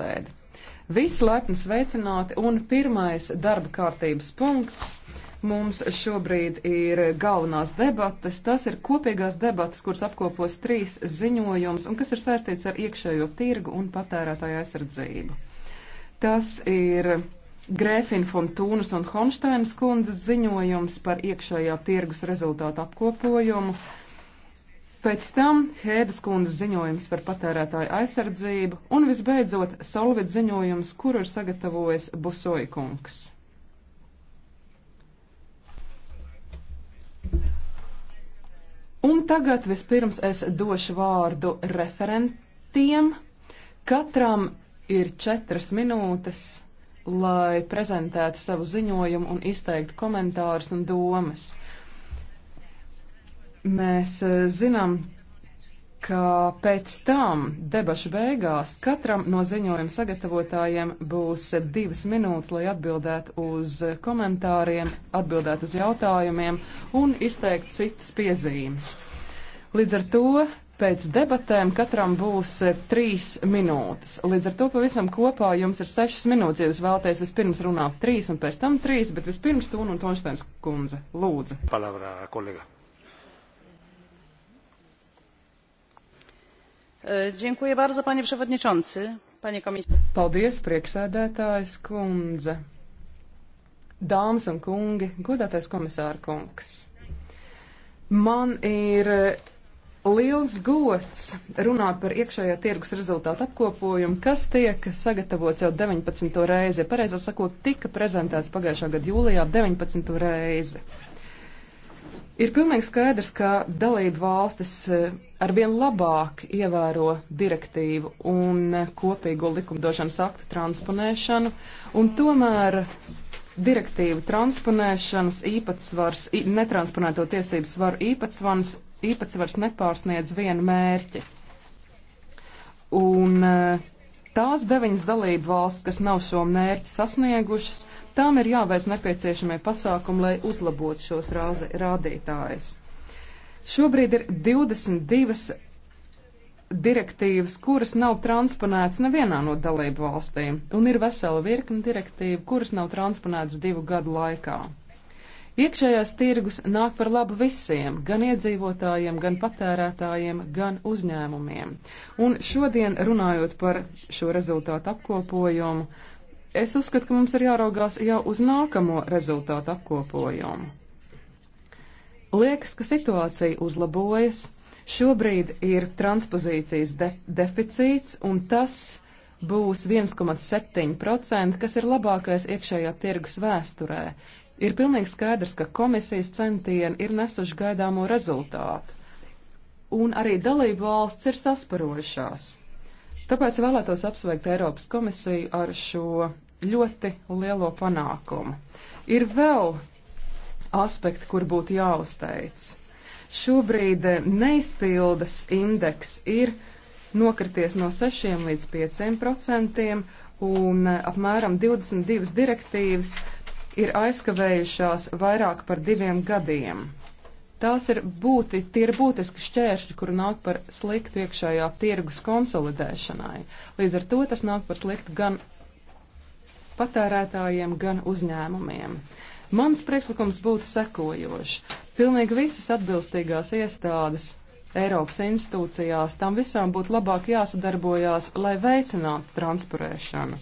plenārsēdi. Visi laipni sveicināti un pirmais darba kārtības punkts mums šobrīd ir galvenās debates. Tas ir kopīgās debates, kuras apkopos trīs ziņojums un kas ir saistīts ar iekšējo tirgu un patērētāju aizsardzību. Tas ir Grēfina von Tūnas un Honšteinas kundzes ziņojums par iekšējā tirgus rezultātu apkopojumu. Pēc tam Hēdas kundzes ziņojums par patērētāju aizsardzību un visbeidzot Solvit ziņojums, kuru ir sagatavojis Busoja kungs. Un tagad vispirms es došu vārdu referentiem. Katram ir četras minūtes, lai prezentētu savu ziņojumu un izteiktu komentārus un domas. Mēs eh, zinām, ka pēc tam debašu beigās katram no ziņojuma sagatavotājiem būs divas minūtes, lai atbildētu uz komentāriem, atbildētu uz jautājumiem un izteikt citas piezīmes. Līdz ar to pēc debatēm katram būs eh, trīs minūtes. Līdz ar to pavisam kopā jums ir sešas minūtes, ja jūs vēlaties vispirms runāt trīs un pēc tam trīs, bet vispirms tūnu un toņštēns kundze. Lūdzu. Palavrā, kolega. E, dziękuję bardzo, panie przewodniczący, panie komisārze. Paldies, priekšsēdētājs kundze. Dāmas un kungi, godātais komisāra kungs. Man ir e, liels gods runāt par iekšējā tirgus rezultātu apkopojumu, kas tiek sagatavots jau 19. reizi. Pareizāk sakot, tika prezentēts pagājušā gada jūlijā 19. reizi. Ir pilnīgi skaidrs, ka dalību valstis e, arvien labāk ievēro direktīvu un kopīgo likumdošanas aktu transponēšanu, un tomēr direktīvu transponēšanas īpatsvars, netransponēto tiesību svaru īpatsvars, īpatsvars nepārsniedz vienu mērķi. Un e, tās deviņas dalību valsts, kas nav šo mērķi sasniegušas, tām ir jāveic nepieciešamie pasākumi, lai uzlabotu šos rāzi, rādītājus. Šobrīd ir 22 direktīvas, kuras nav transponētas nevienā no dalību valstīm, un ir vesela virkni direktīvu, kuras nav transponētas divu gadu laikā. Iekšējās tirgus nāk par labu visiem, gan iedzīvotājiem, gan patērētājiem, gan uzņēmumiem. Un šodien, runājot par šo rezultātu apkopojumu, Es uzskatu, ka mums ir jāraugās jau uz nākamo rezultātu apkopojumu. Liekas, ka situācija uzlabojas. Šobrīd ir transpozīcijas de deficīts, un tas būs 1,7%, kas ir labākais iekšējā tirgus vēsturē. Ir pilnīgi skaidrs, ka komisijas centieni ir nesuši gaidāmo rezultātu, un arī dalību valsts ir sasparojušās. Tāpēc vēlētos apsveikt Eiropas komisiju ar šo ļoti lielo panākumu. Ir vēl aspekti, kur būtu jāuzteic. Šobrīd eh, neizpildes indeks ir nokrities no 6 līdz 5 procentiem, un eh, apmēram 22 direktīvas ir aizkavējušās vairāk par diviem gadiem. Tās ir būti, tie ir būtiski šķēršļi, kuri nāk par sliktu iekšējā tirgus konsolidēšanai. Līdz ar to tas nāk par sliktu gan patērētājiem, gan uzņēmumiem. Mans priekšlikums būtu sekojošs. Pilnīgi visas atbilstīgās iestādes Eiropas institūcijās tam visām būtu labāk jāsadarbojās, lai veicinātu transparēšanu.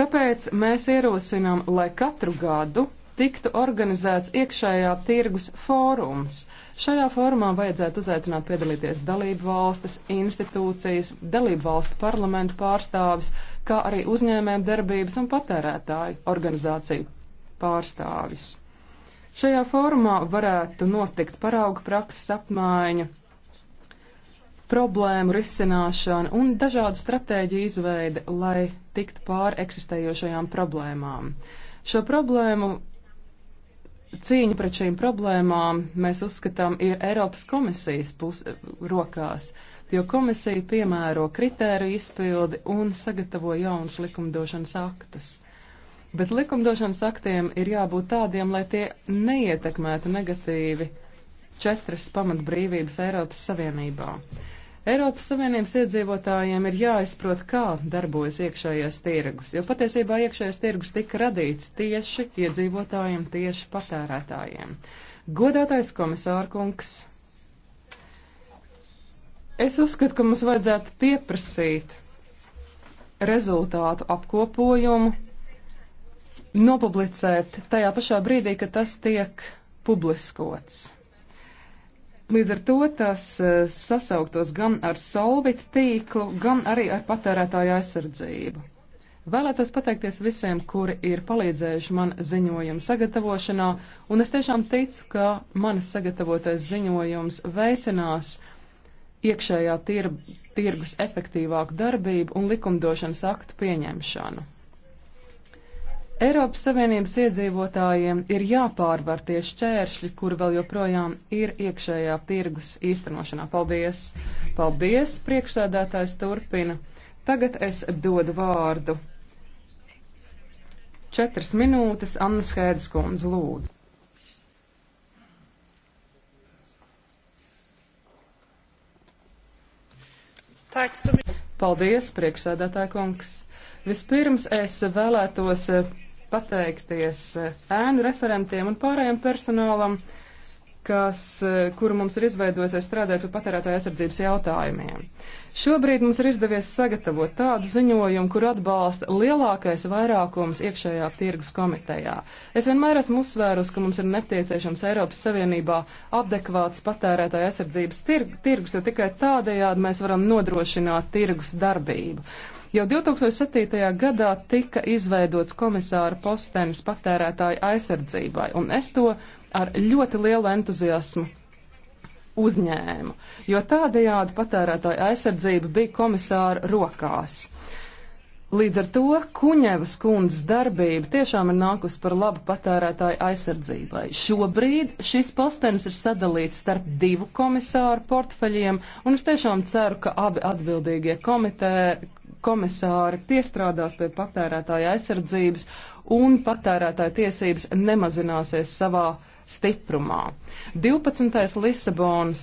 Tāpēc mēs ierosinām, lai katru gadu tiktu organizēts iekšējā tirgus fórums. Šajā fórumā vajadzētu uzaicināt piedalīties dalību valstis, institūcijas, dalību valstu parlamentu pārstāvis, kā arī uzņēmēm darbības un patērētāju organizāciju pārstāvis. Šajā fórumā varētu notikt parauga prakses apmaiņa, problēmu risināšana un dažādu stratēģiju izveide, lai tiktu pāri eksistējošajām problēmām. Šo problēmu cīņa pret šīm problēmām, mēs uzskatām, ir Eiropas komisijas pus, rokās, jo komisija piemēro kritēriju izpildi un sagatavo jaunus likumdošanas aktus. Bet likumdošanas aktiem ir jābūt tādiem, lai tie neietekmētu negatīvi četras pamatbrīvības Eiropas Savienībā. Eiropas Savienības iedzīvotājiem ir jāizprot, kā darbojas iekšējais tirgus, jo patiesībā iekšējais tirgus tika radīts tieši iedzīvotājiem, tieši patērētājiem. Godātais komisārkungs, es uzskatu, ka mums vajadzētu pieprasīt rezultātu apkopojumu, nopublicēt tajā pašā brīdī, kad tas tiek publiskots. Līdz ar to tas e, sasauktos gan ar solvit tīklu, gan arī ar patērētāju aizsardzību. Vēlētos pateikties visiem, kuri ir palīdzējuši man ziņojumu sagatavošanā, un es tiešām ticu, ka manas sagatavotais ziņojums veicinās iekšējā tir tirgus efektīvāku darbību un likumdošanas aktu pieņemšanu. Eiropas Savienības iedzīvotājiem ir jāpārvar tie šķēršļi, kuri vēl joprojām ir iekšējā tirgus īstenošanā. Paldies! Paldies! Priekšsēdētājs turpina. Tagad es dodu vārdu. Četras minūtes Anna Skēdes kundze lūdzu. Paldies, priekšsēdētāja kungs! Vispirms es vēlētos eh, pateikties eh, ēnu referentiem un pārējiem personālam, kas, eh, kuru mums ir izveidojusies strādāt par patērētāju aizsardzības jautājumiem. Šobrīd mums ir izdevies sagatavot tādu ziņojumu, kur atbalsta lielākais vairākums iekšējā tirgus komitejā. Es vienmēr esmu uzsvērus, ka mums ir nepieciešams Eiropas Savienībā adekvāts patērētāju aizsardzības tir tirgus, jo tikai tādējādi mēs varam nodrošināt tirgus darbību. Jau 2007. gadā tika izveidots komisāra postenis patērētāju aizsardzībai, un es to ar ļoti lielu entuziasmu uzņēmu, jo tādējādi patērētāju aizsardzība bija komisāra rokās. Līdz ar to Kuņevas kundzes darbība tiešām ir nākusi par labu patērētāju aizsardzībai. Šobrīd šis postenis ir sadalīts starp divu komisāru portfeļiem, un es tiešām ceru, ka abi atbildīgie komitē, komisāri piestrādās pie patērētāja aizsardzības un patērētāja tiesības nemazināsies savā stiprumā. 12. Lisabonas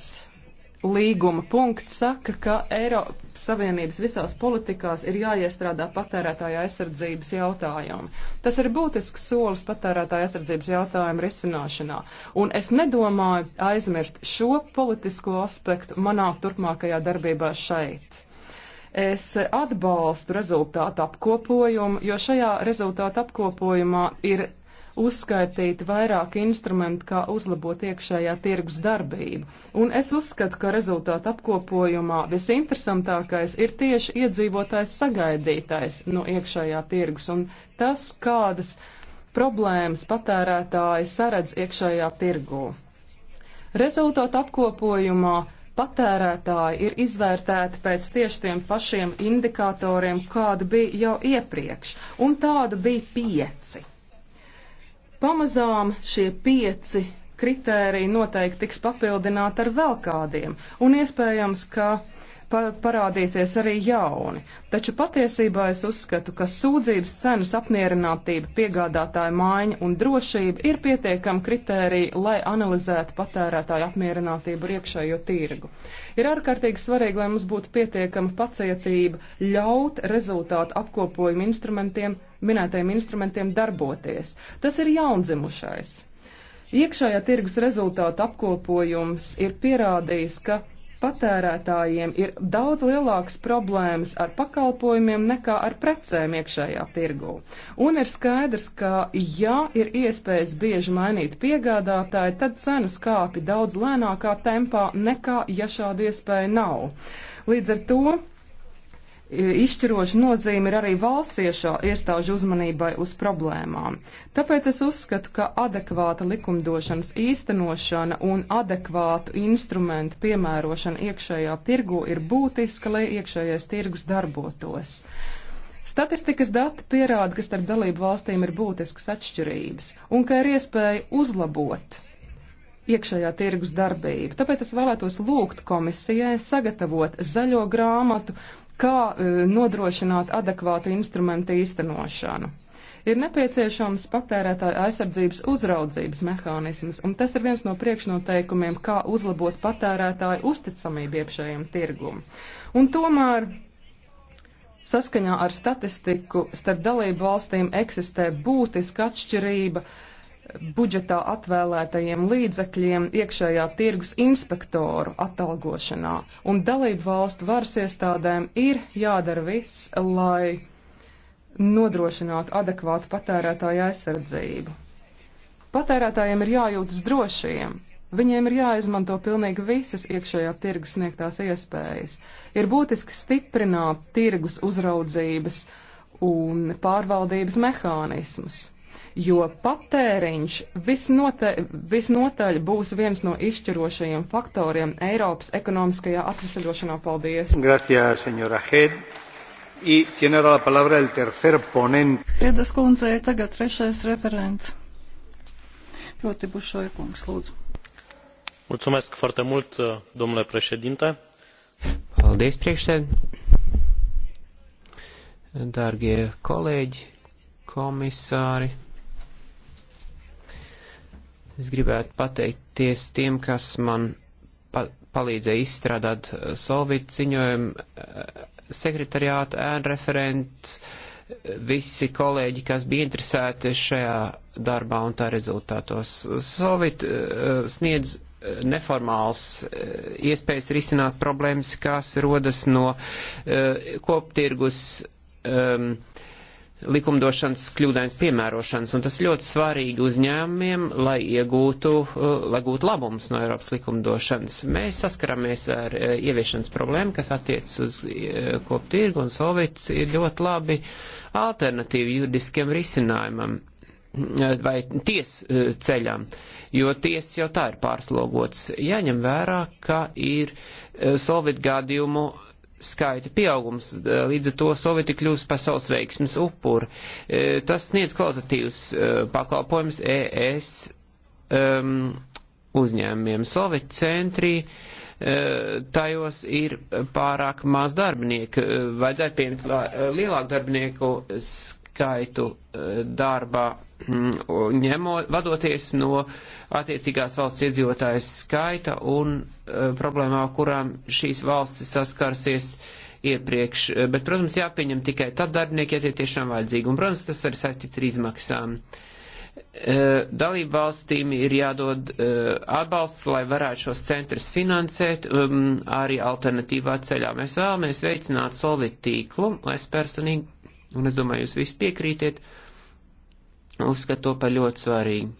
līguma punkts saka, ka Eiropas Savienības visās politikās ir jāiestrādā patērētāja aizsardzības jautājumi. Tas ir būtisks solis patērētāja aizsardzības jautājumu risināšanā. Un es nedomāju aizmirst šo politisko aspektu manā turpmākajā darbībā šeit. Es atbalstu rezultātu apkopojumu, jo šajā rezultātu apkopojumā ir uzskaitīti vairāki instrumenti, kā uzlabot iekšējā tirgus darbību. Un es uzskatu, ka rezultātu apkopojumā visinteresantākais ir tieši iedzīvotājs sagaidītais no iekšējā tirgus un tas, kādas problēmas patērētāji saredz iekšējā tirgū. Rezultātu apkopojumā patērētāji ir izvērtēti pēc tieši tiem pašiem indikatoriem, kāda bija jau iepriekš, un tāda bija pieci. Pamazām šie pieci kritēriji noteikti tiks papildināti ar vēl kādiem, un iespējams, ka uh, parādīsies arī jauni. Taču patiesībā es uzskatu, ka sūdzības cenas apmierinātība, piegādātāja maiņa un drošība ir pietiekami kritēriji, lai analizētu patērētāju apmierinātību ar iekšējo tirgu. Ir ārkārtīgi svarīgi, lai mums būtu pietiekama pacietība ļaut rezultātu apkopojumu instrumentiem, minētajiem instrumentiem darboties. Tas ir jaundzimušais. Iekšējā tirgus rezultātu apkopojums ir pierādījis, ka patērētājiem ir daudz lielākas problēmas ar pakalpojumiem nekā ar precēm iekšējā tirgū. Un ir skaidrs, ka ja ir iespējas bieži mainīt piegādātāju, tad cenas kāpi daudz lēnākā tempā nekā, ja šāda iespēja nav. Līdz ar to izšķiroša nozīme ir arī valsts iešā iestāžu uzmanībai uz problēmām. Tāpēc es uzskatu, ka adekvāta likumdošanas īstenošana un adekvātu instrumentu piemērošana iekšējā tirgu ir būtiska, lai iekšējais tirgus darbotos. Statistikas dati pierāda, ka starp dalību valstīm ir būtiskas atšķirības un ka ir iespēja uzlabot iekšējā tirgus darbību. Tāpēc es vēlētos lūgt komisijai sagatavot zaļo grāmatu kā e, nodrošināt adekvātu instrumentu īstenošanu. Ir nepieciešams patērētāja aizsardzības uzraudzības mehānisms, un tas ir viens no priekšnoteikumiem, kā uzlabot patērētāju uzticamību iekšējiem tirgumam. Un tomēr saskaņā ar statistiku starp dalību valstīm eksistē būtiska atšķirība uh, budžetā atvēlētajiem līdzekļiem iekšējā tirgus inspektoru atalgošanā, un dalību valstu varas iestādēm ir jādara viss, lai nodrošinātu adekvātu patērētāju aizsardzību. Patērētājiem ir jājūtas drošiem. Viņiem ir jāizmanto pilnīgi visas iekšējā tirgus sniegtās iespējas. Ir būtiski stiprināt tirgus uzraudzības un pārvaldības mehānismus jo patēriņš visnotaļ, visnotaļ būs viens no izšķirošajiem faktoriem Eiropas ekonomiskajā atvesaļošanā. Paldies! Gracias, senora Hed. Y tiene ahora la palabra el tercer ponente. Pēdas kundze, tagad trešais referents. Ļoti bušoja kungs, lūdzu. Mulțumesc foarte mult, domnule președinte. Paldies, priekšsēd. Dārgie kolēģi, komisāri, Es gribētu pateikties tiem, kas man pa palīdzēja izstrādāt uh, solvītu ziņojumu, uh, sekretariātu, ēnu referents, uh, visi kolēģi, kas bija interesēti šajā darbā un tā rezultātos. Solvītu sniedz neformāls iespējas risināt problēmas, kas rodas no koptirgus. Um, likumdošanas kļūdains piemērošanas, un tas ļoti svarīgi uzņēmumiem, lai iegūtu, uh, lai gūtu labumus no Eiropas likumdošanas. Mēs saskaramies ar uh, ieviešanas problēmu, kas attiecas uz uh, koptirgu, un Solvits ir ļoti labi alternatīva juridiskiem risinājumam vai tiesu ceļām, jo tiesa jau tā ir pārslogots. Jāņem vērā, ka ir Solvit gadījumu skaita pieaugums, līdz ar to Sovieti kļūst pasaules veiksmes upuri. Tas sniedz kvalitatīvs pakalpojums ES um, uzņēmumiem. Sovieti centri tajos ir pārāk maz darbinieku, vajadzētu pieņemt lielāku darbinieku skaitu darbā Mm, ņemot, vadoties no attiecīgās valsts iedzīvotājas skaita un uh, problēmā, kurām šīs valstis saskarsies iepriekš. E, bet, protams, jāpieņem tikai tad darbinieki, ja tie tiešām vajadzīgi. Un, protams, tas arī saistīts ar izmaksām. Uh, Dalību valstīm ir jādod uh, atbalsts, lai varētu šos centrus finansēt um, arī alternatīvā ceļā. Mēs vēlamies veicināt solvit tīklu, es personīgi, un es domāju, jūs visi piekrītiet, uh, uzskata to par ļoti svarīgu.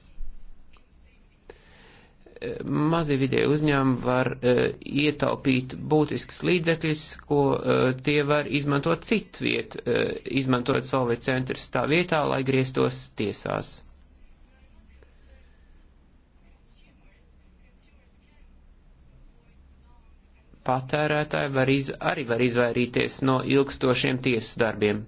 Mazie vidēji uzņēmumi var uh, ietaupīt būtiskas līdzekļas, ko uh, tie var izmantot citviet, uh, e, izmantojot solvēt centrus tā vietā, lai grieztos tiesās. Patērētāji var iz, arī var izvairīties no ilgstošiem tiesas darbiem.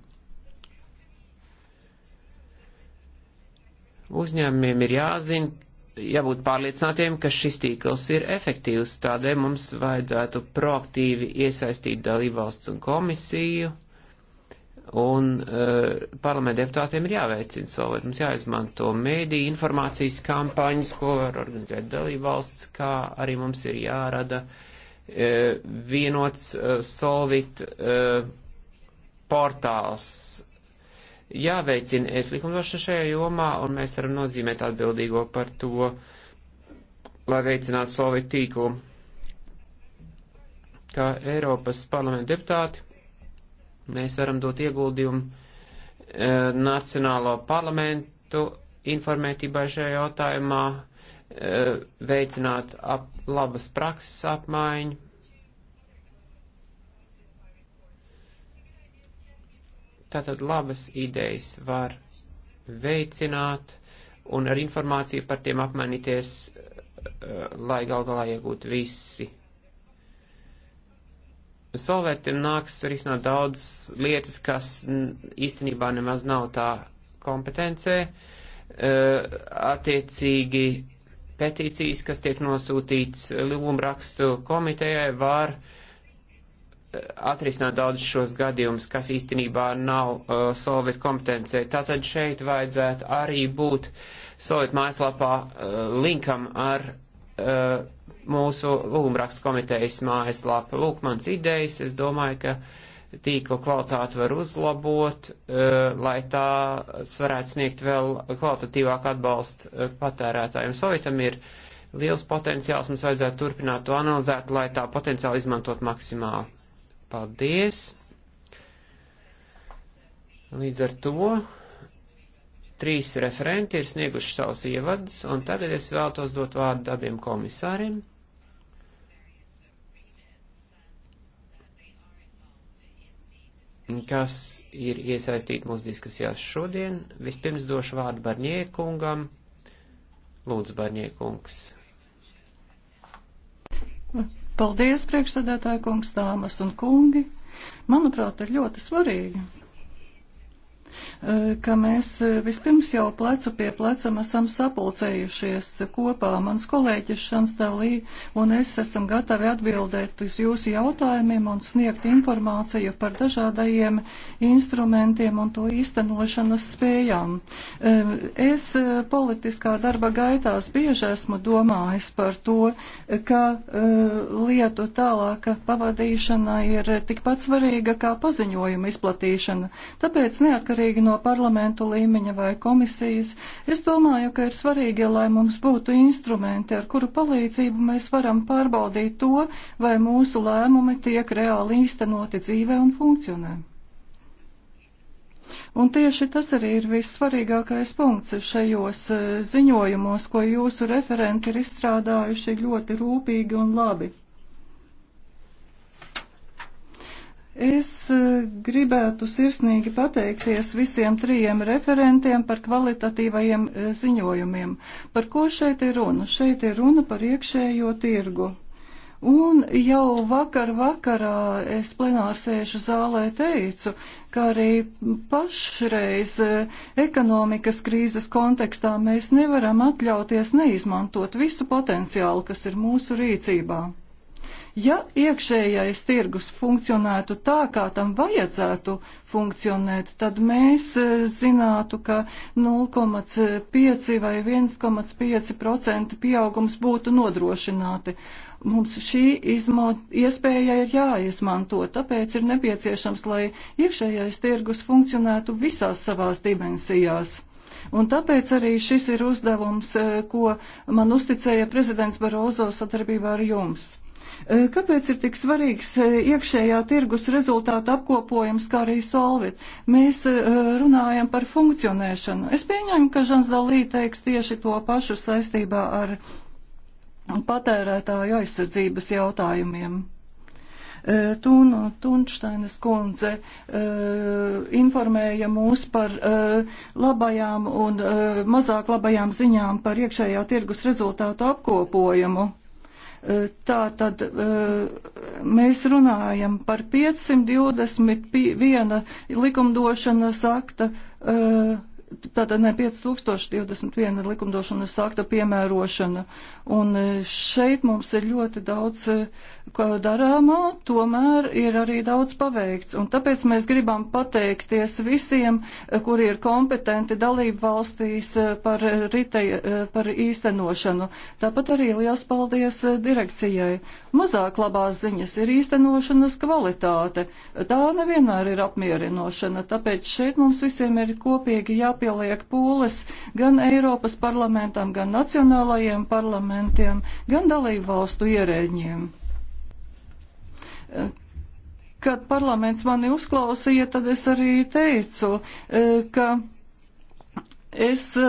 Uzņēmumiem ir jāzina, jābūt pārliecinātiem, ka šis tīkls ir efektīvs. Tādēļ mums vajadzētu proaktīvi iesaistīt dalībvalsts un komisiju, un uh, parlamenta deputātiem ir jāveicina savu, mums jāizmanto mēdī informācijas kampaņas, ko var organizēt dalībvalsts, kā arī mums ir jārada uh, vienots uh, solvit uh, portāls jāveicina es likumdošana šajā jomā, un mēs varam nozīmēt atbildīgo par to, lai veicinātu solvit tīklu. Kā Eiropas parlamenta deputāti, mēs varam dot ieguldījumu e, Nacionālo parlamentu informētībai šajā jautājumā, e, veicināt ap, labas prakses apmaiņu, Tātad labas idejas var veicināt un ar informāciju par tiem apmainīties, eh, lai gal galā iegūtu visi. Solvētiem nāks risināt daudz lietas, kas īstenībā nemaz nav tā kompetencē. Eh, attiecīgi petīcijas, kas tiek nosūtīts eh, lūgumrakstu komitejai, var uh, atrisināt daudz šos gadījumus, kas īstenībā nav uh, Solvit kompetencē. Tātad šeit vajadzētu arī būt Solvit mājaslapā uh, linkam ar uh, mūsu lūgumrakstu komitejas mājaslapu. Lūk, mans idejas, es domāju, ka tīkla kvalitāti var uzlabot, uh, lai tā varētu sniegt vēl kvalitatīvāku atbalstu uh, patērētājiem. Solvitam ir liels potenciāls, mums vajadzētu turpināt to analizēt, lai tā potenciāli izmantot maksimāli. Paldies! Līdz ar to trīs referenti ir snieguši savus ievadus, un tagad es vēltos dot vārdu abiem komisāriem. kas ir iesaistīti mūsu diskusijās šodien. Vispirms došu vārdu Barņiekungam. Lūdzu, Barņiekungs. Paldies, priekšsēdētāji kungs, dāmas un kungi! Manuprāt, ir ļoti svarīgi, Eh, ka mēs eh, vispirms jau plecu pie plecam esam sapulcējušies kopā. Mans kolēģis Šans Dalī un es esam gatavi atbildēt uz jūsu jautājumiem un sniegt informāciju par dažādajiem instrumentiem un to īstenošanas spējām. Eh, es politiskā darba gaitās bieži esmu domājis par to, ka lietu tālāka pavadīšana ir tikpat svarīga kā paziņojuma izplatīšana. Tāpēc neatkarīgi neatkarīgi no parlamentu līmeņa vai komisijas, es domāju, ka ir svarīgi, lai mums būtu instrumenti, ar kuru palīdzību mēs varam pārbaudīt to, vai mūsu lēmumi tiek reāli īstenoti dzīvē un funkcionē. Un tieši tas arī ir vissvarīgākais punkts šajos eh, ziņojumos, ko jūsu referenti ir izstrādājuši ļoti rūpīgi un labi. Es e, gribētu sirsnīgi pateikties visiem trijiem referentiem par kvalitatīvajiem e, ziņojumiem. Par ko šeit ir runa? Šeit ir runa par iekšējo tirgu. Un jau vakar vakarā es plenārsēšu zālē teicu, ka arī pašreiz e, ekonomikas krīzes kontekstā mēs nevaram atļauties neizmantot visu potenciālu, kas ir mūsu rīcībā. Ja iekšējais tirgus funkcionētu tā, kā tam vajadzētu funkcionēt, tad mēs e, zinātu, ka 0,5 vai 1,5% pieaugums būtu nodrošināti mums šī izmo, iespēja ir jāizmanto, tāpēc ir nepieciešams, lai iekšējais tirgus funkcionētu visās savās dimensijās. Un tāpēc arī šis ir uzdevums, e, ko man uzticēja prezidents Barozo sadarbībā ar jums. E, kāpēc ir tik svarīgs e, iekšējā tirgus rezultātu apkopojums, kā arī solvit? Mēs e, runājam par funkcionēšanu. Es pieņemu, ka Žans Dalī teiks tieši to pašu saistībā ar patērētāju aizsardzības jautājumiem. Tūna Tunštainas kundze informēja mūs par labajām un mazāk labajām ziņām par iekšējā tirgus rezultātu apkopojumu. Tā tad e, mēs runājam par 521 likumdošanas akta e, tātad ne 5021 likumdošanas akta piemērošana. Un e, šeit mums ir ļoti daudz e, darāmā, tomēr ir arī daudz paveikts. Un tāpēc mēs gribam pateikties visiem, e, kuri ir kompetenti dalību valstīs par, rite, par īstenošanu. Tāpat arī liels paldies direkcijai. Mazāk labās ziņas ir īstenošanas kvalitāte. Tā nevienmēr ir apmierinošana, tāpēc šeit mums visiem ir kopīgi jāpalīdz jāpieliek pūles gan Eiropas parlamentam, gan nacionālajiem parlamentiem, gan dalību valstu ierēģiem. Kad parlaments mani uzklausīja, tad es arī teicu, e, ka Es e,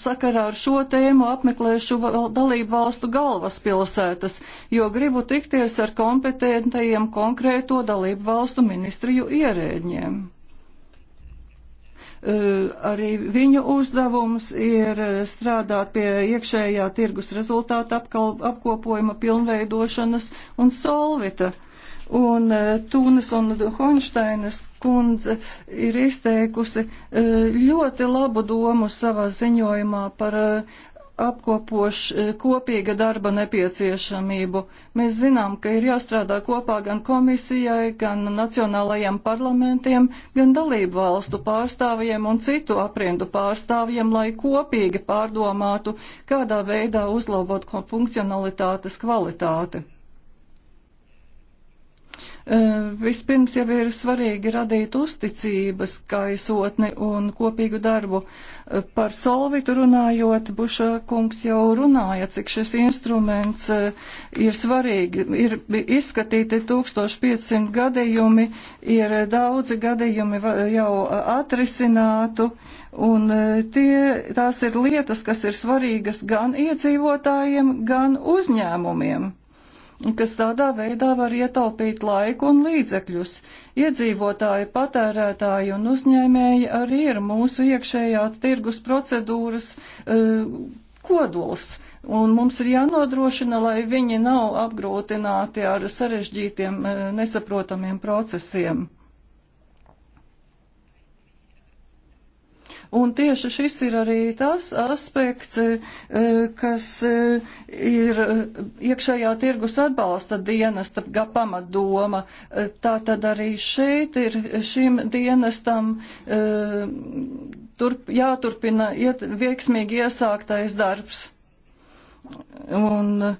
sakarā ar šo tēmu apmeklēšu dalību valstu galvaspilsētas, jo gribu tikties ar kompetentajiem konkrēto dalību valstu ministriju ierēģiem. Eh, arī viņu uzdevums ir eh, strādāt pie iekšējā tirgus rezultāta apkopojuma, pilnveidošanas un solvita. Un eh, Tūnas un Honšteinas kundze ir izteikusi ļoti labu domu savā ziņojumā par apkopoš e, kopīga darba nepieciešamību. Mēs zinām, ka ir jāstrādā kopā gan komisijai, gan nacionālajiem parlamentiem, gan dalību valstu pārstāvjiem un citu aprindu pārstāvjiem, lai kopīgi pārdomātu, kādā veidā uzlabot funkcionalitātes kvalitāti. Vispirms jau ir svarīgi radīt uzticības kaisotni un kopīgu darbu. Par solvitu runājot, Buša kungs jau runāja, cik šis instruments ir svarīgi. Ir izskatīti 1500 gadījumi, ir daudzi gadījumi jau atrisinātu. Un tie, tās ir lietas, kas ir svarīgas gan iedzīvotājiem, gan uzņēmumiem kas tādā veidā var ietaupīt laiku un līdzekļus. Iedzīvotāji, patērētāji un uzņēmēji arī ir mūsu iekšējā tirgus procedūras uh, kodols. Un mums ir jānodrošina, lai viņi nav apgrūtināti ar sarežģītiem, eh, nesaprotamiem procesiem. Un tieši šis ir arī tas aspekts, e, kas e, ir iekšējā tirgus atbalsta dienesta pamatdoma. E, tā tad arī šeit ir šim dienestam turp, jāturpina iet, veiksmīgi iesāktais darbs. Un, uh,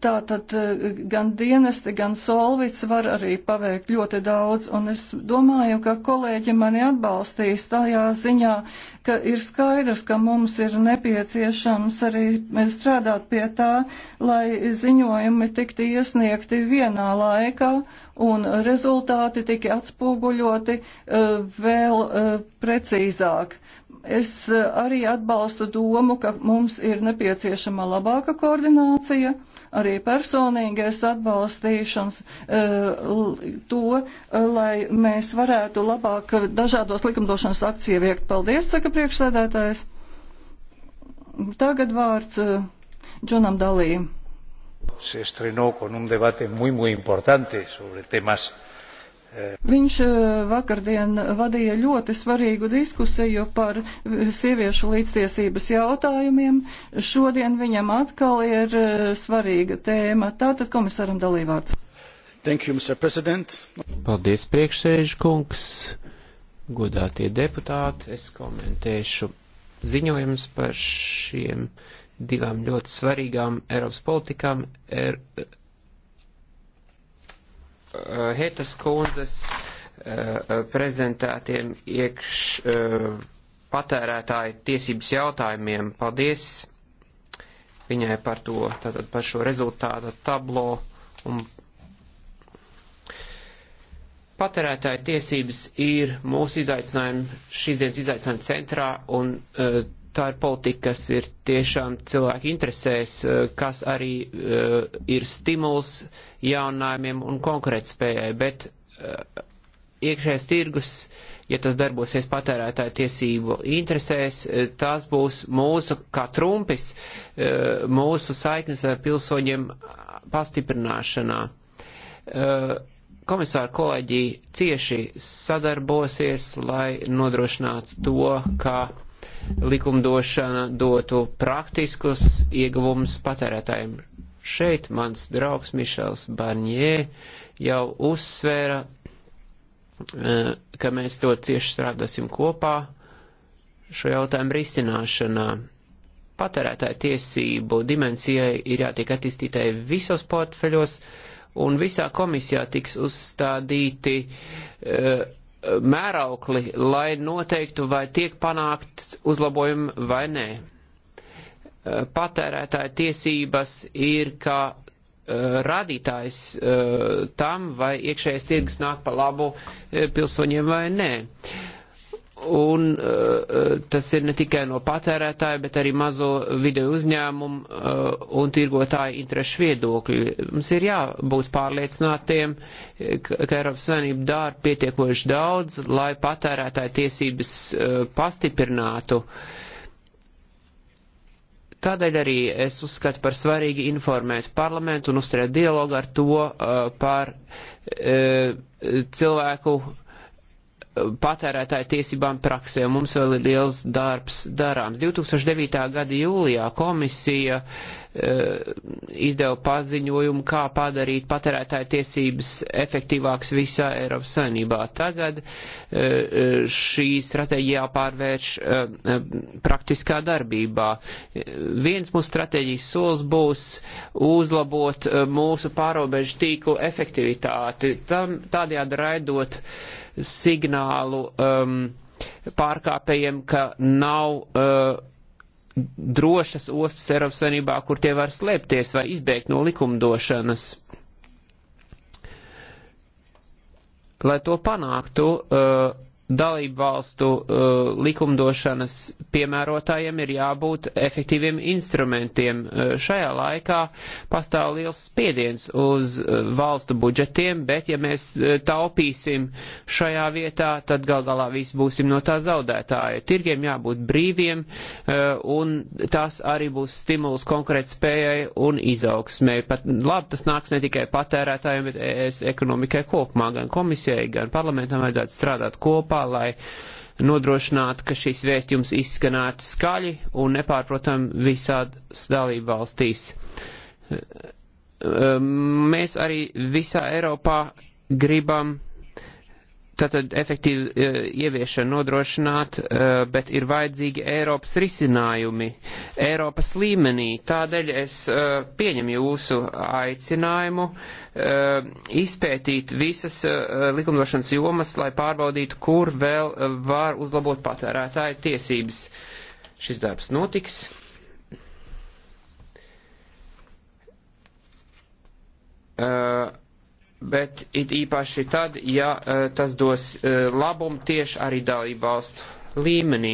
Tātad eh, gan dienesti, gan solvits var arī paveikt ļoti daudz, un es domāju, ka kolēģi mani atbalstīs tajā ziņā, ka ir skaidrs, ka mums ir nepieciešams arī eh, strādāt pie tā, lai ziņojumi tiktu iesniegti vienā laikā un rezultāti tika atspoguļoti eh, vēl precīzāk. Es arī atbalstu domu, ka mums ir nepieciešama labāka koordinācija Arī personīgi es atbalstīšams e, to, e, lai mēs varētu labāk dažādos likumdošanas akts ieviekt. Paldies, saka priekšsēdētājs. Tagad vārds e, Džonam Dalī. Se estrenó con un debate muy, muy importante sobre temas Viņš eh, vakardien vadīja ļoti svarīgu diskusiju par eh, sieviešu līdztiesības jautājumiem. Šodien viņam atkal ir eh, svarīga tēma. Tātad komisaram dalībvārds. Thank you, Mr. President. Paldies, priekšsēžu kungs. Godātie deputāti, es komentēšu ziņojums par šiem divām ļoti svarīgām Eiropas politikām. Er, Eh, Hetas kundzes eh, eh, prezentētiem iekš patērētāju tiesības jautājumiem. Paldies viņai par to, tātad par šo rezultātu tablo un patērētāja tiesības ir mūsu izaicinājuma, šīs dienas izaicinājuma centrā, un uh, tā ir politika, kas ir tiešām cilvēku interesēs, uh, kas arī uh, ir stimuls jauninājumiem un konkurētspējai, bet uh, iekšējais tirgus, ja tas darbosies patērētāju tiesību interesēs, eh, tas būs mūsu kā trumpis, uh, mūsu saiknes ar pilsoņiem pastiprināšanā. Uh, komisāra kolēģi cieši sadarbosies, lai nodrošinātu to, ka likumdošana dotu praktiskus ieguvumus patērētājiem. Šeit mans draugs Mišels Barņē jau uzsvēra, eh, ka mēs to cieši strādāsim kopā šo jautājumu risināšanā. Patērētāju tiesību dimensijai ir jātiek attīstītai visos portfeļos, un visā komisijā tiks uzstādīti uh, eh, mēraukli, lai noteiktu, vai tiek panākt uzlabojumi vai nē patērētāja tiesības ir kā e, radītājs e, tam, vai iekšējais tirgus nāk pa labu e, pilsoņiem vai nē. Un tas ir ne tikai no patērētāja, bet arī mazo video uzņēmumu un tirgotāju interešu viedokļu. Mums ir jābūt pārliecinātiem, ka Eiropas Savienība dara pietiekoši daudz, lai patērētāja tiesības pastiprinātu. Uh, Tādēļ arī es uzskatu par svarīgi informēt parlamentu un uzturēt dialogu ar to uh, par uh, cilvēku uh, patērētāju tiesībām praksē. Mums vēl ir liels darbs darāms. 2009. gada jūlijā komisija uh, Eh, izdeva paziņojumu, kā padarīt patērētāju tiesības efektīvākas visā Eiropas saimnībā. Tagad eh, eh, šī stratēģija jāpārvērš praktiskā darbībā. Viens mūsu stratēģijas solis būs uzlabot mūsu pārobežu tīklu efektivitāti, tam, tādējādi raidot signālu um, pārkāpējiem, ka nav uh, drošas ostas Eiropas Savienībā, kur tie var slēpties vai izbēgt no likumdošanas. Lai to panāktu, uh, dalību valstu uh, likumdošanas piemērotājiem ir jābūt efektīviem instrumentiem. Uh, šajā laikā pastāv liels spiediens uz uh, valstu budžetiem, bet ja mēs uh, taupīsim šajā vietā, tad gal galā visi būsim no tā zaudētāji. Tirgiem jābūt brīviem uh, un tas arī būs stimuls konkrēt spējai un izaugsmē. Pat labi, tas nāks ne tikai patērētājiem, bet es ekonomikai kopumā, gan komisijai, gan parlamentam vajadzētu strādāt kopā kopā, lai nodrošinātu, ka šīs vēstījums izskanētu skaļi un nepārprotam visādas dalību valstīs. Mēs arī visā Eiropā gribam tātad efektīvu uh, e, ieviešanu nodrošināt, uh, bet ir vajadzīgi Eiropas risinājumi, Eiropas līmenī. Tādēļ es uh, pieņemu jūsu aicinājumu uh, izpētīt visas uh, likumdošanas jomas, lai pārbaudītu, kur vēl uh, var uzlabot patērētāju tiesības. Šis darbs notiks. Uh, bet it īpaši tad, ja eh, tas dos eh, labumu tieši arī dalību valstu līmenī.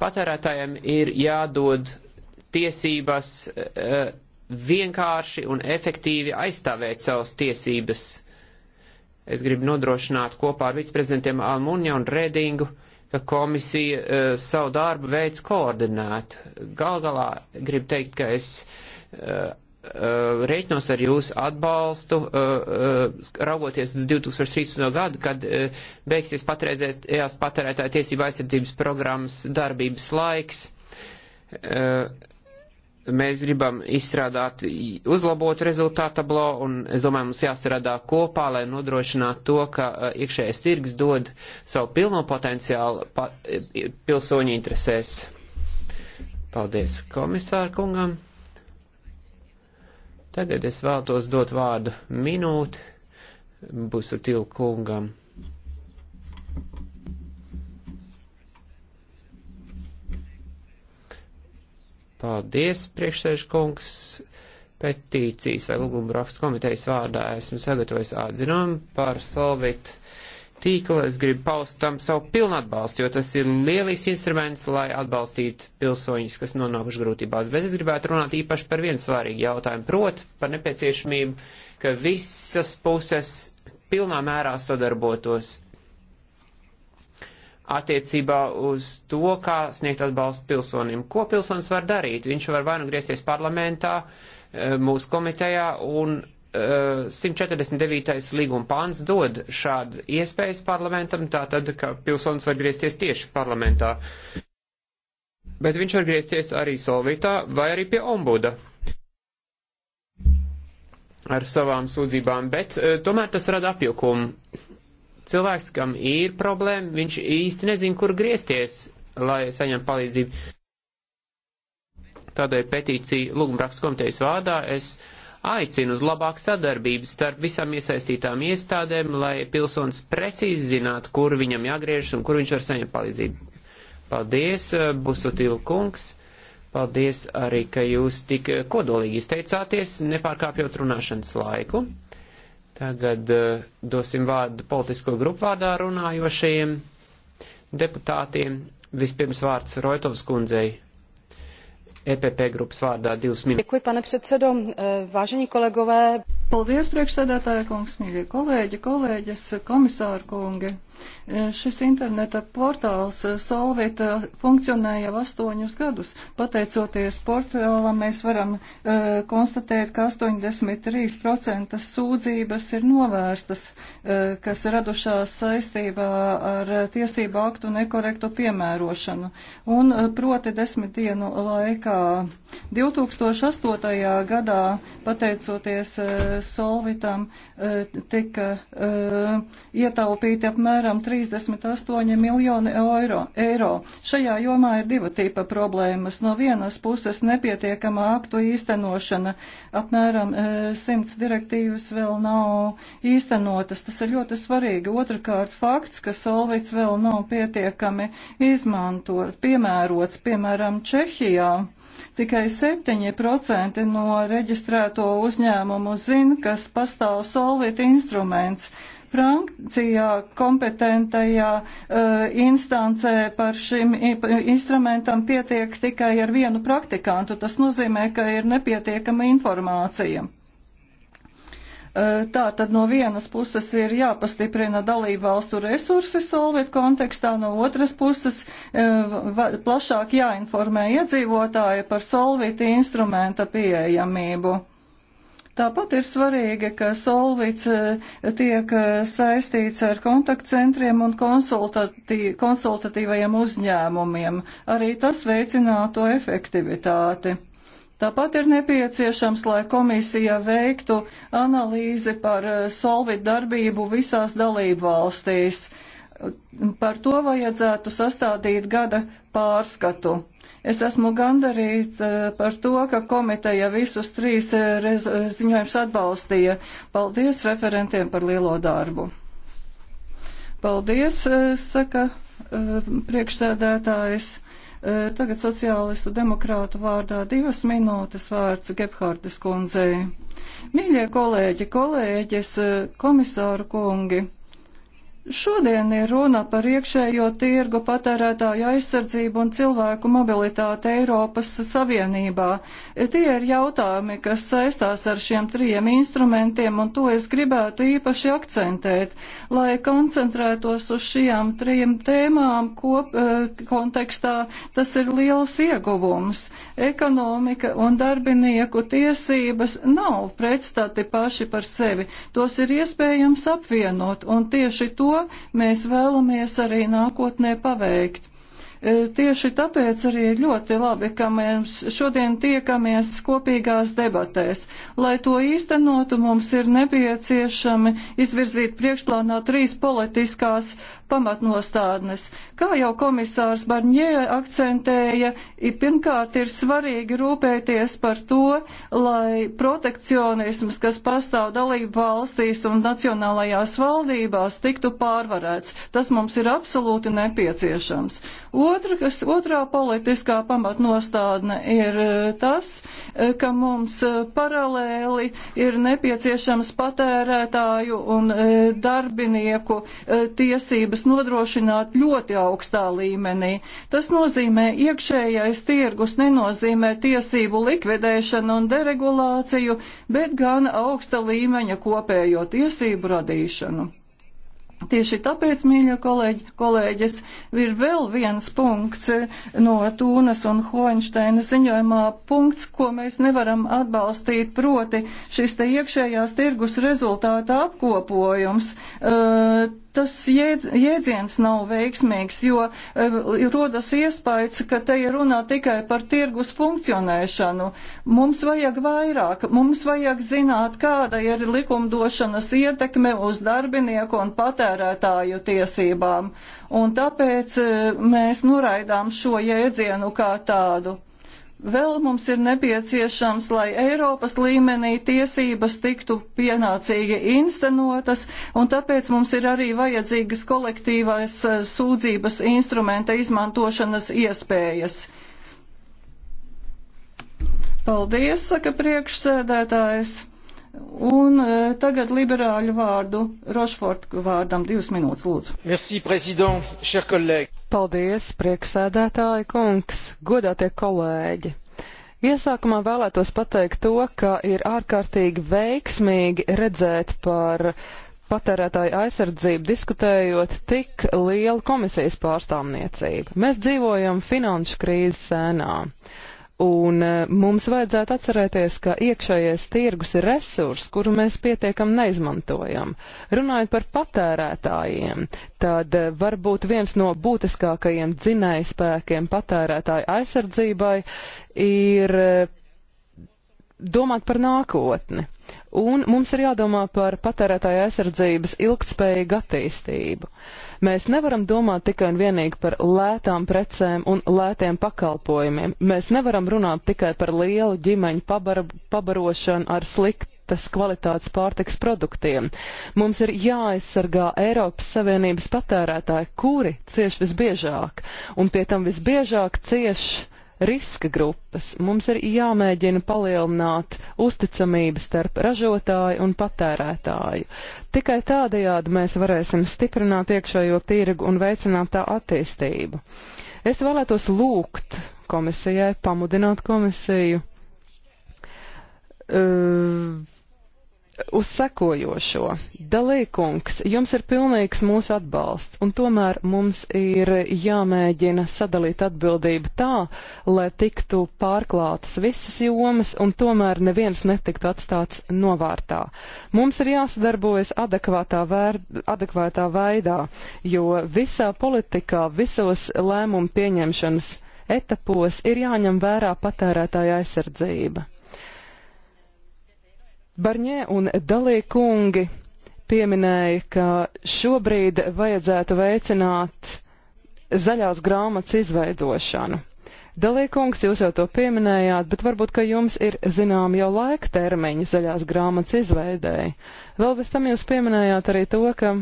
Patērētājiem ir jādod tiesības eh, vienkārši un efektīvi aizstāvēt savas tiesības. Es gribu nodrošināt kopā ar viceprezidentiem Almunja un Redingu, ka komisija savu darbu veids koordinēt. Gal galā gribu teikt, ka es Eh, rēķinos ar jūsu atbalstu, eh, eh, raugoties uz 2013. gadu, kad beigsies patreizējās patērētāja tiesība aizsardzības programmas darbības laiks. Mēs gribam izstrādāt uzlabotu rezultātu tablo, un es domāju, mums jāstrādā kopā, lai nodrošinātu to, ka iekšējais tirgs dod savu pilno potenciālu pilsoņu interesēs. Paldies komisāru kungam! Tagad es vēltos dot vārdu minūti Busutilu kungam. Paldies, priekšsēžkungs. Petīcijas vai lūguma rakstu komitejas vārdā esmu sagatavojis atzinumu par Solvit tīkla, es gribu paust tam savu pilnu atbalstu, jo tas ir lielisks instruments, lai atbalstītu pilsoņus, kas nonākuši grūtībās. Bet es gribētu runāt īpaši par vienu svarīgu jautājumu, proti par nepieciešamību, ka visas puses pilnā mērā sadarbotos attiecībā uz to, kā sniegt atbalstu pilsonim. Ko pilsonis var darīt? Viņš var vai nu griezties parlamentā, eh, mūsu komitejā un 149. līguma pāns dod šādu iespējas parlamentam, tātad, ka pilsonis var griezties tieši parlamentā. Bet viņš var griezties arī solvītā vai arī pie ombuda ar savām sūdzībām, bet eh, tomēr tas rada apjukumu. Cilvēks, kam ir problēma, viņš īsti nezin, kur griezties, lai saņemtu palīdzību. Tādēļ petīciju lūgumrakstu komitejas vārdā es aicina uz labāku sadarbību starp visām iesaistītām iestādēm, lai pilsonis precīzi zinātu, kur viņam jāgriežas un kur viņš var saņemt palīdzību. Paldies, eh, Busutil kungs! Paldies arī, ka jūs tik kodolīgi izteicāties, nepārkāpjot runāšanas laiku. Tagad uh, dosim vārdu politisko grupu vārdā runājošajiem deputātiem. Vispirms vārds Roitovs kundzei. EPP grupas vārdā divas minūtes. Dziekuji, pane predsedo, eh, vāžiņi kolegovē. Paldies, priekšsēdētāja kungs, mīļie kolēģi, kolēģis, komisāra kungi. Šis interneta portāls eh, Solvit funkcionē jau astoņus gadus. Pateicoties portālam, mēs varam uh, konstatēt, ka 83% sūdzības ir novērstas, uh, kas radušās saistībā ar tiesību aktu nekorektu piemērošanu. Un uh, proti desmit dienu laikā 2008. gadā, pateicoties uh, Solvitam, uh, tika uh, ietaupīti apmēram 3 38 miljoni eiro. eiro. Šajā jomā ir diva tipa problēmas. No vienas puses nepietiekama aktu īstenošana. Apmēram 100 e, direktīvas vēl nav īstenotas. Tas ir ļoti svarīgi. Otrakārt fakts, ka solvits vēl nav pietiekami izmantot, piemērots, piemēram, Čehijā. Tikai 7% no reģistrēto uzņēmumu zina, kas pastāv solvīta instruments. Francijā kompetentajā uh, instancē par šim instrumentam pietiek tikai ar vienu praktikantu. Tas nozīmē, ka ir nepietiekama informācija. Eh, tā tad no vienas puses ir jāpastiprina dalību valstu resursi solvit kontekstā, no otras puses eh, plašāk jāinformē iedzīvotāji par solvit instrumenta pieejamību. Tāpat ir svarīgi, ka Solvits eh, tiek eh, saistīts ar kontaktcentriem un konsultatī, konsultatīvajiem uzņēmumiem. Arī tas veicinātu efektivitāti. Tāpat ir nepieciešams, lai komisija veiktu analīzi par eh, solvit darbību visās dalību valstīs. Par to vajadzētu sastādīt gada pārskatu. Es esmu gandarīta eh, par to, ka komiteja visus trīs eh, ziņojums atbalstīja. Paldies referentiem par lielo darbu. Paldies, eh, saka priekšsēdētājs. Tagad sociālistu demokrātu vārdā divas minūtes vārds Gebhārdas kundzei. Mīļie kolēģi, kolēģis, komisāru kungi! Šodien ir runa par iekšējo tirgu patērētāju aizsardzību un cilvēku mobilitāti Eiropas Savienībā. Tie ir jautājumi, kas saistās ar šiem trijiem instrumentiem, un to es gribētu īpaši akcentēt, lai koncentrētos uz šiem trim tēmām kop, eh, kontekstā. Tas ir liels ieguvums. Ekonomika un darbinieku tiesības nav pretstati paši par sevi. Tos ir iespējams apvienot, un tieši to mēs vēlamies arī nākotnē paveikt. E, tieši tāpēc arī ir ļoti labi, ka mēs šodien tiekamies kopīgās debatēs. Lai to īstenotu, mums ir nepieciešami izvirzīt priekšplānā trīs politiskās pamatnostādnes. Kā jau komisārs Barņē akcentēja, pirmkārt ir svarīgi rūpēties par to, lai protekcionisms, kas pastāv dalību valstīs un nacionālajās valdībās, tiktu pārvarēts. Tas mums ir absolūti nepieciešams. Otra, kas, otrā politiskā pamatnostādne ir e, tas, e, ka mums e, paralēli ir nepieciešams patērētāju un darbinieku tiesības nodrošināt ļoti augstā līmenī. Tas nozīmē iekšējais tirgus, nenozīmē tiesību likvidēšanu un deregulāciju, bet gan augsta līmeņa kopējo tiesību radīšanu. Tieši tāpēc, mīļie kolēģi, kolēģis, ir vēl viens punkts no Tūnas un Hoņšteina ziņojumā, punkts, ko mēs nevaram atbalstīt, proti šis te iekšējās tirgus rezultāta apkopojums. Uh, tas jēdz, jēdziens nav veiksmīgs, jo eh, rodas iespējas, ka te ir runā tikai par tirgus funkcionēšanu. Mums vajag vairāk, mums vajag zināt, kāda ir likumdošanas ietekme uz darbinieku un patērētāju tiesībām. Un tāpēc eh, mēs noraidām šo jēdzienu kā tādu. Vēl mums ir nepieciešams, lai Eiropas līmenī tiesības tiktu pienācīgi instenotas, un tāpēc mums ir arī vajadzīgas kolektīvās eh, sūdzības instrumenta izmantošanas iespējas. Paldies, saka priekšsēdētājs. Un e, tagad liberāļu vārdu Rošfortu vārdam divas minūtes lūdzu. Merci, prezident, cher kolēģi. Paldies, prieksēdētāji kungs, godātie kolēģi! Iesākumā vēlētos pateikt to, ka ir ārkārtīgi veiksmīgi redzēt par patērētāju aizsardzību diskutējot tik lielu komisijas pārstāvniecību. Mēs dzīvojam finanšu krīzes sēnā. Un eh, mums vajadzētu atcerēties, ka iekšējais tirgus ir resurs, kuru mēs pietiekam neizmantojam. Runājot par patērētājiem, tad eh, varbūt viens no būtiskākajiem dzinējspēkiem patērētāju aizsardzībai ir eh, domāt par nākotni un mums ir jādomā par patērētāja aizsardzības ilgtspējīgu attīstību. Mēs nevaram domāt tikai un vienīgi par lētām precēm un lētiem pakalpojumiem. Mēs nevaram runāt tikai par lielu ģimeņu pabara, pabarošanu ar sliktu kvalitātes pārtiks produktiem. Mums ir jāaizsargā Eiropas Savienības patērētāji, kuri cieš visbiežāk, un pie tam visbiežāk cieši riska grupas. Mums ir jāmēģina palielināt uzticamību starp ražotāju un patērētāju. Tikai tādējādi mēs varēsim stiprināt iekšējo tirgu un veicināt tā attīstību. Es vēlētos lūgt komisijai, pamudināt komisiju. Uh, uz sekojošo. Dalīkungs, jums ir pilnīgs mūsu atbalsts, un tomēr mums ir jāmēģina sadalīt atbildību tā, lai tiktu pārklātas visas jomas, un tomēr neviens netiktu atstāts novārtā. Mums ir jāsadarbojas adekvātā, vēr, adekvātā veidā, jo visā politikā, visos lēmumu pieņemšanas etapos ir jāņem vērā patērētāja aizsardzība. Barņē un Dalī kungi pieminēja, ka šobrīd vajadzētu veicināt zaļās grāmatas izveidošanu. Dalīkungs, jūs jau to pieminējāt, bet varbūt, ka jums ir zinām jau laika termiņi zaļās grāmatas izveidēji. Vēl bez tam jūs pieminējāt arī to, ka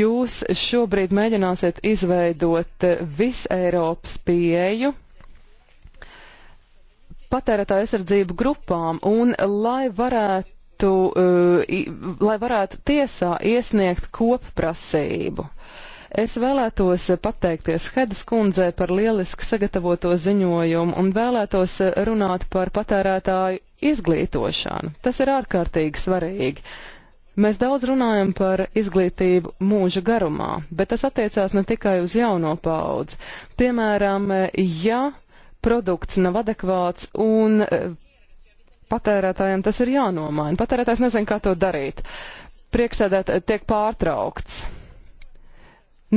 jūs šobrīd mēģināsiet izveidot visu Eiropas pieeju patērētāju aizsardzību grupām un lai varētu, uh, lai varētu tiesā iesniegt kopprasību. Es vēlētos pateikties Hedas kundzei par lieliski sagatavoto ziņojumu un vēlētos runāt par patērētāju izglītošanu. Tas ir ārkārtīgi svarīgi. Mēs daudz runājam par izglītību mūža garumā, bet tas attiecās ne tikai uz jauno paudzi. Piemēram, ja produkts nav adekvāts un e, patērētājiem tas ir jānomaina. Patērētājs nezin, kā to darīt. Prieksēdēt e, tiek pārtraukts.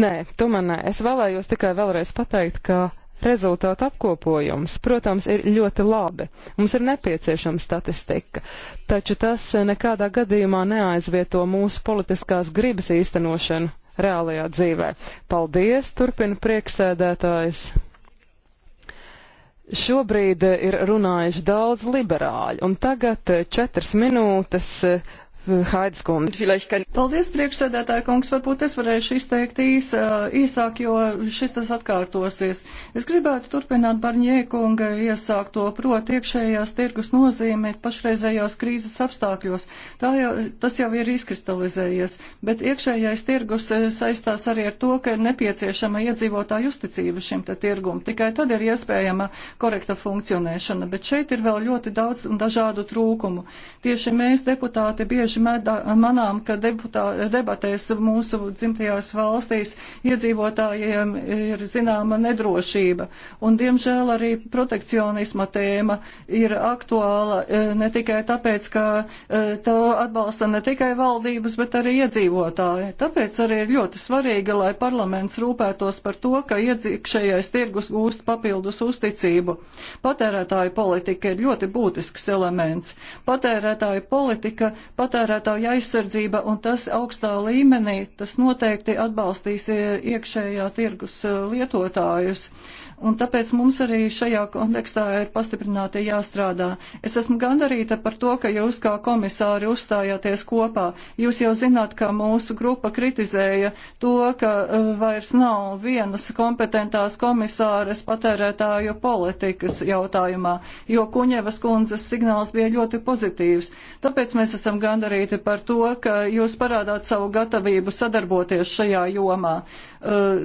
Nē, tomēr nē. Es vēlējos tikai vēlreiz pateikt, ka rezultātu apkopojums, protams, ir ļoti labi. Mums ir nepieciešama statistika, taču tas e, nekādā gadījumā neaizvieto mūsu politiskās gribas īstenošanu reālajā dzīvē. Paldies, turpina prieksēdētājs. Šobrīd eh, ir runājuši daudz liberāļu, un tagad eh, četras minūtes eh, Haidas kundze. Paldies, priekšsēdētāja kungs. Varbūt es varēšu izteikt īsā, īsāk, jo šis tas atkārtosies. Es gribētu turpināt Barņē kunga iesākto proti iekšējās tirgus nozīme pašreizējās krīzes apstākļos. Tā jau, tas jau ir izkristalizējies, bet iekšējais tirgus saistās arī ar to, ka ir nepieciešama iedzīvotāju uzticība šim te tirgum. Tikai tad ir iespējama korekta funkcionēšana, bet šeit ir vēl ļoti daudz un dažādu trūkumu. Tieši mēs, deputāti, bieži īpaši manām, ka deputā, debatēs mūsu dzimtajās valstīs iedzīvotājiem ir zināma nedrošība. Un, diemžēl, arī protekcionisma tēma ir aktuāla e, ne tikai tāpēc, ka e, to atbalsta ne tikai valdības, bet arī iedzīvotāji. Tāpēc arī ir ļoti svarīgi, lai parlaments rūpētos par to, ka iekšējais tirgus gūst papildus uzticību. Patērētāju politika ir ļoti būtisks elements. Patērētāju politika, patērētāju patērētāja aizsardzība un tas augstā līmenī, tas noteikti atbalstīs eh, iekšējā tirgus eh, lietotājus. Un tāpēc mums arī šajā kontekstā ir pastiprināti jāstrādā. Es esmu gandarīta par to, ka jūs kā komisāri uzstājāties kopā. Jūs jau zināt, ka mūsu grupa kritizēja to, ka eh, vairs nav vienas kompetentās komisāres patērētāju politikas jautājumā, jo Kuņevas kundzes signāls bija ļoti pozitīvs. Tāpēc mēs esam gandarīti par to, ka jūs parādāt savu gatavību sadarboties šajā jomā. Eh,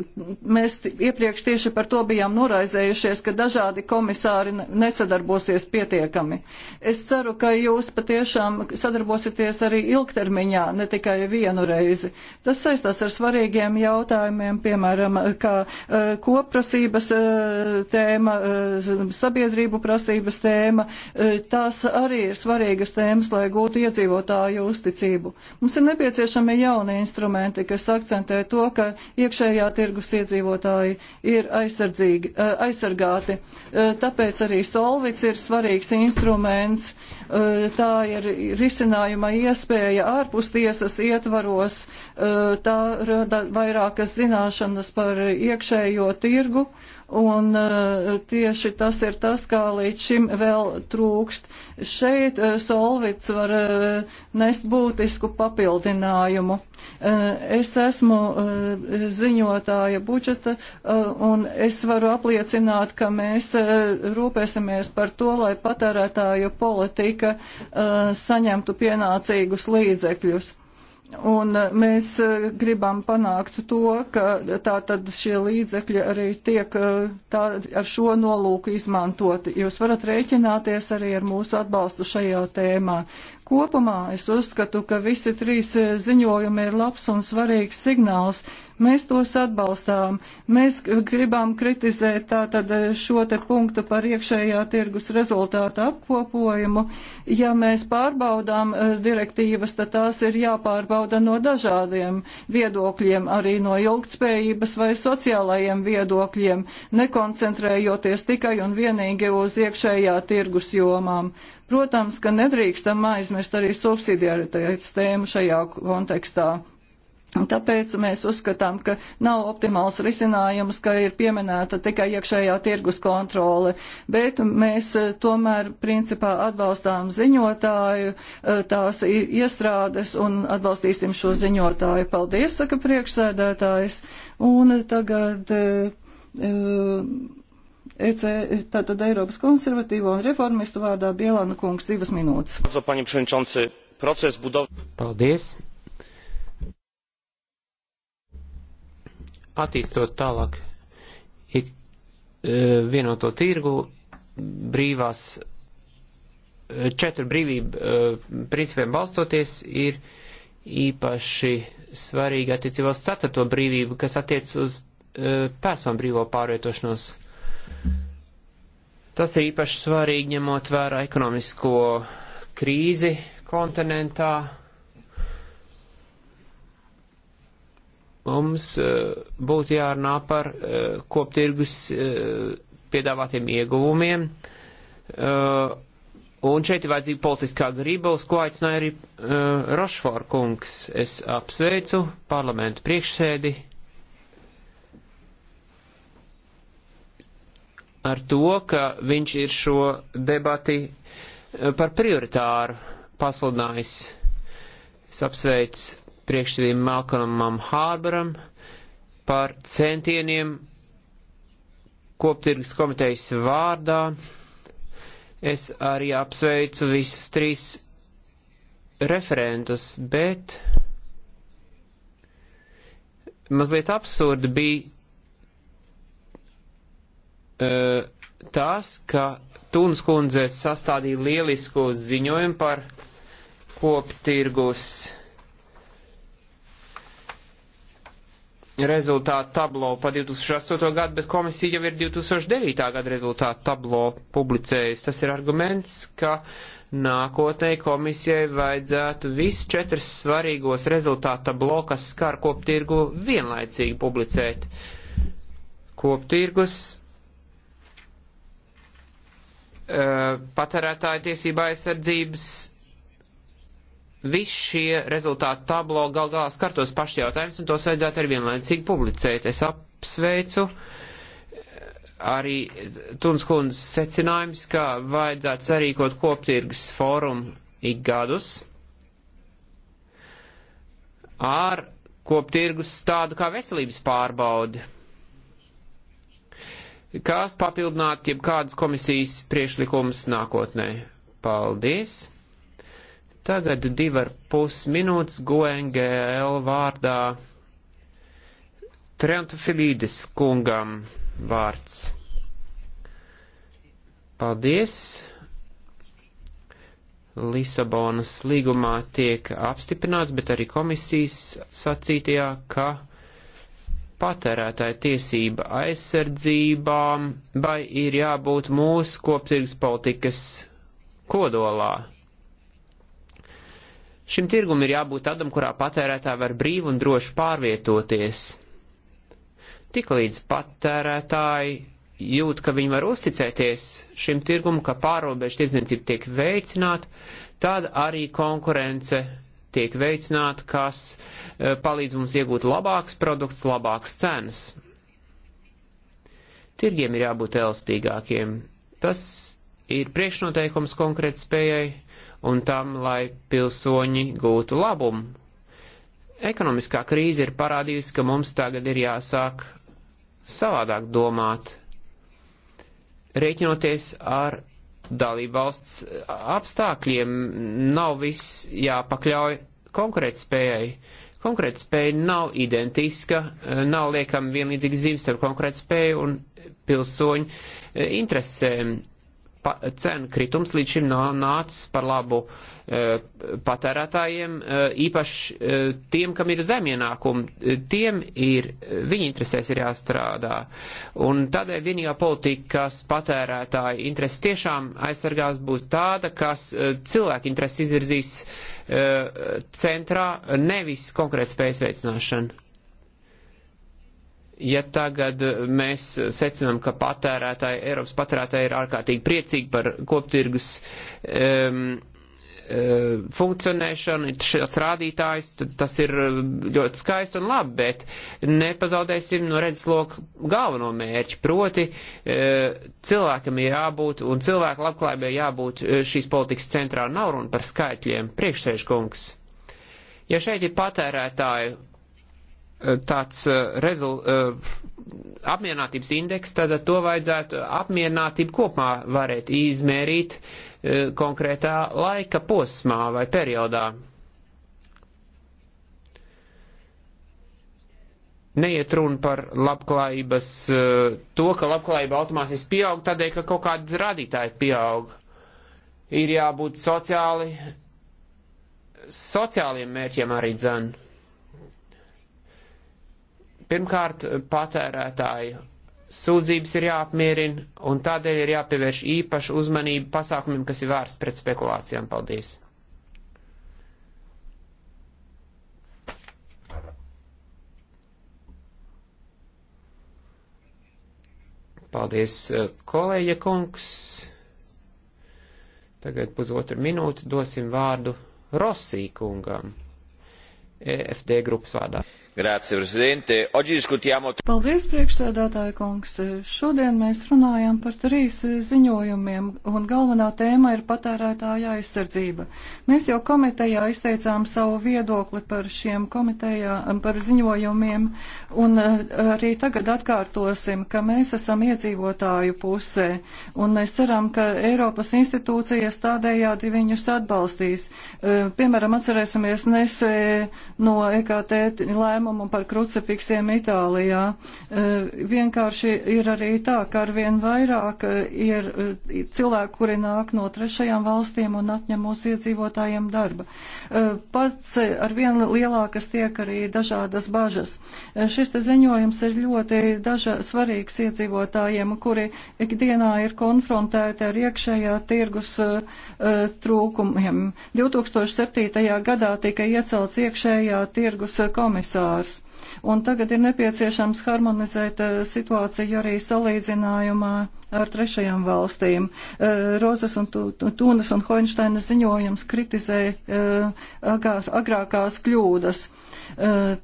mēs iepriekš tieši par to bijām noraizējušies, ka dažādi komisāri nesadarbosies pietiekami. Es ceru, ka jūs patiešām sadarbosieties arī ilgtermiņā, ne tikai vienu reizi. Tas saistās ar svarīgiem jautājumiem, piemēram, kā eh, koprasības eh, tēma, sabiedrību prasības tēma. Tās arī ir svarīgas tēmas, lai gūtu iedzīvotāju uzticību. Mums ir nepieciešami jauni instrumenti, kas akcentē to, ka iekšē iekšējā tirgus iedzīvotāji ir eh, aizsargāti. Eh, tāpēc arī solvits ir svarīgs instruments. Eh, tā ir risinājuma iespēja ārpus tiesas ietvaros. Tā rada vairākas zināšanas par iekšējo tirgu Un eh, tieši tas ir tas, kā līdz šim vēl trūkst. Šeit eh, Solvits var eh, nest būtisku papildinājumu. Es esmu ziņotāja budžeta un es varu apliecināt, ka mēs rūpēsimies par to, lai patērētāju politika saņemtu pienācīgus līdzekļus. Un eh, mēs eh, gribam panākt to, ka tā tad šie līdzekļi arī tiek eh, tā, ar šo nolūku izmantoti. Jūs varat rēķināties arī ar mūsu atbalstu šajā tēmā. Kopumā es uzskatu, ka visi trīs e, ziņojumi ir labs un svarīgs signāls. Mēs tos atbalstām. Mēs gribam kritizēt tātad e, šo te punktu par iekšējā tirgus rezultātu apkopojumu. Ja mēs pārbaudām e, direktīvas, tad tās ir jāpārbauda no dažādiem viedokļiem, arī no ilgtspējības vai sociālajiem viedokļiem, nekoncentrējoties tikai un vienīgi uz iekšējā tirgus jomām. Protams, ka nedrīkstam aizmirst arī subsidiaritātes tēmu šajā kontekstā. Un tāpēc mēs uzskatām, ka nav optimāls risinājums, ka ir pieminēta tikai iekšējā tirgus kontrole, bet mēs eh, tomēr principā atbalstām ziņotāju, eh, tās iestrādes un atbalstīsim šo ziņotāju. Paldies, saka priekšsēdētājs. Un tagad. Uh, EC, tātad Eiropas konservatīvo un reformistu vārdā Bielana kungs divas minūtes. Paldies. Attīstot tālāk ik, e, vienoto tirgu, brīvās, e, četru brīvību e, principiem balstoties ir īpaši svarīgi attiecībā uz ceturto brīvību, kas attiec uz personu brīvo pārvietošanos. Tas ir īpaši svarīgi ņemot vērā ekonomisko krīzi kontinentā. Mums e, būtu jārunā par e, koptirgus e, piedāvātiem ieguvumiem. Un šeit ir vajadzīga politiskā grība, uz ko aicināja arī uh, Rošfor kungs. Es apsveicu parlamentu priekšsēdi ar to, ka viņš ir šo debati eh, par prioritāru pasludinājis. Es apsveicu priekšsēdījumu Malcolmam Hārbaram par centieniem koptirgas komitejas vārdā. Es arī apsveicu visas trīs referentus, bet mazliet absurdi bija Eh, tas, ka Tunas kundze sastādīja lielisku ziņojumu par koptirgus rezultātu tablo pa 2008. gadu, bet komisija jau ir 2009. gada rezultātu tablo publicējusi. Tas ir arguments, ka nākotnē komisijai vajadzētu visus četrus svarīgos rezultātu tablo, kas skar koptirgu, vienlaicīgi publicēt. Koptirgus Eh, patērētāju tiesība aizsardzības, visi šie rezultāti tablo gal galā skartos paši jautājums, un tos vajadzētu arī vienlaicīgi publicēt. Es apsveicu eh, arī Tunskundas secinājums, ka vajadzētu sarīkot koptirgas fórumu ik gadus ar koptirgus tādu kā veselības pārbaudi kas papildinātu jebkādas komisijas priešlikumus nākotnē. Paldies! Tagad divi ar pus minūtes GoNGL vārdā Trentu Filīdes kungam vārds. Paldies! Lisabonas līgumā tiek apstiprināts, bet arī komisijas sacītajā, ka patērētāja tiesība aizsardzībām, vai ir jābūt mūsu koptirgs politikas kodolā. Šim tirgum ir jābūt tādam, kurā patērētāji var brīvi un droši pārvietoties. Tiklīdz patērētāji jūt, ka viņi var uzticēties šim tirgumam, ka pārobežu tirdzniecība tiek veicināta, tad arī konkurence tiek veicināta, kas eh, palīdz mums iegūt labāks produkts, labāks cenas. Tirgiem ir jābūt elastīgākiem. Tas ir priekšnoteikums konkrēti spējai un tam, lai pilsoņi gūtu labumu. Ekonomiskā krīze ir parādījusi, ka mums tagad ir jāsāk savādāk domāt, rēķinoties ar dalībvalsts eh, apstākļiem nav viss jāpakļauj konkurētspējai. Konkurētspēja nav identiska, eh, nav liekam vienlīdzīgas zīmes ar konkurētspēju un pilsoņu eh, interesēm pa, cenu kritums līdz šim nav nācis par labu e, patērētājiem, e, īpaši e, tiem, kam ir zemienākumi, e, tiem ir, viņi interesēs ir jāstrādā. Un tādēļ vienīgā politika, kas patērētāji intereses tiešām aizsargās, būs tāda, kas e, cilvēku intereses izvirzīs e, centrā, nevis konkrētspējas veicināšana ja tagad eh, mēs eh, secinām, ka patērētāji, Eiropas patērētāji ir ārkārtīgi priecīgi par koptirgus um, funkcionēšanu, ir šāds rādītājs, tad tas ir ļoti skaisti un labi, bet nepazaudēsim no redzesloka galveno mērķi, proti cilvēkam ir jābūt un cilvēku labklājībai jābūt šīs politikas centrā nav runa par skaitļiem, priekšsēžkungs. Ja šeit ir patērētāju tāds eh, rezul, eh, apmierinātības indeks, tad to vajadzētu apmierinātību kopumā varēt izmērīt eh, konkrētā laika posmā vai periodā. Neiet runa par labklājības, to, ka labklājība automātiski pieaug tādēļ, ka kaut kādi radītāji pieaug. Ir jābūt sociāli, sociāliem mērķiem arī dzēnu Pirmkārt, patērētāju sūdzības ir jāapmierina, un tādēļ ir jāpievērš īpaša uzmanība pasākumiem, kas ir vērsts pret spekulācijām. Paldies! Paldies, eh, kolēģa kungs. Tagad pusotru minūti dosim vārdu Rosī kungam, EFD grupas vārdā. Grācija, prezidente. Oģi diskutiamo. Paldies, priekšsēdētāja kungs. Šodien mēs runājam par trīs ziņojumiem, un galvenā tēma ir patērētāja aizsardzība. Mēs jau komitejā izteicām savu viedokli par šiem komitejā, par ziņojumiem, un eh, arī tagad atkārtosim, ka mēs esam iedzīvotāju pusē, un mēs ceram, ka Eiropas institūcijas tādējādi viņus atbalstīs. Eh, piemēram, atcerēsimies nesē no EKT lēmumu lēmumu par krucifiksiem Itālijā. E, vienkārši ir arī tā, ka arvien vairāk e, ir e, cilvēki, kuri nāk no trešajām valstīm un atņem mūsu iedzīvotājiem darba. Pats arvien lielākas tiek arī dažādas bažas. Šis te ziņojums ir ļoti daža, svarīgs iedzīvotājiem, kuri ikdienā ir konfrontēti ar iekšējā tirgus uh, trūkumiem. 2007. gadā tika iecelts iekšējā tirgus komisārs prioritārs. Un tagad ir nepieciešams harmonizēt eh, situāciju arī salīdzinājumā ar trešajām valstīm. Eh, Rozes un Tūnas un Hoinsteinas ziņojums kritizē eh, agrākās kļūdas.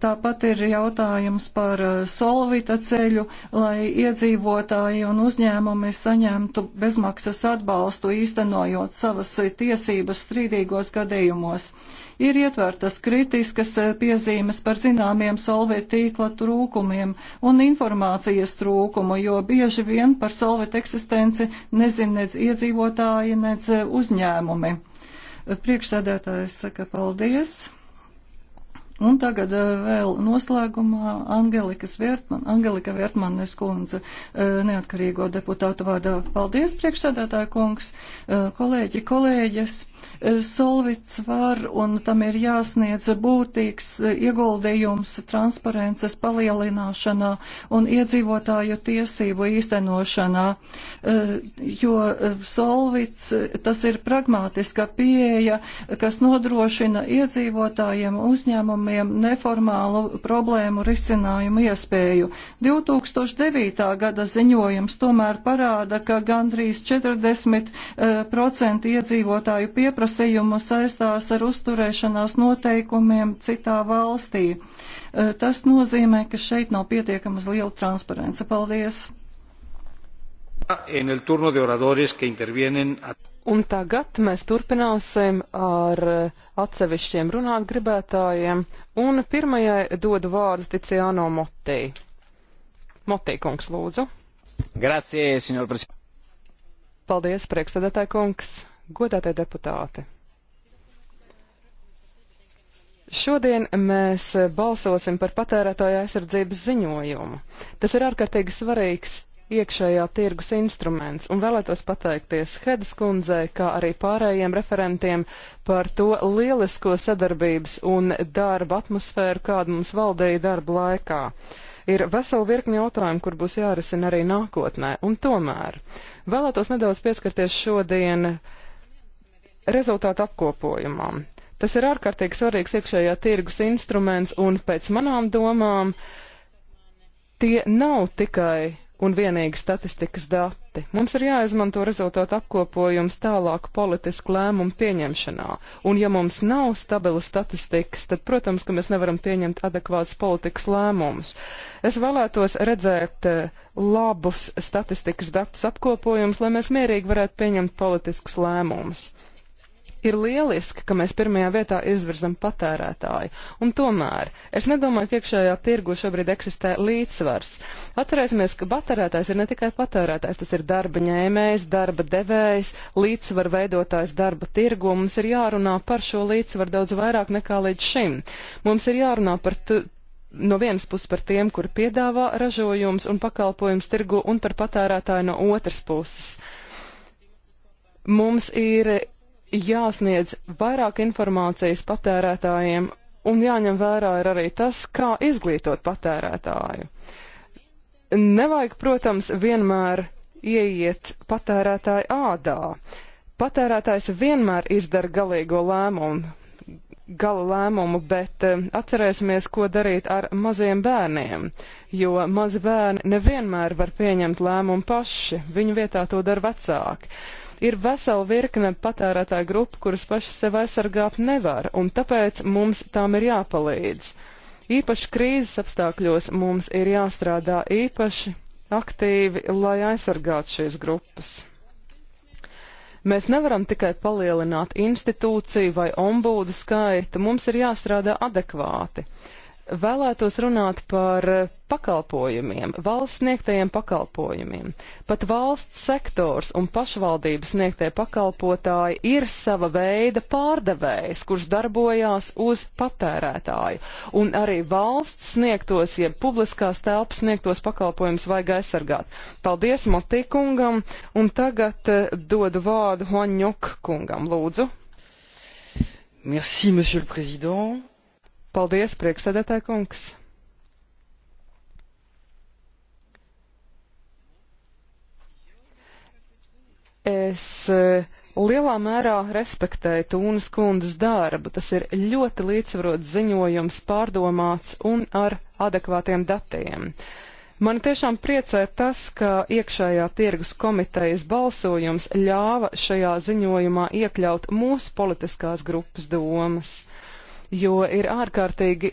Tāpat ir jautājums par solvita ceļu, lai iedzīvotāji un uzņēmumi saņemtu bezmaksas atbalstu īstenojot savas tiesības strīdīgos gadījumos. Ir ietvertas kritiskas piezīmes par zināmiem solvita tīkla trūkumiem un informācijas trūkumu, jo bieži vien par solvita eksistenci nezin nec iedzīvotāji, nec uzņēmumi. Priekšsēdētājs saka paldies. Un tagad eh, vēl noslēgumā Angelikas Vērtman, Angelika Vērtmanes kundze, eh, neatkarīgo deputātu vārdā. Paldies, priekšsēdētāja kungs, eh, kolēģi, kolēģis. Eh, Solvits var un tam ir jāsniedz būtīgs eh, ieguldījums transparences palielināšanā un iedzīvotāju tiesību īstenošanā, eh, jo Solvits tas ir pragmātiska pieeja, kas nodrošina iedzīvotājiem uzņēmumiem neformālu problēmu risinājumu iespēju. 2009. gada ziņojums tomēr parāda, ka gandrīz 40% iedzīvotāju pieprasījums pieprasījumu saistās ar uzturēšanās noteikumiem citā valstī. E, tas nozīmē, ka šeit nav pietiekamas liela transparence. Paldies! Un tagad mēs turpināsim ar atsevišķiem runāt gribētājiem, un pirmajai dodu vārdu Ticiāno Motī. Motī kungs, lūdzu. Grazie, signor presidente. Paldies, priekšsēdētāji kungs godātie deputāti! Šodien mēs balsosim par patērētāju aizsardzības ziņojumu. Tas ir ārkārtīgi svarīgs iekšējā tirgus instruments un vēlētos pateikties Hedas kundzei, kā arī pārējiem referentiem par to lielisko sadarbības un darba atmosfēru, kādu mums valdīja darba laikā. Ir vesela virkni jautājumu, kur būs jārisina arī nākotnē, un tomēr vēlētos nedaudz pieskarties šodien uh, rezultātu apkopojumam. Tas ir ārkārtīgi svarīgs iekšējā tirgus instruments, un pēc manām domām tie nav tikai un vienīgi statistikas dati. Mums ir jāizmanto rezultātu apkopojums tālāk politisku lēmumu pieņemšanā, un ja mums nav stabila statistikas, tad, protams, ka mēs nevaram pieņemt adekvātus politikas lēmumus. Es vēlētos redzēt eh, labus statistikas datus apkopojumus, lai mēs mierīgi varētu pieņemt politiskus lēmumus. Ir lieliski, ka mēs pirmajā vietā izvirzam patērētāju. Un tomēr es nedomāju, ka iekšējā tirgu šobrīd eksistē līdzsvars. Atcerēsimies, ka patērētājs ir ne tikai patērētājs, tas ir darba ņēmējs, darba devējs, līdzsvaru veidotājs darba tirgu. Mums ir jārunā par šo līdzsvaru daudz vairāk nekā līdz šim. Mums ir jārunā par no vienas puses par tiem, kur piedāvā ražojums un pakalpojums tirgu, un par patērētāju no otras puses. Mums ir jāsniedz vairāk informācijas patērētājiem un jāņem vērā ir arī tas, kā izglītot patērētāju. Nevajag, protams, vienmēr ieiet patērētāju ādā. Patērētājs vienmēr izdara galīgo lēmumu, gala lēmumu, bet eh, atcerēsimies, ko darīt ar maziem bērniem, jo mazi bērni nevienmēr var pieņemt lēmumu paši, viņu vietā to dara vecāki. Ir vesela virkne patērētāju grupu, kuras pašas sev aizsargāt nevar, un tāpēc mums tām ir jāpalīdz. Īpaši krīzes apstākļos mums ir jāstrādā īpaši aktīvi, lai aizsargātu šīs grupas. Mēs nevaram tikai palielināt institūciju vai ombudu skaitu, mums ir jāstrādā adekvāti. Vēlētos runāt par pakalpojumiem, valsts sniegtajiem pakalpojumiem. Pat valsts sektors un pašvaldības sniegtie pakalpotāji ir sava veida pārdevējs, kurš darbojās uz patērētāju. Un arī valsts sniegtos, jeb ja publiskās telpas sniegtos pakalpojumus vajag aizsargāt. Paldies Matikungam, un tagad eh, dodu vārdu Hoņuk kungam, lūdzu. Merci, monsieur le président. Paldies, priekšsēdētāja kungs! Es eh, lielā mērā respektēju Tūnas kundas darbu. Tas ir ļoti līdzsvarots ziņojums, pārdomāts un ar adekvātiem datiem. Man tiešām priecē tas, ka iekšējā tirgus komitejas balsojums ļāva šajā ziņojumā iekļaut mūsu politiskās grupas domas jo ir ārkārtīgi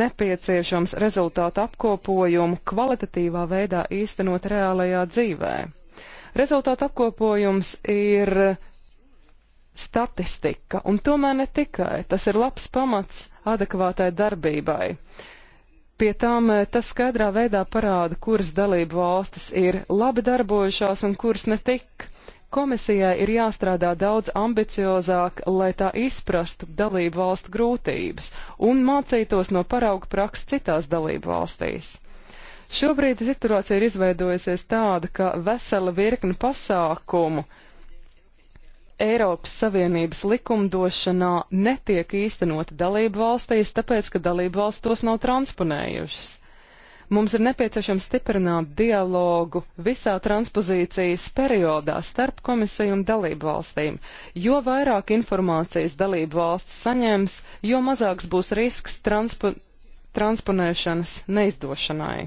nepieciešams rezultātu apkopojumu kvalitatīvā veidā īstenot reālajā dzīvē. Rezultātu apkopojums ir statistika, un tomēr ne tikai. Tas ir labs pamats adekvātai darbībai. Pie tām eh, tas skaidrā veidā parāda, kuras dalību valstis ir labi darbojušās un kuras netik. Komisijai ir jāstrādā daudz ambiciozāk, lai tā izprastu dalību valstu grūtības un mācītos no parauga prakses citās dalību valstīs. Šobrīd situācija ir izveidojusies tāda, ka vesela virkni pasākumu Eiropas Savienības likumdošanā netiek īstenoti dalību valstīs, tāpēc, ka dalību valsts tos nav transponējušas. Mums ir nepieciešams stiprināt dialogu visā transpozīcijas periodā starp komisiju un dalību valstīm. Jo vairāk informācijas dalību valsts saņems, jo mazāks būs risks transpo transponēšanas neizdošanai.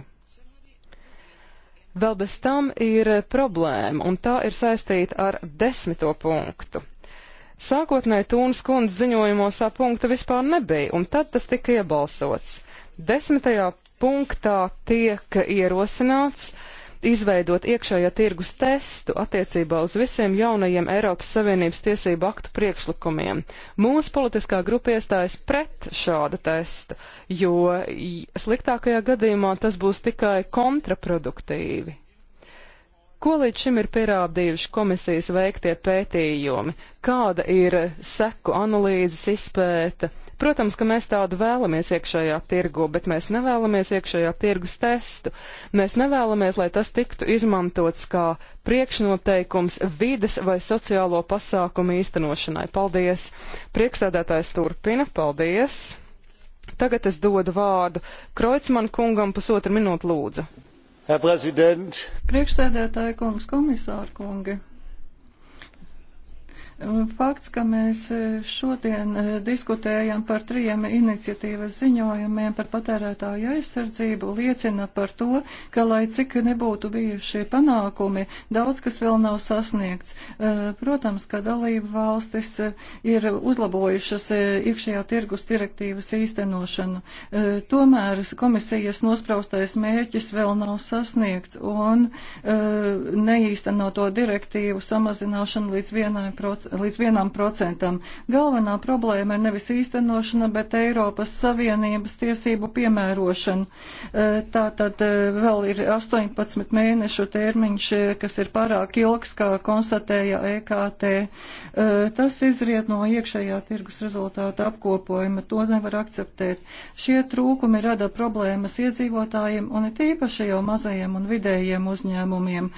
Vēl bez tam ir problēma, un tā ir saistīta ar desmito punktu. Sākotnēji Tūnas kundze ziņojumos tā punkta vispār nebija, un tad tas tika iebalsots. Desmitajā punktā tiek ierosināts izveidot iekšējā tirgus testu attiecībā uz visiem jaunajiem Eiropas Savienības tiesību aktu priekšlikumiem. Mūsu politiskā grupa iestājas pret šādu testu, jo sliktākajā gadījumā tas būs tikai kontraproduktīvi. Ko līdz šim ir pierādījuši komisijas veiktie pētījumi? Kāda ir seku analīzes izpēta? Protams, ka mēs tādu vēlamies iekšējā tirgu, bet mēs nevēlamies iekšējā tirgus testu. Mēs nevēlamies, lai tas tiktu izmantots kā priekšnoteikums vides vai sociālo pasākumu īstenošanai. Paldies! Priekšsēdētājs turpina. Paldies! Tagad es dodu vārdu Kreutzmann kungam pusotru minūtu lūdzu. Herr Präsident! Priekšsēdētāja kungs, komisāra kungi! Fakts, ka mēs e, šodien e, diskutējam par trijiem iniciatīvas ziņojumiem par patērētāju aizsardzību, liecina par to, ka, lai cik nebūtu bijušie panākumi, daudz kas vēl nav sasniegts. E, protams, ka dalību valstis ir uzlabojušas iekšējā tirgus direktīvas īstenošanu. Tomēr komisijas nospraustais mērķis vēl nav sasniegts un neīstenoto direktīvu samazināšanu līdz 1% līdz 1%. Galvenā problēma ir nevis īstenošana, bet Eiropas Savienības tiesību piemērošana. E, Tā tad e, vēl ir 18 mēnešu termiņš, e, kas ir pārāk ilgs, kā konstatēja EKT. Tas izriet no iekšējā tirgus rezultāta apkopojuma. To nevar akceptēt. Šie trūkumi rada problēmas iedzīvotājiem un it īpaši jau mazajiem un vidējiem uzņēmumiem,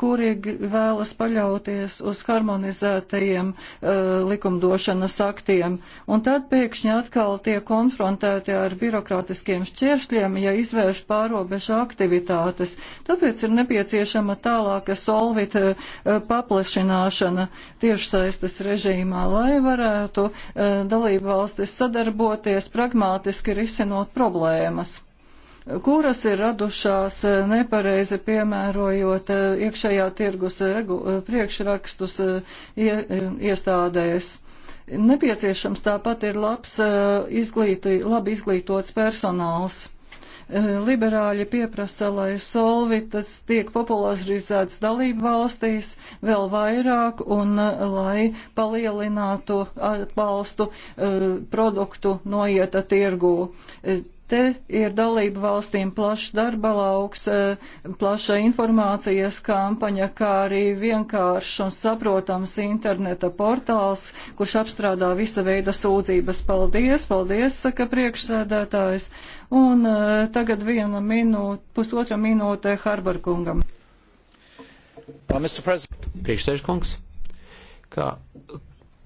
kuri vēlas paļauties uz harmonizētu pieņemtajiem eh, likumdošanas aktiem. Un tad pēkšņi atkal tiek konfrontēti ar birokrātiskiem šķēršļiem, ja izvērš pārobežu aktivitātes. Tāpēc ir nepieciešama tālāka solvita eh, paplašināšana tiešsaistes režīmā, lai varētu eh, dalību valstis sadarboties pragmātiski risinot problēmas kuras ir radušās eh, nepareizi piemērojot eh, iekšējā tirgus eh, regu, priekšrakstus ie, iestādēs. Nepieciešams tāpat ir labs, izglīti, labi izglītots personāls. Liberāļi pieprasa, lai solvitas tiek popularizēts dalību valstīs vēl vairāk un lai palielinātu atbalstu produktu noieta tirgū Te ir dalību valstīm plašs darba lauks, eh, plaša informācijas kampaņa, kā arī vienkāršs un saprotams interneta portāls, kurš apstrādā visa veida sūdzības. Paldies, paldies, saka priekšsēdētājs. Un eh, tagad viena minūte, pusotra minūte Harbarkungam. Priekšsēžkungs, kā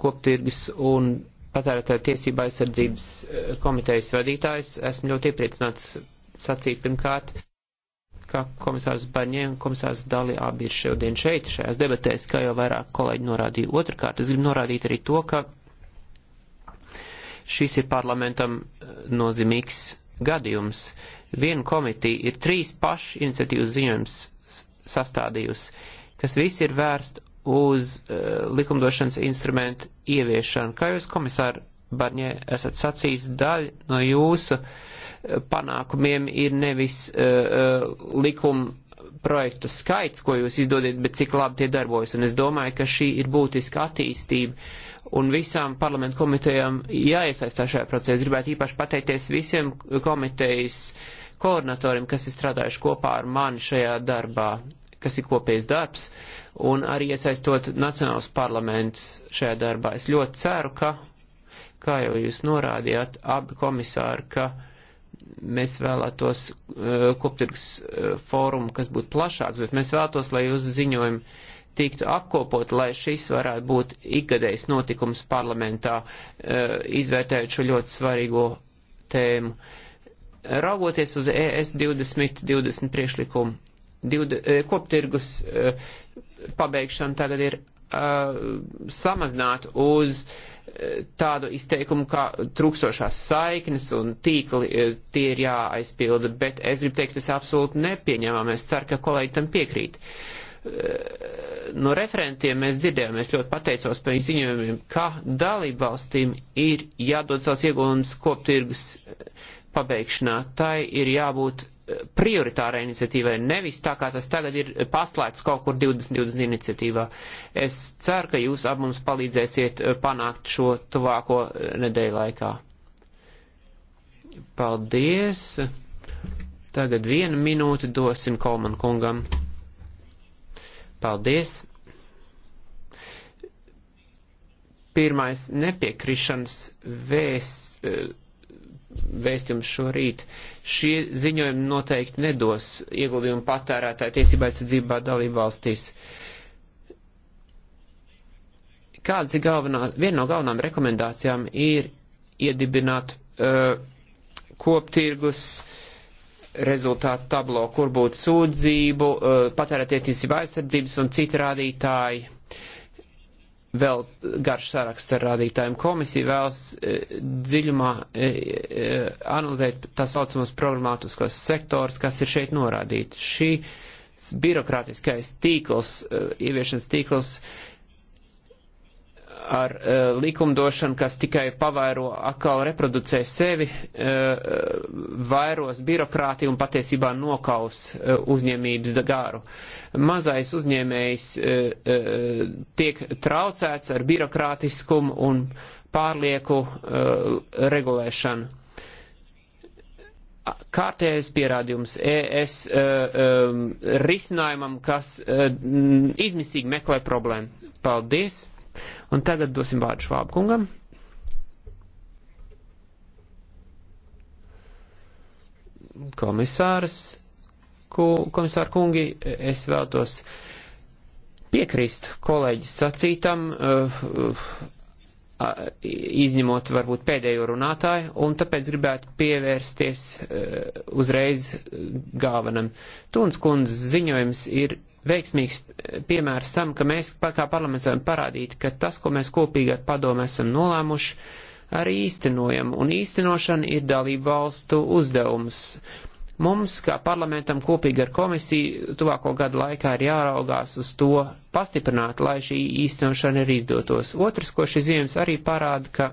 koptirgis un patērētāju tiesība aizsardzības eh, komitejas vadītājs. Esmu ļoti iepriecināts sacīt pirmkārt, ka komisārs Barņē un komisārs Dali abi ir šodien šeit, šajās debatēs, kā jau vairāk kolēģi norādīja. Otrakārt, es gribu norādīt arī to, ka šis ir parlamentam eh, nozīmīgs gadījums. Viena komitija ir trīs paši iniciatīvas ziņojums sastādījusi, kas visi ir vērsti uz uh, likumdošanas instrumentu ieviešanu. Kā jūs, komisāri Barņē, esat sacījis, daļa no jūsu eh, panākumiem ir nevis uh, likuma projektu skaits, ko jūs izdodiet, bet cik labi tie darbojas. Un es domāju, ka šī ir būtiska attīstība. Un visām parlamentu komitejām jāiesaistās šajā procesā. Gribētu īpaši pateikties visiem komitejas koordinatoriem, kas ir strādājuši kopā ar mani šajā darbā kas ir kopējs darbs, un arī iesaistot nacionāls parlaments šajā darbā. Es ļoti ceru, ka, kā jau jūs norādījāt, abi komisāri, ka mēs vēlētos uh, eh, koptirgs uh, eh, fórumu, kas būtu plašāks, bet mēs vēlētos, lai jūsu ziņojumi tiktu apkopot, lai šis varētu būt ikgadējs notikums parlamentā, uh, izvērtējot šo ļoti svarīgo tēmu. Raugoties uz e ES 2020 priešlikumu, Eh, koptirgus eh, pabeigšana tagad ir eh, samazināt uz tādu izteikumu kā trūkstošās saiknes un tīkli, tie ir jāaizpilda, bet es gribu teikt, tas absolūti nepieņemam, es ceru, ka kolēģi tam piekrīt. No referentiem mēs dzirdējām, es ļoti pateicos par viņu ziņojumiem, ka dalību valstīm ir jādod savs ieguldījums koptirgus pabeigšanā. Tai ir jābūt prioritārai iniciatīvai, nevis tā kā tas tagad ir paslēgts kaut kur 2020 iniciatīvā. Es ceru, ka jūs ap mums palīdzēsiet eh, panākt šo tuvāko eh, nedēļu laikā. Paldies! Tagad vienu minūti dosim Kolman kungam. Paldies! Pirmais nepiekrišanas vēst, eh, vēstījums šorīt. Uh, Šie ziņojumi noteikti nedos ieguldījumu patērētāju tiesībā aizsardzībā dalību valstīs. Kāds ir galvenā, viena no galvenām rekomendācijām ir iedibināt uh, koptirgus rezultātu tablo, kur būtu sūdzību, uh, patērētie tiesība aizsardzības un citi rādītāji vēl garš saraksts ar rādītājiem. Komisija vēlas e, dziļumā e, e, analizēt tā saucamos programmātiskos sektors, kas ir šeit norādīti. Šī birokrātiskais tīkls, e, ieviešanas tīkls, e, ar uh, likumdošanu, kas tikai pavairo atkal reproducē sevi, uh, vairos birokrātiju un patiesībā nokaus uh, uzņēmības gāru. Mazais uzņēmējs uh, uh, tiek traucēts ar birokrātiskumu un pārlieku uh, regulēšanu. Kārtējais pierādījums ES uh, um, risinājumam, kas uh, izmisīgi meklē problēmu. Paldies! Un tagad dosim vārdu Švābkungam. Komisārs, ku, komisāra kungi, es vēlos piekrist kolēģis sacītam, uh, uh, izņemot varbūt pēdējo runātāju, un tāpēc gribētu pievērsties uh, uzreiz uh, galvenam. Tuns kundzes ziņojums ir veiksmīgs eh, piemērs tam, ka mēs kā parlaments varam parādīt, ka tas, ko mēs kopīgi ar padomu esam nolēmuši, arī īstenojam, un īstenošana ir dalību valstu uzdevums. Mums, kā parlamentam, kopīgi ar komisiju, tuvāko gadu laikā ir jāraugās uz to pastiprināt, lai šī īstenošana ir izdotos. Otrs, ko šis ziņojums arī parāda, ka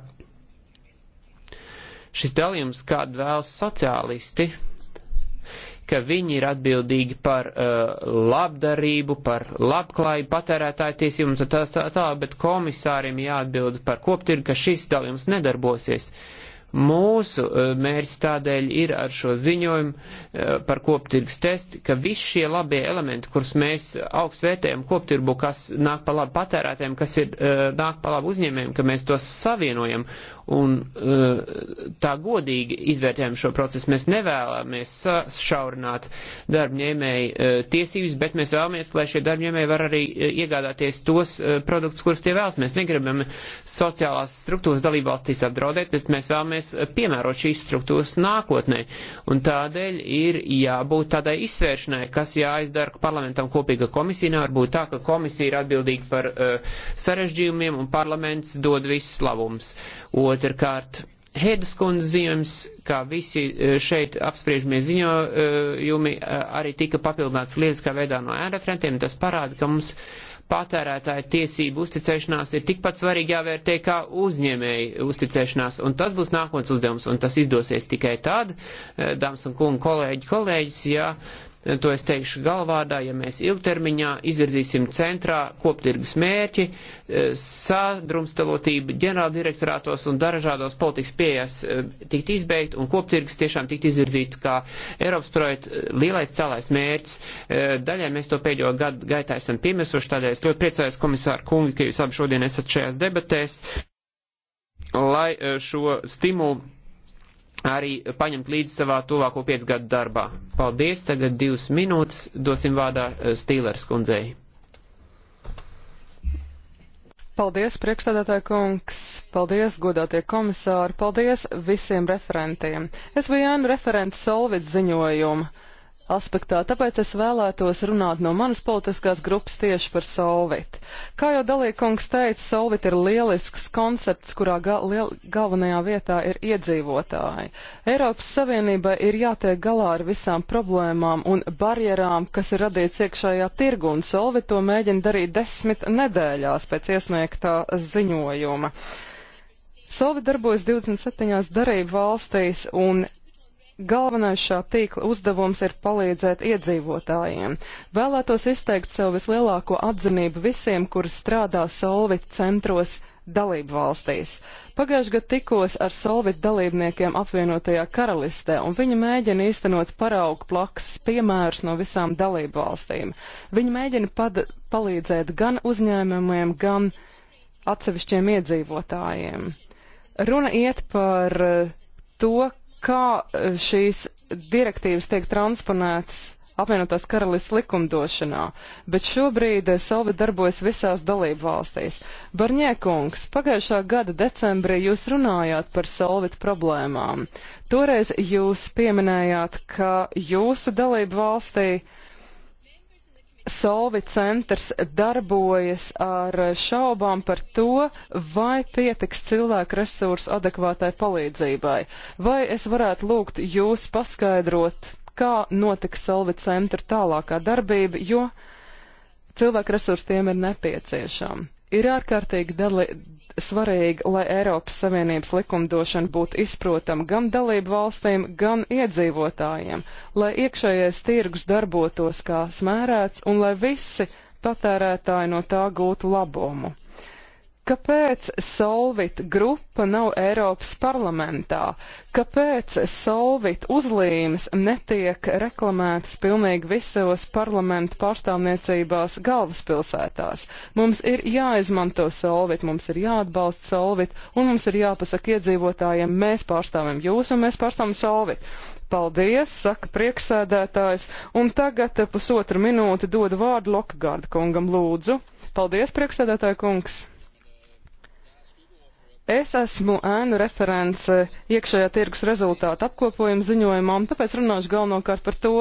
šis dalījums, kādu vēlas sociālisti, ka viņi ir atbildīgi par uh, labdarību, par labklājību, patērētāju tiesībām, tā tā, tā tā, bet komisāriem jāatbild par koptirgu, ka šis dalījums nedarbosies. Mūsu uh, mērķis tādēļ ir ar šo ziņojumu uh, par koptirgs testi, ka visi šie labie elementi, kurus mēs augstvērtējam koptirbu, kas nāk pa labu patērētēm, kas ir, uh, nāk pa labu uzņēmējiem, ka mēs tos savienojam un eh, tā godīgi izvērtējam šo procesu. Mēs nevēlamies šaurināt darbņēmēju eh, tiesības, bet mēs vēlamies, lai šie darbņēmēji var arī eh, iegādāties tos produktus, kurus tie vēlas. Mēs negribam sociālās struktūras dalībvalstīs apdraudēt, bet mēs vēlamies piemērot šīs struktūras nākotnē. Un tādēļ ir jābūt tādai izsvēršanai, kas jāizdara parlamentam kopīga komisija. Nevar būt tā, ka komisija ir atbildīga par uh, sarežģījumiem un parlaments dod visus labums. Uh, Otrkārt, Hedas kundze ziņojums, kā visi e, šeit apspriežamie ziņojumi, e, e, arī tika papildināts lieliskā veidā no ēreferentiem. Tas parāda, ka mums patērētāja tiesību uzticēšanās ir tikpat svarīgi jāvērtē kā uzņēmēji uzticēšanās, un tas būs nākotnes uzdevums, un tas izdosies tikai tad, dāmas un kungi, kolēģi, kolēģis, ja to es teikšu galvādā, ja mēs ilgtermiņā izvirzīsim centrā koptirgus mērķi, eh, sadrumstalotība ģenerāldirektorātos un dažādos politikas pieejas eh, tikt izbeigt un koptirgus tiešām tikt izvirzīts kā Eiropas projekta eh, lielais celais mērķis. Daļai mēs to pēdējo gadu gaitā esam piemesuši, tādēļ es ļoti priecājos komisāru kungi, ka jūs abi šodien esat šajās debatēs, lai šo stimulu arī paņemt līdzi savā tuvāko piecgadu darbā. Paldies, tagad divas minūtes dosim vārdā eh, Stīlers kundzei. Paldies, priekšstādātāja kungs, paldies, godātie komisāri, paldies visiem referentiem. Es biju Jānu referents Solvids ziņojumu aspektā, tāpēc es vēlētos runāt no manas politiskās grupas tieši par Solvit. Kā jau dalīkungs teica, Solvit ir lielisks koncepts, kurā ga liel galvenajā vietā ir iedzīvotāji. Eiropas Savienībai ir jātiek galā ar visām problēmām un barjerām, kas ir radīts iekšējā tirgu, un Solvit to mēģina darīt desmit nedēļās pēc iesniegtā ziņojuma. Solvit darbojas 27 darību valstīs, un Galvenais šā tīkla uzdevums ir palīdzēt iedzīvotājiem. Vēlētos izteikt sev vislielāko atzinību visiem, kuri strādā Solvit centros dalību valstīs. Pagājuši gadu tikos ar Solvit dalībniekiem apvienotajā karalistē, un viņi mēģina īstenot paraugu plakses piemērus no visām dalību valstīm. Viņi mēģina palīdzēt gan uzņēmumiem, gan atsevišķiem iedzīvotājiem. Runa iet par eh, to, kā e, šīs direktīvas tiek transponētas apvienotās karalists likumdošanā, bet šobrīd e, Solvi darbojas visās dalību valstīs. Barņēkungs, pagājušā gada decembrī jūs runājāt par Solvit problēmām. Toreiz jūs pieminējāt, ka jūsu dalību valstī uh, Solvi centrs darbojas ar šaubām par to, vai pietiks cilvēku resursu adekvātai palīdzībai. Vai es varētu lūgt jūs paskaidrot, kā notiks Solvi centra tālākā darbība, jo cilvēku resursi tiem ir nepieciešami. Ir ārkārtīgi dali svarīgi, lai Eiropas Savienības likumdošana būtu izprotama gan dalību valstīm, gan iedzīvotājiem, lai iekšējais tirgus darbotos kā smērēts un lai visi patērētāji no tā gūtu labumu. Kāpēc Solvit grupa nav Eiropas parlamentā? Kāpēc Solvit uzlīmes netiek reklamētas pilnīgi visos parlamentu pārstāvniecībās galvaspilsētās? Mums ir jāizmanto Solvit, mums ir jāatbalsta Solvit, un mums ir jāpasaka iedzīvotājiem, mēs pārstāvam jūs un mēs pārstāvam Solvit. Paldies, saka prieksēdētājs, un tagad pusotru minūti dodu vārdu Lokagārda kungam lūdzu. Paldies, prieksēdētāja kungs! Es esmu ēnu referents eh, iekšējā tirgus rezultātu apkopojuma ziņojumā, un tāpēc runāšu galvenokārt par to.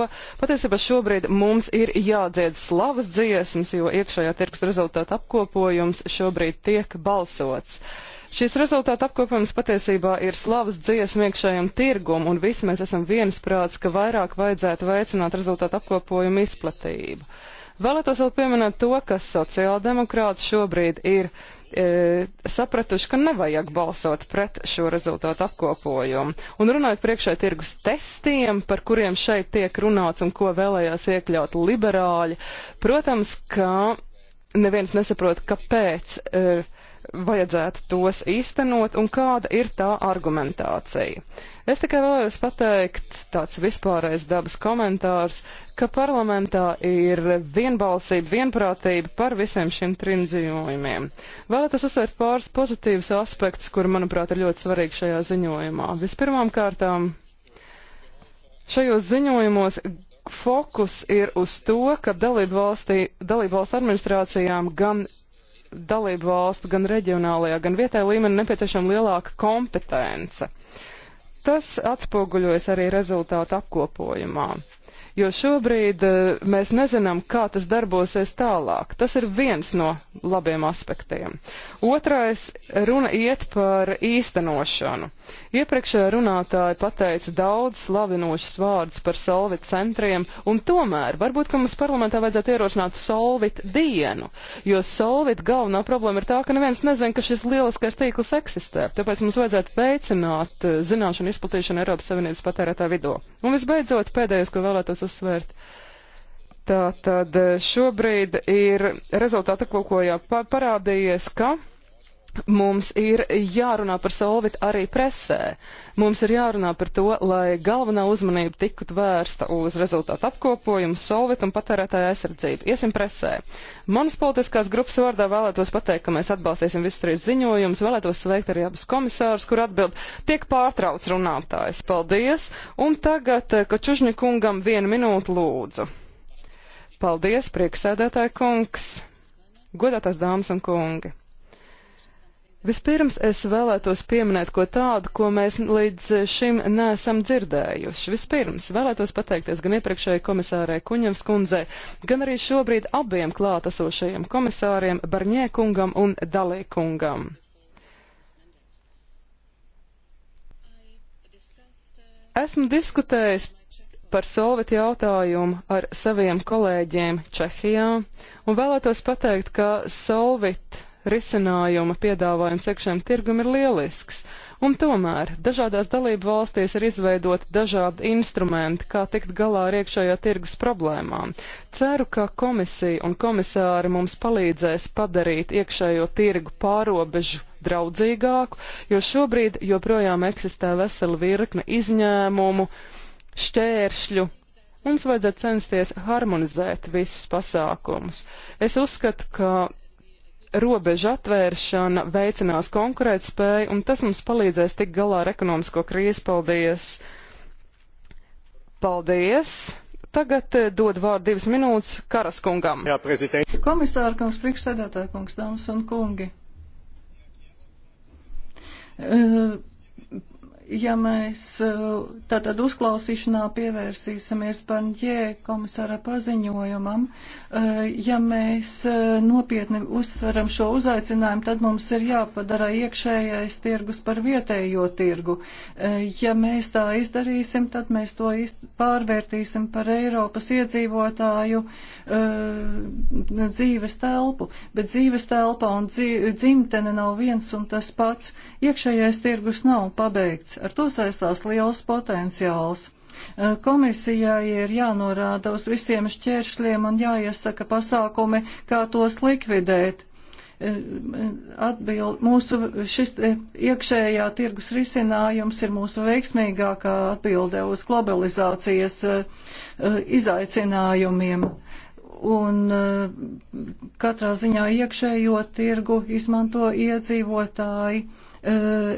Patiesībā šobrīd mums ir jādzied slavas dziesmas, jo iekšējā tirgus rezultātu apkopojums šobrīd tiek balsots. Šis rezultātu apkopojums patiesībā ir slavas dziesma iekšējam tirgum, un visi mēs esam viensprāts, ka vairāk vajadzētu veicināt rezultātu apkopojumu izplatību. Vēlētos vēl pieminēt to, ka sociāldemokrāts šobrīd ir E, sapratuši, ka nevajag balsot pret šo rezultātu apkopojumu. Un runājot priekšē tirgus testiem, par kuriem šeit tiek runāts un ko vēlējās iekļaut liberāļi, protams, ka neviens nesaprot, kāpēc. Uh, vajadzētu tos īstenot un kāda ir tā argumentācija. Es tikai vēlējos pateikt tāds vispārējais dabas komentārs, ka parlamentā ir vienbalsība, vienprātība par visiem šiem trim ziņojumiem. Vēlētos uzsvērt pāris pozitīvus aspektus, kuri, manuprāt, ir ļoti svarīgi šajā ziņojumā. Vispirmām kārtām šajos ziņojumos fokus ir uz to, ka dalību valstu administrācijām gan dalību valstu, gan reģionālajā, gan vietējā līmenī nepieciešama lielāka kompetence. Tas atspoguļojas arī rezultātu apkopojumā jo šobrīd eh, mēs nezinām, kā tas darbosies tālāk. Tas ir viens no labiem aspektiem. Otrais runa iet par īstenošanu. Iepriekšējā runātāja pateica daudz slavinošas vārdus par solvit centriem, un tomēr varbūt, ka mums parlamentā vajadzētu ierosināt solvit dienu, jo solvit galvenā problēma ir tā, ka neviens nezin, ka šis lieliskais tīkls eksistē. Tāpēc mums vajadzētu veicināt eh, zināšanu izplatīšanu Eiropas Savienības patērētā vidū. Un visbeidzot, pēdējais, ko vēlētos vēlos uzsvērt. Tā tad šobrīd ir rezultāti, ko jau parādījies, ka Mums ir jārunā par Solvit arī presē. Mums ir jārunā par to, lai galvenā uzmanība tiktu vērsta uz rezultātu apkopojumu, Solvit un patērētāja aizsardzību. Iesim presē. Manas politiskās grupas vārdā vēlētos pateikt, ka mēs atbalstīsim visus trīs ziņojumus, vēlētos sveikt arī abus komisārus, kur atbild tiek pārtrauc runātājs. Paldies! Un tagad eh, Kočužņa kungam vienu minūtu lūdzu. Paldies, prieksēdētāja kungs! Godātās dāmas un kungi! Vispirms es vēlētos pieminēt ko tādu, ko mēs līdz šim neesam dzirdējuši. Vispirms vēlētos pateikties gan iepriekšējai komisārai Kuņams kundzē, gan arī šobrīd abiem klātesošajiem komisāriem Barņēkungam un Dalīkungam. Esmu diskutējis par solvitu jautājumu ar saviem kolēģiem Čehijā un vēlētos pateikt, ka solvit risinājuma piedāvājums iekšējiem tirgum ir lielisks. Un tomēr dažādās dalību valstīs ir izveidoti dažādi instrumenti, kā tikt galā ar iekšējā tirgus problēmām. Ceru, ka komisija un komisāri mums palīdzēs padarīt iekšējo tirgu pārobežu draudzīgāku, jo šobrīd joprojām eksistē vesela virkne izņēmumu, šķēršļu, mums vajadzētu censties harmonizēt visus pasākumus. Es uzskatu, ka robežu atvēršana veicinās konkurētspēju, un tas mums palīdzēs tik galā ar ekonomisko krīzi. Paldies! Paldies! Tagad eh, dod vārdu divas minūtes Karaskungam. Jā, prezident. Komisāra kungs, priekšsēdētāja kungs, dāmas un kungi. Uh, ja mēs eh, tātad uzklausīšanā pievērsīsimies Parņķē komisāra paziņojumam, eh, ja mēs eh, nopietni uzsveram šo uzaicinājumu, tad mums ir jāpadara iekšējais tirgus par vietējo tirgu. Ja mēs tā izdarīsim, tad mēs to pārvērtīsim par Eiropas iedzīvotāju dzīves telpu, bet dzīves telpa un dzimtene nav viens un tas pats. Iekšējais tirgus nav pabeigts Ar to saistās liels potenciāls. Komisijai ir jānorāda uz visiem šķēršļiem un jāiesaka pasākumi, kā tos likvidēt. Atbild, mūsu šis iekšējā tirgus risinājums ir mūsu veiksmīgākā atbilde uz globalizācijas izaicinājumiem. Un katrā ziņā iekšējo tirgu izmanto iedzīvotāji E,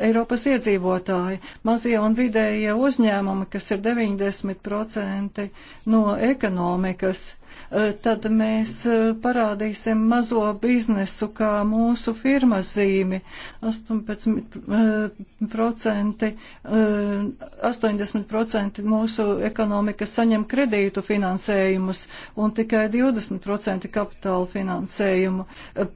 Eiropas iedzīvotāji. Mazie un vidējie uzņēmumi, kas ir 90% no ekonomikas, e, tad mēs e, parādīsim mazo biznesu kā mūsu firmas zīmi. 18%, 80% mūsu ekonomikas saņem kredītu finansējumus un tikai 20% kapitāla finansējumu.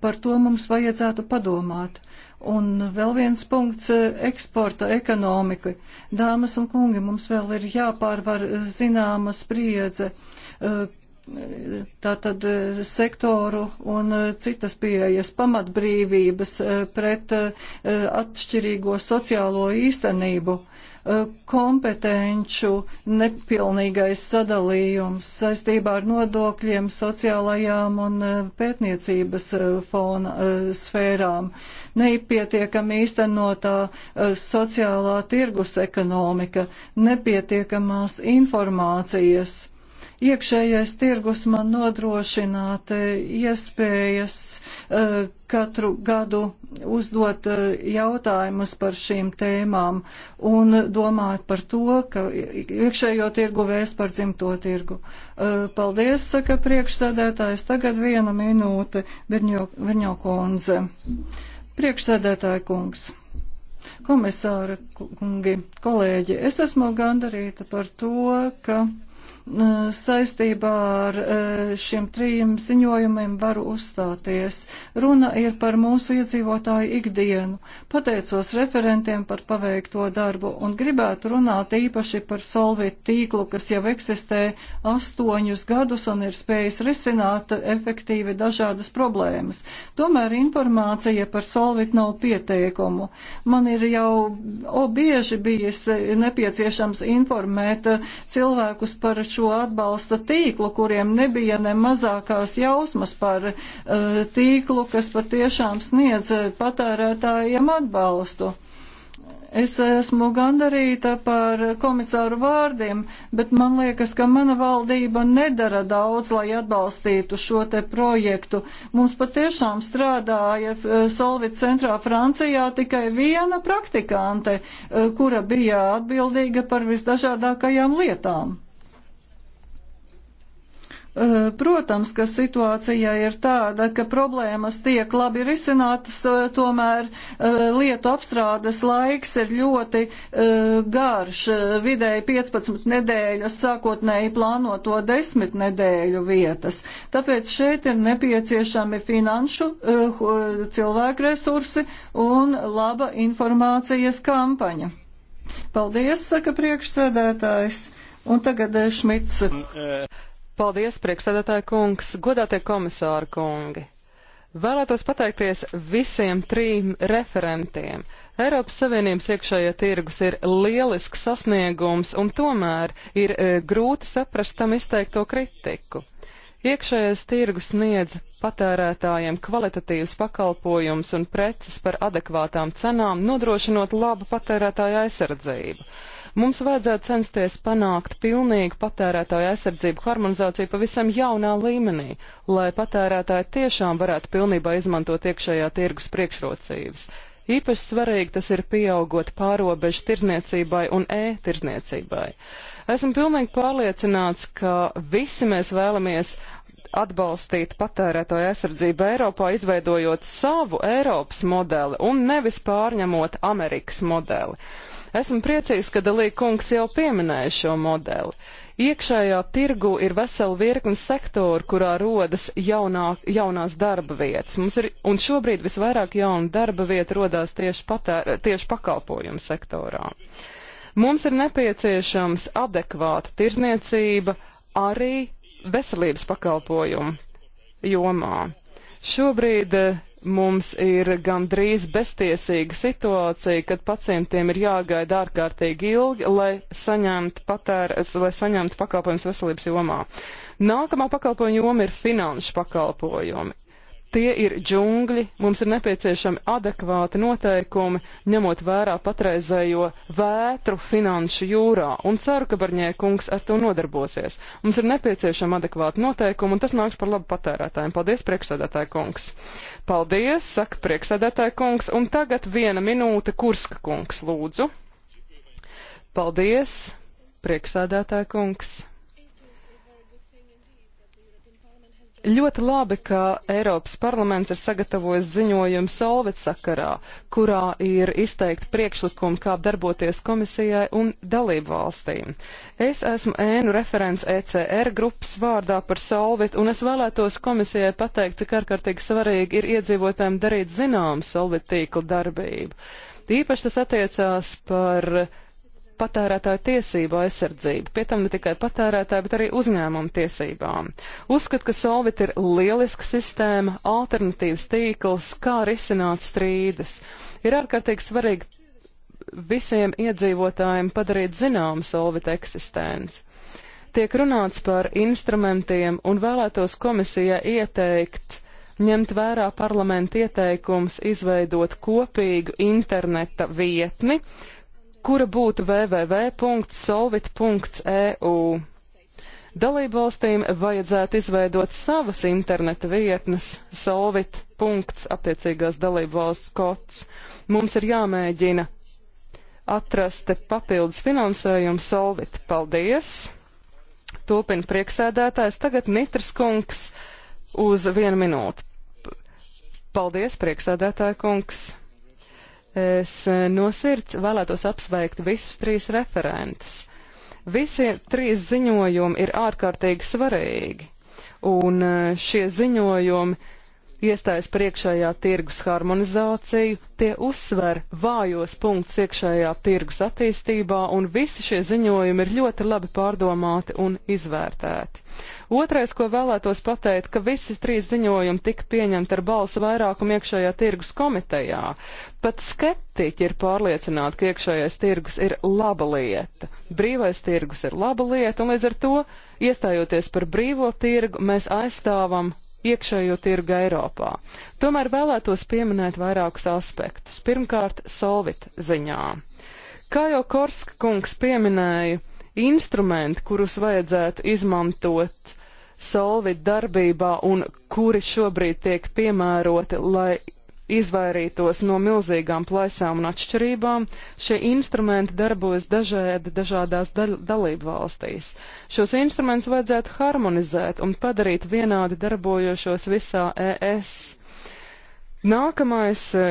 Par to mums vajadzētu padomāt. Un vēl viens punkts eh, - eksporta ekonomika. Dāmas un kungi, mums vēl ir jāpārvar eh, zināma spriedze eh, tātad sektoru un citas pieejas pamatbrīvības pret atšķirīgo sociālo īstenību. Eh, kompetenču nepilnīgais sadalījums saistībā ar nodokļiem, sociālajām un eh, pētniecības eh, fona sfērām, nepietiekami īstenotā sociālā tirgus ekonomika, nepietiekamās informācijas iekšējais tirgus man nodrošināt iespējas katru gadu uzdot eh, jautājumus par šīm tēmām un domāt par to, ka iekšējo tirgu vēs par dzimto tirgu. Eh, paldies, saka priekšsēdētājs. Tagad viena minūte Verņo kundze. Priekšsēdētāja kungs. Komisāra kungi, kolēģi, es esmu gandarīta par to, ka Eh, saistībā ar eh, šiem trim ziņojumiem varu uzstāties. Runa ir par mūsu iedzīvotāju ikdienu. Pateicos referentiem par paveikto darbu un gribētu runāt īpaši par solvit tīklu, kas jau eksistē astoņus gadus un ir spējis risināt efektīvi dažādas problēmas. Tomēr informācija par solvit nav pieteikumu. Man ir jau o, bieži bijis nepieciešams informēt cilvēkus par šo šo atbalsta tīklu, kuriem nebija ne mazākās jausmas par eh, tīklu, kas patiešām sniedz patērētājiem atbalstu. Es esmu gandarīta par komisāru vārdiem, bet man liekas, ka mana valdība nedara daudz, lai atbalstītu šo te projektu. Mums patiešām strādāja eh, Solvit centrā Francijā tikai viena praktikante, eh, kura bija atbildīga par visdažādākajām lietām. Eh, protams, ka situācija ir tāda, ka problēmas tiek labi risinātas, eh, tomēr eh, lietu apstrādes laiks ir ļoti garš, vidēji 15 nedēļas, sākotnēji plānoto 10 nedēļu vietas. Tāpēc šeit ir nepieciešami finanšu, cilvēku resursi un laba informācijas kampaņa. Paldies, saka priekšsēdētājs. Un tagad Šmits. Paldies, priekšsēdētāja kungs, godātie komisāri kungi. Vēlētos pateikties visiem trim referentiem. Eiropas Savienības iekšējā tirgus ir lielisks sasniegums un tomēr ir e, grūti saprast tam izteikto kritiku. Iekšējais tirgus sniedz patērētājiem kvalitatīvus pakalpojumus un preces par adekvātām cenām, nodrošinot labu patērētāju aizsardzību. Mums vajadzētu censties panākt pilnīgu patērētāju aizsardzību harmonizāciju pavisam jaunā līmenī, lai patērētāji tiešām varētu pilnībā izmantot iekšējā tirgus priekšrocības. Īpaši svarīgi tas ir pieaugot pārobežu tirzniecībai un e-tirzniecībai. Esmu pilnīgi pārliecināts, ka visi mēs vēlamies atbalstīt patērētāju aizsardzību Eiropā, izveidojot savu Eiropas modeli un nevis pārņemot Amerikas modeli. Esmu priecīgs, ka Dalī kungs jau pieminēja šo modeli. Iekšējā tirgu ir vesela virkni sektoru, kurā rodas jaunā, jaunās darba vietas. Mums ir, un šobrīd visvairāk jaunu darba vietu rodās tieši, patēr, tieši pakalpojumu sektorā. Mums ir nepieciešams adekvāta tirzniecība arī veselības pakalpojumu jomā. Šobrīd eh, mums ir gandrīz beztiesīga situācija, kad pacientiem ir jāgaida ārkārtīgi ilgi, lai saņemtu, patēr, lai saņemtu pakalpojumus veselības jomā. Nākamā pakalpojuma joma ir finanšu pakalpojumi. Tie ir džungļi, mums ir nepieciešami adekvāti noteikumi, ņemot vērā patreizējo vētru finanšu jūrā, un ceru, ka Barņēkungs ar to nodarbosies. Mums ir nepieciešami adekvāti noteikumi, un tas nāks par labu patērētājiem. Paldies, priekšsēdētāja kungs! Paldies, saka priekšsēdētāja kungs, un tagad viena minūte Kurska kungs, lūdzu. Paldies, priekšsēdētāja kungs! Ļoti labi, ka Eiropas parlaments ir sagatavojis ziņojumu Solvit sakarā, kurā ir izteikti priekšlikumi, kā darboties komisijai un dalību valstīm. Es esmu ēnu referents ECR grupas vārdā par Solvit, un es vēlētos komisijai pateikt, cik ārkārtīgi svarīgi ir iedzīvotājiem darīt zinām Solvit tīkla darbību. Īpaši tas attiecās par patērētāju tiesību aizsardzību, pie tam ne tikai patērētāju, bet arī uzņēmumu tiesībām. Uzskat, ka Solvit ir lieliska sistēma, alternatīvs tīkls, kā risināt strīdus. Ir ārkārtīgi svarīgi visiem iedzīvotājiem padarīt zināmu Solvit eksistenci. Tiek runāts par instrumentiem un vēlētos komisijai ieteikt, ņemt vērā parlamenta ieteikums izveidot kopīgu interneta vietni, kura būtu www.solvit.eu. Dalībvalstīm vajadzētu izveidot savas interneta vietnes solvit. attiecīgās dalībvalsts kods. Mums ir jāmēģina atrast papildus finansējumu solvit. Paldies! Tūpina prieksēdētājs. Tagad Nitras kungs uz vienu minūtu. Paldies, prieksēdētāja kungs! Es e, no sirds vēlētos apsveikt visus trīs referentus. Visi trīs ziņojumi ir ārkārtīgi svarīgi, un e, šie ziņojumi iestājas priekšējā tirgus harmonizāciju, tie uzsver vājos punktus iekšējā tirgus attīstībā, un visi šie ziņojumi ir ļoti labi pārdomāti un izvērtēti. Otrais, ko vēlētos pateikt, ka visi trīs ziņojumi tika pieņemti ar balsu vairākumu iekšējā tirgus komitejā. Pat skeptiķi ir pārliecināti, ka iekšējais tirgus ir laba lieta. Brīvais tirgus ir laba lieta, un līdz ar to, iestājoties par brīvo tirgu, mēs aizstāvam iekšējo tirgu Eiropā. Tomēr vēlētos pieminēt vairākus aspektus. Pirmkārt, solvit ziņā. Kā jau Korska kungs pieminēja, instrumenti, kurus vajadzētu izmantot solvit darbībā un kuri šobrīd tiek piemēroti, lai izvairītos no milzīgām plaisām un atšķirībām, šie instrumenti darbojas dažādi dažādās daļ, dalību valstīs. Šos instrumentus vajadzētu harmonizēt un padarīt vienādi darbojošos visā ES. Nākamais e,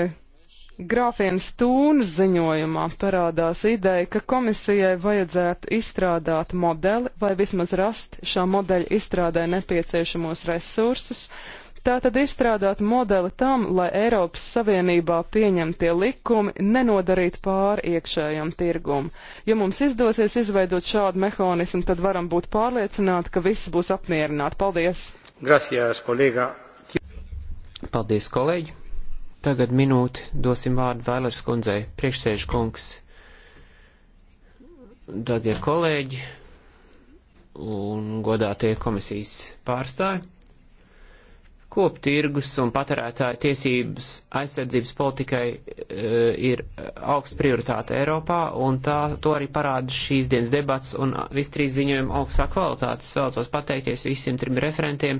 grāfienas tūnas ziņojumā parādās ideja, ka komisijai vajadzētu izstrādāt modeli vai vismaz rast šā modeļa izstrādē nepieciešamos resursus, Tātad izstrādāt modeli tam, lai Eiropas Savienībā pieņemtie likumi nenodarītu pāri iekšējam tirgum. Ja mums izdosies izveidot šādu mehānismu, tad varam būt pārliecināti, ka viss būs apmierināti. Paldies! Gracias, kolēga! Paldies, kolēģi! Tagad minūti dosim vārdu Vēlers kundzei, priekšsēžu kungs. Darbie kolēģi un godātie komisijas pārstāji. Koptirgus un patērētāju tiesības aizsardzības politikai eh, ir eh, augsta prioritāte Eiropā, un tā, to arī parāda šīs dienas debats un visi trīs ziņojumi augstā kvalitāte. Es vēlos pateikties visiem trim referentiem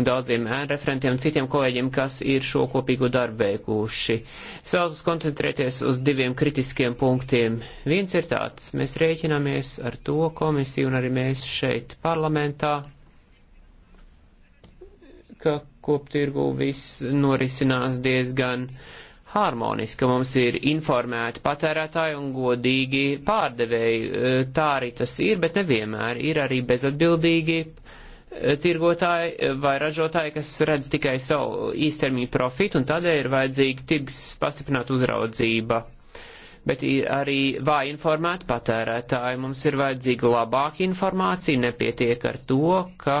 un daudziem referentiem un citiem kolēģiem, kas ir šo kopīgo darbu veikuši. Es vēlos koncentrēties uz diviem kritiskiem punktiem. Viens ir tāds, mēs rēķināmies ar to komisiju un arī mēs šeit parlamentā, ka koptirgu viss norisinās diezgan harmoniski. Mums ir informēti patērētāji un godīgi pārdevēji. E, tā arī tas ir, bet nevienmēr ir arī bezatbildīgi e, tirgotāji e, vai ražotāji, kas redz tikai savu īstermiņu profitu, un tādēļ ir vajadzīga tirgs pastiprināta uzraudzība. Bet ir arī vāji informēti patērētāji. Mums ir vajadzīga labāka informācija, nepietiek ar to, ka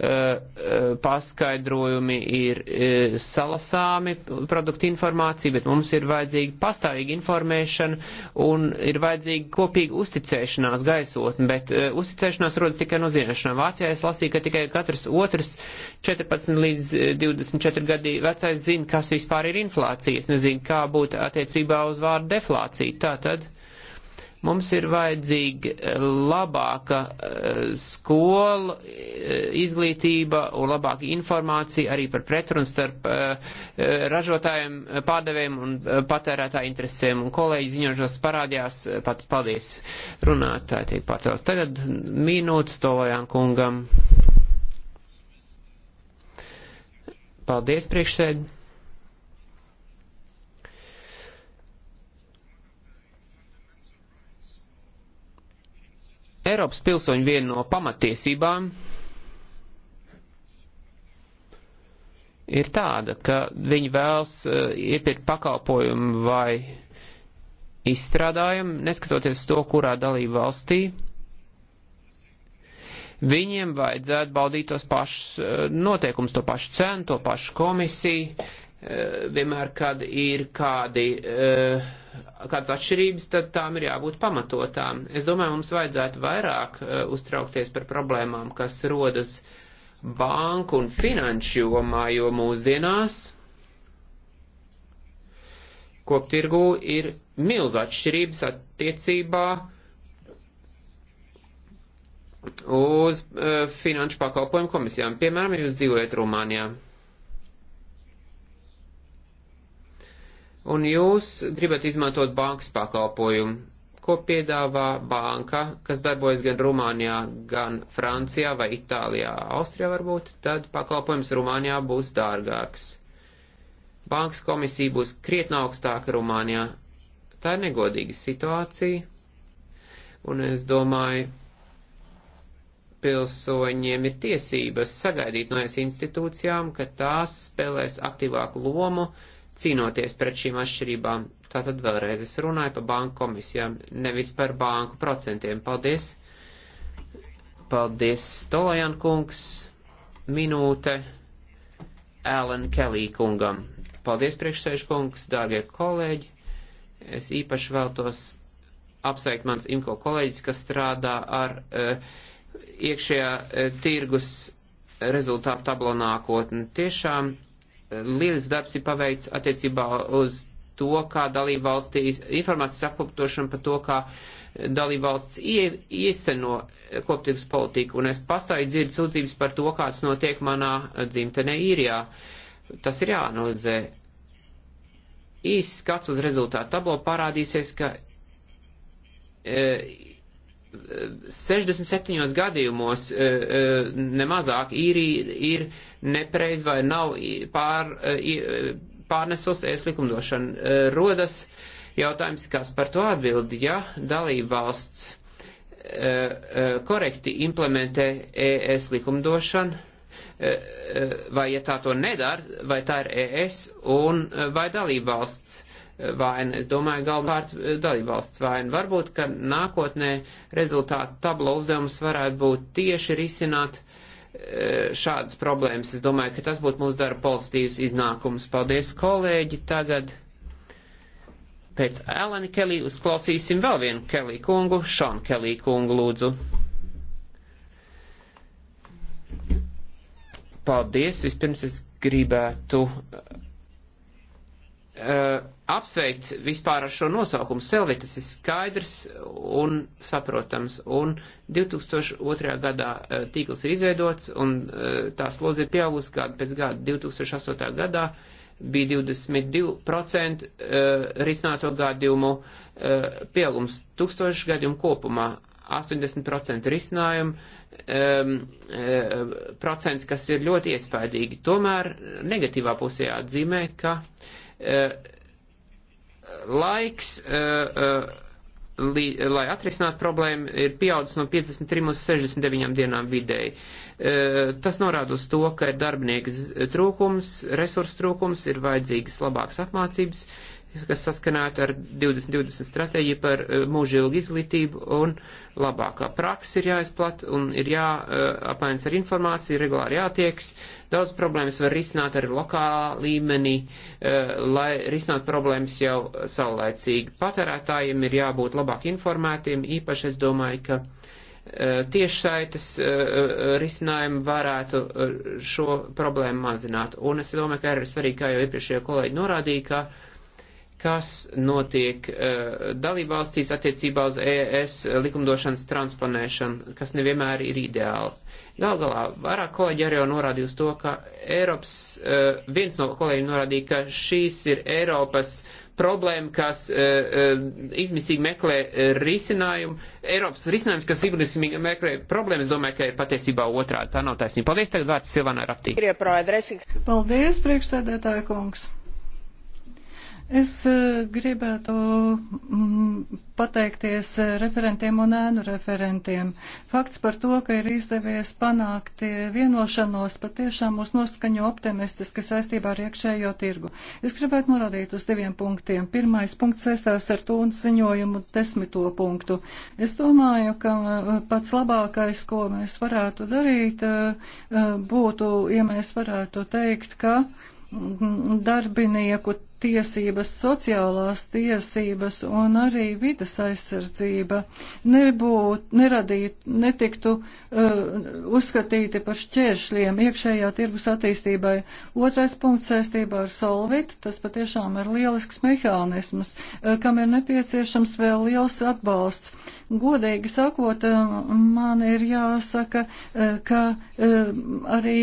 Eh, eh, paskaidrojumi ir eh, salasāmi, produktu informācija, bet mums ir vajadzīga pastāvīga informēšana un ir vajadzīga kopīga uzticēšanās gaisotne, bet uzticēšanās rodas tikai no zināšanām. Vācijā es lasīju, ka tikai katrs otrs 14 līdz 24 gadi vecais zina, kas vispār ir inflācija. Es nezinu, kā būtu attiecībā uz vārdu deflācija. Tātad Mums ir vajadzīga eh, labāka eh, skola, eh, izglītība un labāka informācija arī par pretrunu starp ražotājiem, pārdevējiem un patērētāju interesēm. Un kolēģi ziņošos parādījās, pat paldies runātāji tiek pārtraukt. Tagad minūtes Tolojām kungam. Paldies priekšsēdētājiem. Eiropas pilsoņu viena no pamatiesībām ir tāda, ka viņi vēlas eh, iepirkt pakalpojumu vai izstrādājumu, neskatoties to, kurā dalība valstī viņiem vajadzētu baudīt tos pašus eh, noteikumus, to pašu cenu, to pašu komisiju, eh, vienmēr, kad ir kādi uh, kādas atšķirības, tad tām ir jābūt pamatotām. Es domāju, mums vajadzētu vairāk uh, uztraukties par problēmām, kas rodas banku un finanšu jomā, jo mūsdienās koptirgū ir milz atšķirības attiecībā uz uh, finanšu pakalpojumu komisijām. Piemēram, ja jūs dzīvojat Rumānijā. un jūs gribat izmantot bankas pakalpojumu, ko piedāvā banka, kas darbojas gan Rumānijā, gan Francijā vai Itālijā, Austrijā varbūt, tad pakalpojums Rumānijā būs dārgāks. Bankas komisija būs krietni augstāka Rumānijā. Tā ir negodīga situācija, un es domāju, pilsoņiem ir tiesības sagaidīt no es institūcijām, ka tās spēlēs aktīvāku lomu, uh, cīnoties pret šīm atšķirībām. Tātad vēlreiz es runāju par banku komisijām, nevis par banku procentiem. Paldies! Paldies, Stolajan kungs! Minūte Alan Kelly kungam. Paldies, priekšsēžu kungs, dārgie kolēģi! Es īpaši vēltos apsveikt mans imko kolēģis, kas strādā ar uh, iekšējā uh, tirgus rezultātu tablo nākotni. Tiešām lielisks darbs ir paveikts attiecībā uz to, kā dalība valstīs informācijas apkoptošana par to, kā dalība valsts īsteno koptīgas politiku. Un es pastāju dzirdu sūdzības par to, kāds notiek manā dzimtenē īrijā. Tas ir jāanalizē. Īsts skats uz rezultātu tablo parādīsies, ka e, 67 gadījumos e, e, nemazāk īrija ir nepreiz vai nav pār, e, pārnesos ēslikumdošana. Rodas jautājums, kas par to atbild, ja dalība valsts korekti implementē ES likumdošanu, vai ja tā to nedara, vai tā ir ES un vai dalība valsts vaina. Nu, es domāju, galvenokārt eh, dalībvalsts vaina. Nu, varbūt, ka nākotnē rezultātu tablo uzdevums varētu būt tieši risināt eh, šādas problēmas. Es domāju, ka tas būtu mūsu darba pozitīvs iznākums. Paldies, kolēģi! Tagad pēc Elena Kelly uzklausīsim vēl vienu Kelly kungu, Šonu Kelly kungu lūdzu. Paldies! Vispirms es gribētu Eh, apsveikt vispār ar šo nosaukumu Selvi, tas ir skaidrs un saprotams. Un 2002. gadā eh, tīkls ir izveidots un eh, tās lodze ir pieaugusi gadu pēc gada. 2008. gadā bija 22% risināto gadījumu pieaugums tūkstošu gadījumu kopumā. 80% risinājumu, um, um, procents, kas ir ļoti iespaidīgi. Tomēr negatīvā pusē atzīmē, ka uh, Eh, laiks, eh, eh, lai atrisinātu problēmu, ir pieaudzis no 53 uz 69 dienām vidēji. Tas norāda uz to, ka ir darbinieks trūkums, resursu trūkums, ir vajadzīgas labākas apmācības kas saskanētu ar 2020 stratēģiju par eh, mūžilgu izglītību un labākā praksa ir jāizplat un ir jāapmainas eh, ar informāciju, regulāri jātieks. Daudz problēmas var risināt arī lokālā līmenī, eh, lai risināt problēmas jau saulēcīgi. Patērētājiem ir jābūt labāk informētiem, īpaši es domāju, ka tiešsaites risinājumi varētu šo problēmu mazināt. Un es domāju, ka arī ir svarīgi, kā jau iepriekšējie kolēģi norādīja, ka kas notiek uh, dalībvalstīs attiecībā uz ES likumdošanas transponēšanu, kas nevienmēr ir ideāli. Gal galā, vairāk kolēģi arī jau norādīja uz to, ka Eiropas, uh, viens no kolēģiem norādīja, ka šīs ir Eiropas problēma, kas uh, izmisīgi meklē risinājumu, Eiropas risinājums, kas izmisīgi meklē problēmu, es domāju, ka ir patiesībā otrādi. Tā nav taisnība. Paldies, tagad vārds Silvānai Raptī. Paldies, priekšsēdētāja kungs. Es eh, gribētu mm, pateikties eh, referentiem un ēnu referentiem. Fakts par to, ka ir izdevies panākt eh, vienošanos, patiešām mūs noskaņo optimistiski saistībā ar iekšējo tirgu. Es gribētu norādīt uz diviem punktiem. Pirmais punkts saistās ar to un ziņojumu desmito punktu. Es domāju, ka pats labākais, ko mēs varētu darīt, būtu, ja mēs varētu teikt, ka mm, darbinieku tiesības, sociālās tiesības un arī vidas aizsardzība nebūt, neradīt, netiktu uh, uzskatīti par šķēršļiem iekšējā tirgus attīstībai. Otrais punkts saistībā ar Solvit, tas patiešām ir lielisks mehānisms, uh, kam ir nepieciešams vēl liels atbalsts. Godīgi sakot, uh, man ir jāsaka, uh, ka uh, arī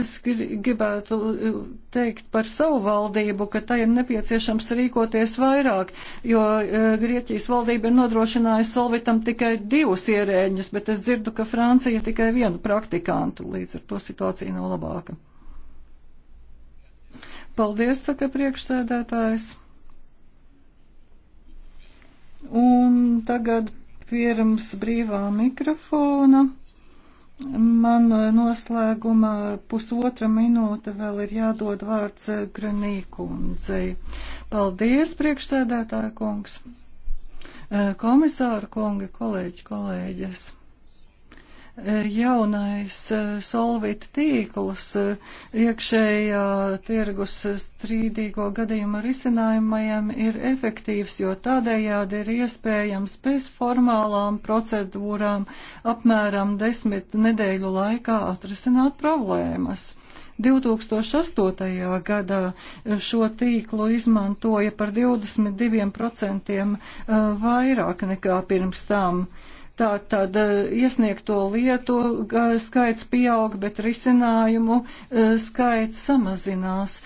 es gribētu uh, teikt par savu valdību, ka tajā ir nepieciešams rīkoties vairāk, jo e, Grieķijas valdība ir nodrošinājusi Solvitam tikai divus ierēģus, bet es dzirdu, ka Francija tikai vienu praktikantu, līdz ar to situācija nav labāka. Paldies, saka priekšsēdētājs. Un tagad pirms brīvā mikrofona Man noslēgumā pusotra minūte vēl ir jādod vārds Granīkundzei. Paldies, priekšsēdētāja kungs, komisāra kungi, kolēģi, kolēģis jaunais e, solvīta tīkls e, iekšējā tirgus strīdīgo gadījumu risinājumajam ir efektīvs, jo tādējādi ir iespējams bez formālām procedūrām apmēram desmit nedēļu laikā atrisināt problēmas. 2008. gadā šo tīklu izmantoja par 22% e, vairāk nekā pirms tam. Uh, Tātad e, iesniegto lietu e, skaits pieaug, bet risinājumu e, skaits samazinās.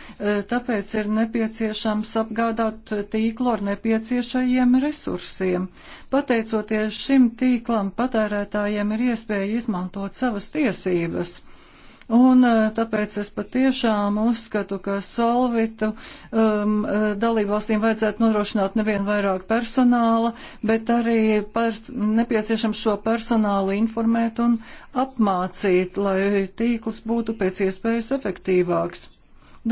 Tāpēc ir nepieciešams apgādāt tīklu ar nepieciešajiem resursiem. Pateicoties šim tīklam, patērētājiem ir iespēja izmantot savas tiesības. Un eh, tāpēc es patiešām uzskatu, ka solvitu um, eh, dalībvalstīm vajadzētu nodrošināt nevien vairāk personāla, bet arī pers nepieciešams šo personālu informēt un apmācīt, lai tīkls būtu pēc iespējas efektīvāks.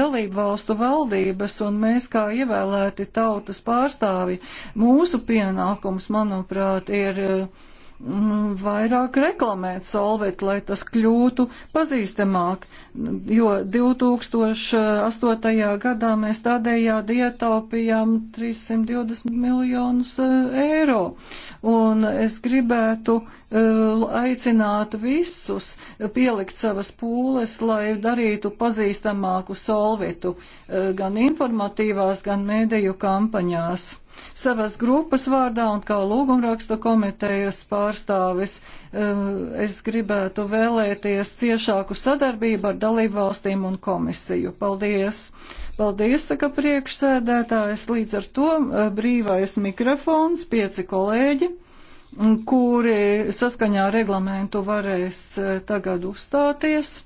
Dalību valstu valdības un mēs kā ievēlēti tautas pārstāvi, mūsu pienākums, manuprāt, ir uh, Mm, vairāk reklamēt Solvit, lai tas kļūtu pazīstamāk, jo 2008. gadā mēs tādējādi ietaupījām 320 miljonus eh, eiro. Un es gribētu eh, aicināt visus pielikt savas pūles, lai darītu pazīstamāku Solvitu eh, gan informatīvās, gan mēdēju kampaņās savas grupas vārdā un kā lūgumraksta komitejas pārstāvis eh, es gribētu vēlēties ciešāku sadarbību ar dalību valstīm un komisiju. Paldies! Paldies, saka priekšsēdētājs. Līdz ar to eh, brīvais mikrofons, pieci kolēģi, kuri saskaņā reglamentu varēs eh, tagad uzstāties.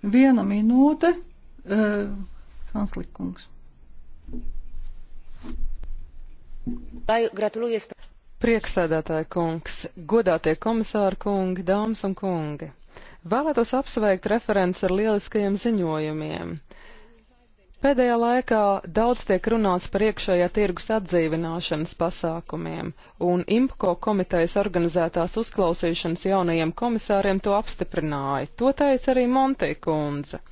Viena minūte. Uh, Hanslikungs. Prieksēdētāja kungs, godātie komisāri kungi, dāmas un kungi. Vēlētos apsveikt referents ar lieliskajiem ziņojumiem. Pēdējā laikā daudz tiek runāts par iekšējā tirgus atdzīvināšanas pasākumiem, un IMPCO komitejas organizētās uzklausīšanas jaunajiem komisāriem to apstiprināja. To teica arī Monteikundze.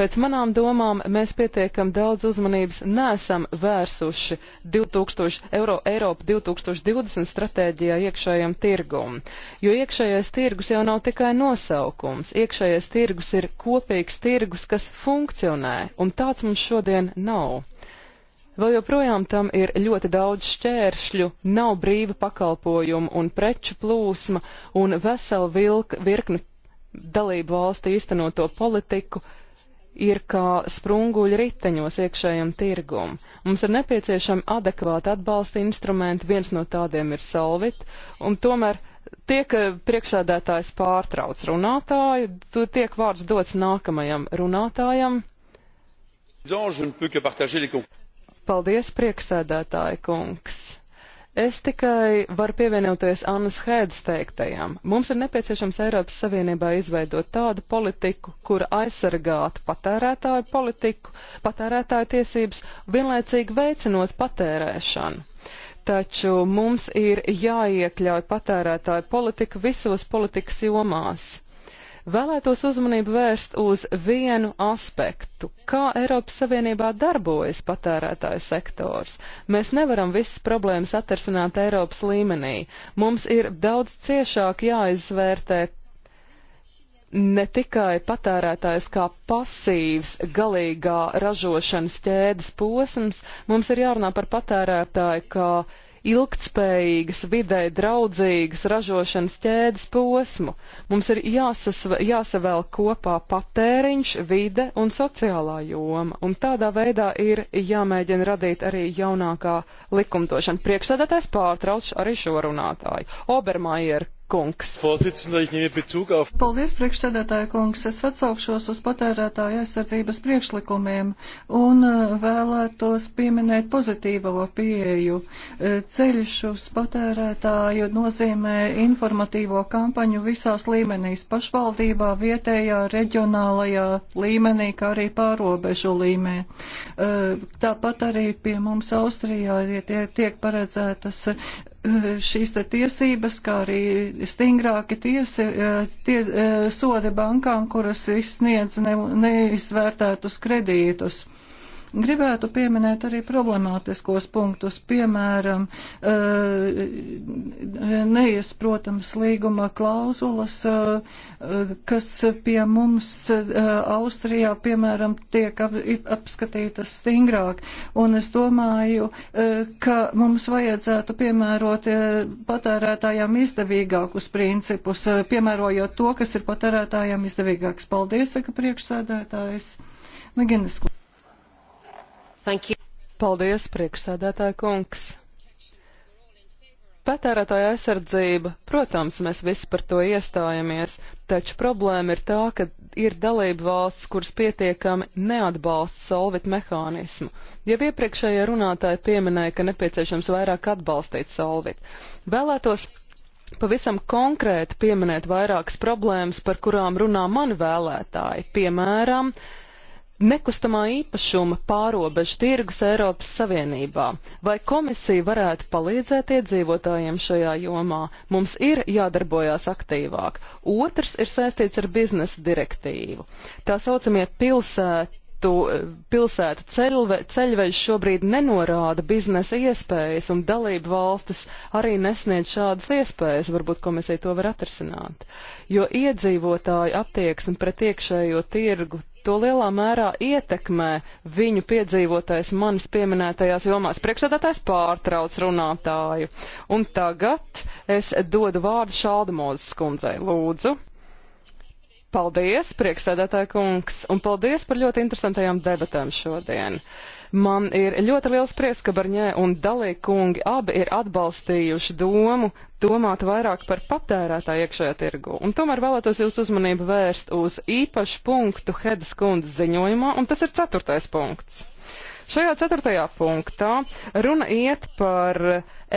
Pēc manām domām mēs pietiekam daudz uzmanības nesam vērsuši 2000 Euro, Eiropa 2020 stratēģijā iekšējam tirgum, jo iekšējais tirgus jau nav tikai nosaukums. Iekšējais tirgus ir kopīgs tirgus, kas funkcionē, un tāds mums šodien nav. Vēl joprojām tam ir ļoti daudz šķēršļu, nav brīva pakalpojumu un preču plūsma un vesela vilka, virkni dalību valstu īstenoto politiku, ir kā sprunguļi riteņos iekšējam tirgum. Mums ir nepieciešami adekvāti atbalsta instrumenti, viens no tādiem ir solvit, un tomēr tiek eh, priekšsēdētājs pārtrauc runātāju, tiek vārds dots nākamajam runātājam. Paldies, priekšsēdētāja kungs! Es tikai varu pievienoties Annas Hēdas teiktajām. Mums ir nepieciešams Eiropas Savienībā izveidot tādu politiku, kura aizsargātu patērētāju politiku, patērētāju tiesības, vienlaicīgi veicinot patērēšanu. Taču mums ir jāiekļauj patērētāju politika visos politikas jomās. Vēlētos uzmanību vērst uz vienu aspektu - kā Eiropas Savienībā darbojas patērētāju sektors. Mēs nevaram visas problēmas atrasināt Eiropas līmenī. Mums ir daudz ciešāk jāizvērtē, ne tikai patērētājs kā pasīvs galīgā ražošanas ķēdes posms, mums ir jārunā par patērētāju kā ilgtspējīgas, vidē draudzīgas ražošanas ķēdes posmu. Mums ir jāsasv, jāsavēl kopā patēriņš, vide un sociālā joma, un tādā veidā ir jāmēģina radīt arī jaunākā likumdošana. Priekšsēdētājs pārtrauc arī šo runātāju. Obermajer kungs. Paldies, priekšsēdētāja kungs. Es atsaukšos uz patērētāja aizsardzības priekšlikumiem un uh, vēlētos pieminēt pozitīvo pieeju. Uh, ceļš uz patērētāju nozīmē informatīvo kampaņu visās līmenīs - pašvaldībā, vietējā, reģionālajā līmenī, kā arī pārobežu līmē. Uh, tāpat arī pie mums Austrijā tiek paredzētas šīs tiesības, kā arī stingrāki tiesi, e, ties, e, sodi bankām, kuras izsniedz ne, neizvērtētus kredītus. Gribētu pieminēt arī problemātiskos punktus, piemēram, eh, neizprotams līguma klauzulas, eh, kas pie mums eh, Austrijā, piemēram, tiek apskatītas stingrāk. Un es domāju, ka mums vajadzētu piemērot patērētājām izdevīgākus principus, piemērojot to, kas ir patērētājām izdevīgāks. Paldies, saka priekšsēdētājs. Maginis. Paldies, priekšsēdētāja kungs. Patērētāja aizsardzība, protams, mēs visi par to iestājamies, taču problēma ir tā, ka ir dalība valsts, kuras pietiekami neatbalsta solvit mehānismu. Jau iepriekšējie runātāji pieminēja, ka nepieciešams vairāk atbalstīt solvit. Vēlētos pavisam konkrēti pieminēt vairākas problēmas, par kurām runā mani vēlētāji, piemēram, uh, nekustamā īpašuma pārobežu tirgus Eiropas Savienībā. Vai komisija varētu palīdzēt iedzīvotājiem šajā jomā? Mums ir jādarbojās aktīvāk. Otrs ir saistīts ar biznesa direktīvu. Tā saucamie pilsētu citu e, pilsētu ceļve, ceļveži šobrīd nenorāda biznesa iespējas, un dalību valstis arī nesniedz šādas iespējas. Varbūt komisija to var atrisināt. Jo iedzīvotāju attieksme pret iekšējo tirgu to lielā mērā ietekmē viņu piedzīvotais manis pieminētajās jomās. Priekšsēdētājs pārtrauc runātāju. Un tagad es dodu vārdu Šaldemozes kundzei. Lūdzu. Paldies, priekšsēdētāja kungs, un paldies par ļoti interesantajām debatēm šodien. Man ir ļoti liels prieks, ka Barņē un Dalī kungi abi ir atbalstījuši domu domāt vairāk par patērētāju iekšējā tirgu, un tomēr vēlētos jūs uzmanību vērst uz īpašu punktu Hedas kundzes ziņojumā, un tas ir ceturtais punkts. Šajā ceturtajā punktā runa iet par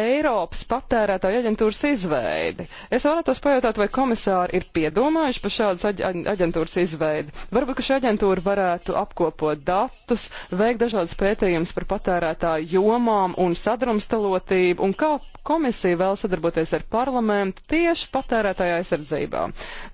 Eiropas patērētāju aģentūras izveidi. Es vēlētos pajautāt, vai komisāri ir piedomājuši par šādas aģ aģentūras izveidi. Varbūt, ka šī aģentūra varētu apkopot datus, veikt dažādas pētījumus par patērētāju jomām un sadrumstalotību un kā komisija vēl sadarboties ar parlamentu tieši patērētāja aizsardzībā.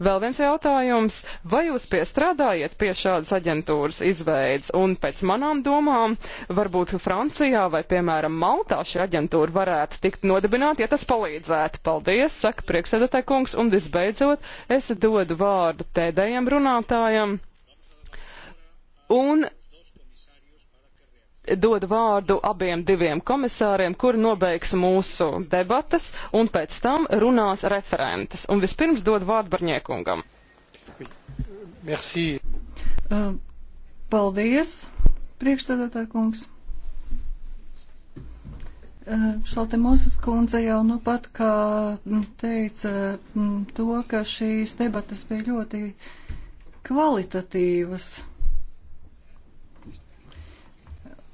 Vēl viens jautājums. Vai jūs piestrādājat pie šādas aģentūras izveids? Un pēc manām domām, varbūt Francijā vai, piemēram, Maltā šī aģentūra varētu tikt nodibināta, ja tas palīdzētu. Paldies, saka priekšsēdētāja kungs. Un visbeidzot, es dodu vārdu pēdējiem runātājiem. Un dod vārdu abiem diviem komisāriem, kuri nobeigs mūsu debatas, un pēc tam runās referentes. Un vispirms dod vārdu Barņiekungam. Merci. Uh, paldies, priekšsēdētāj kungs. Uh, Šalte Moses kundze jau nu pat kā mm, teica mm, to, ka šīs debatas bija ļoti kvalitatīvas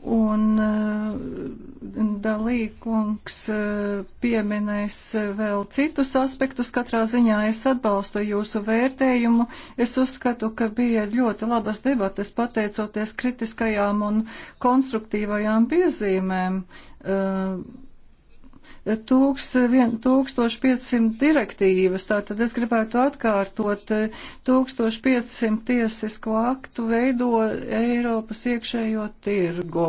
Un eh, dalīkungs eh, pieminēs eh, vēl citus aspektus. Katrā ziņā es atbalstu jūsu vērtējumu. Es uzskatu, ka bija ļoti labas debates pateicoties kritiskajām un konstruktīvajām piezīmēm. Uh, 1500 direktīvas. Tātad es gribētu atkārtot 1500 eh, tiesisko aktu veido Eiropas iekšējo tirgu.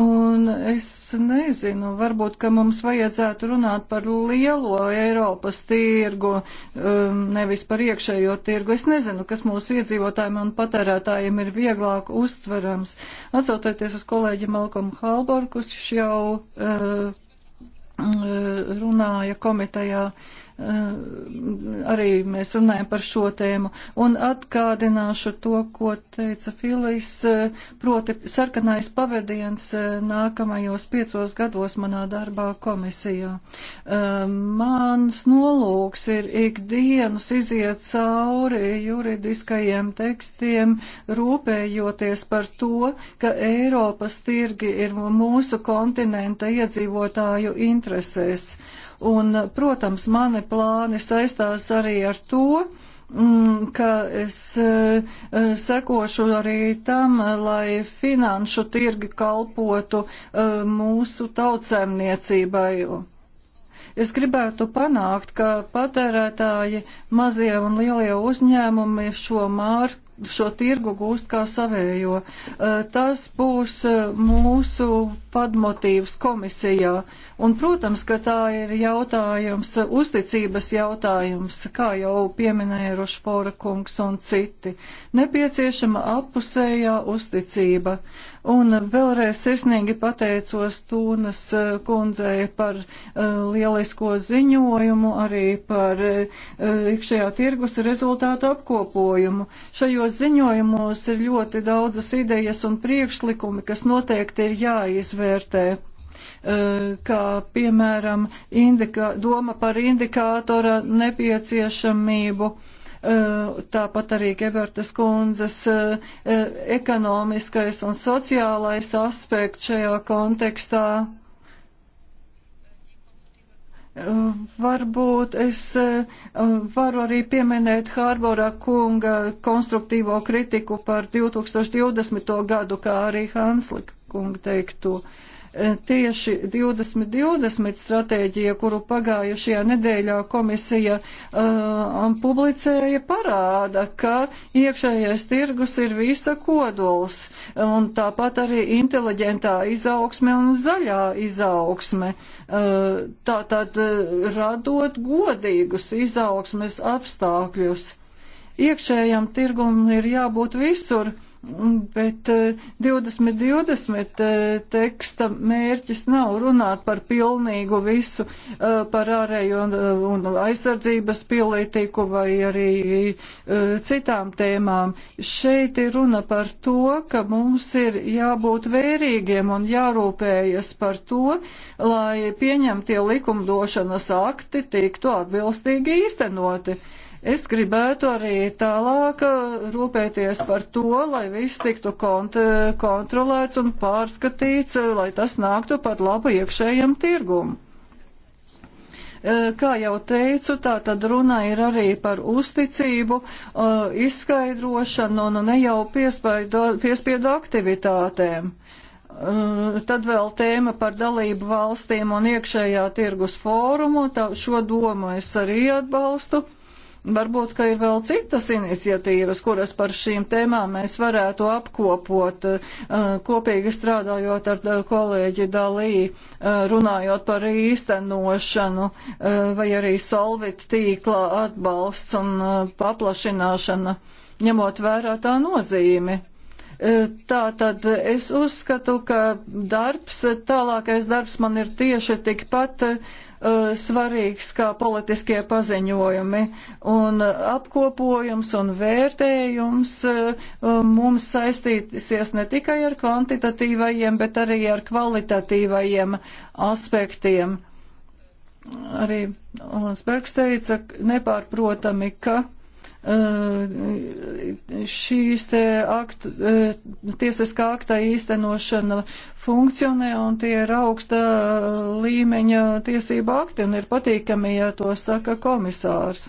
Un es nezinu, varbūt, ka mums vajadzētu runāt par lielo Eiropas tirgu, um, nevis par iekšējo tirgu. Es nezinu, kas mūsu iedzīvotājiem un patērētājiem ir vieglāk uztverams. Atsautoties uz kolēģi Malcolm Halborkus, jau uh, Mm, e, runāja komitejā Eh, arī mēs runājam par šo tēmu. Un atgādināšu to, ko teica Filis, eh, proti sarkanais pavadiens eh, nākamajos piecos gados manā darbā komisijā. Mans nolūks ir ikdienas iziet cauri juridiskajiem tekstiem, rūpējoties par to, ka Eiropas tirgi ir mūsu kontinenta iedzīvotāju interesēs. Un, protams, mani plāni saistās arī ar to, mm, ka es eh, sekošu arī tam, lai finanšu tirgi kalpotu eh, mūsu tautsēmniecībai. Es gribētu panākt, ka patērētāji mazie un lielie uzņēmumi šo mārku šo tirgu gūst kā savējo. Eh, tas būs mūsu padmotīvs komisijā. Un, protams, ka tā ir jautājums, uzticības jautājums, kā jau pieminēja Rošpora kungs un citi. Nepieciešama apusējā uzticība. Un vēlreiz sirsnīgi pateicos Tūnas eh, kundzei par uh, lielisko ziņojumu, arī par uh, iekšējā tirgus rezultātu apkopojumu. Šajos ziņojumos ir ļoti daudzas idejas un priekšlikumi, kas noteikti ir jāizvērst jāizvērtē eh, kā piemēram indika, doma par indikātora nepieciešamību, eh, tāpat arī Gebertas kundzes eh, ekonomiskais un sociālais aspekts šajā kontekstā. Varbūt es varu arī pieminēt Hārbora kunga konstruktīvo kritiku par 2020. gadu, kā arī Hanslika kungu teikto. E, tieši 2020 stratēģija, kuru pagājušajā nedēļā komisija uh, publicēja, parāda, ka iekšējais tirgus ir visa kodols, un tāpat arī inteliģentā izaugsme un zaļā izaugsme. Uh, e, Tātad radot godīgus izaugsmes apstākļus. Iekšējam tirgum ir jābūt visur. Uh, Bet 2020 eh, eh, teksta mērķis nav runāt par pilnīgu visu, eh, par ārēju un, un aizsardzības politiku vai arī citām tēmām. Šeit ir runa par to, ka mums ir jābūt vērīgiem un jārūpējas par to, lai pieņemtie likumdošanas akti tiktu atbilstīgi īstenoti. Es gribētu arī tālāk uh, rūpēties par to, lai viss tiktu kont kontrolēts un pārskatīts, uh, lai tas nāktu par labu iekšējiem tirgumu. Uh, kā jau teicu, tā tad runa ir arī par uzticību, izskaidrošanu un ne jau piespaidu, piespiedu aktivitātēm. Tad vēl tēma par dalību valstīm un iekšējā tirgus fórumu. Tā, šo domu es arī atbalstu. Varbūt, ka ir vēl citas iniciatīvas, kuras par šīm tēmām mēs varētu apkopot, eh, kopīgi strādājot ar eh, kolēģi Dalī, eh, runājot par īstenošanu, vai arī solvit tīkla atbalsts un paplašināšana, ņemot vērā tā nozīmi. E, tā tad es uzskatu, ka darbs, tālākais darbs man ir tieši tikpat e, svarīgs kā politiskie paziņojumi. Un apkopojums un vērtējums e, mums saistīsies ne tikai ar kvantitatīvajiem, bet arī ar kvalitatīvajiem aspektiem. Arī Olans Bergs teica nepārprotami, ka šīs te aktu, tiesiskā akta īstenošana funkcionē un tie ir augsta līmeņa tiesība akti un ir patīkami, ja to saka komisārs.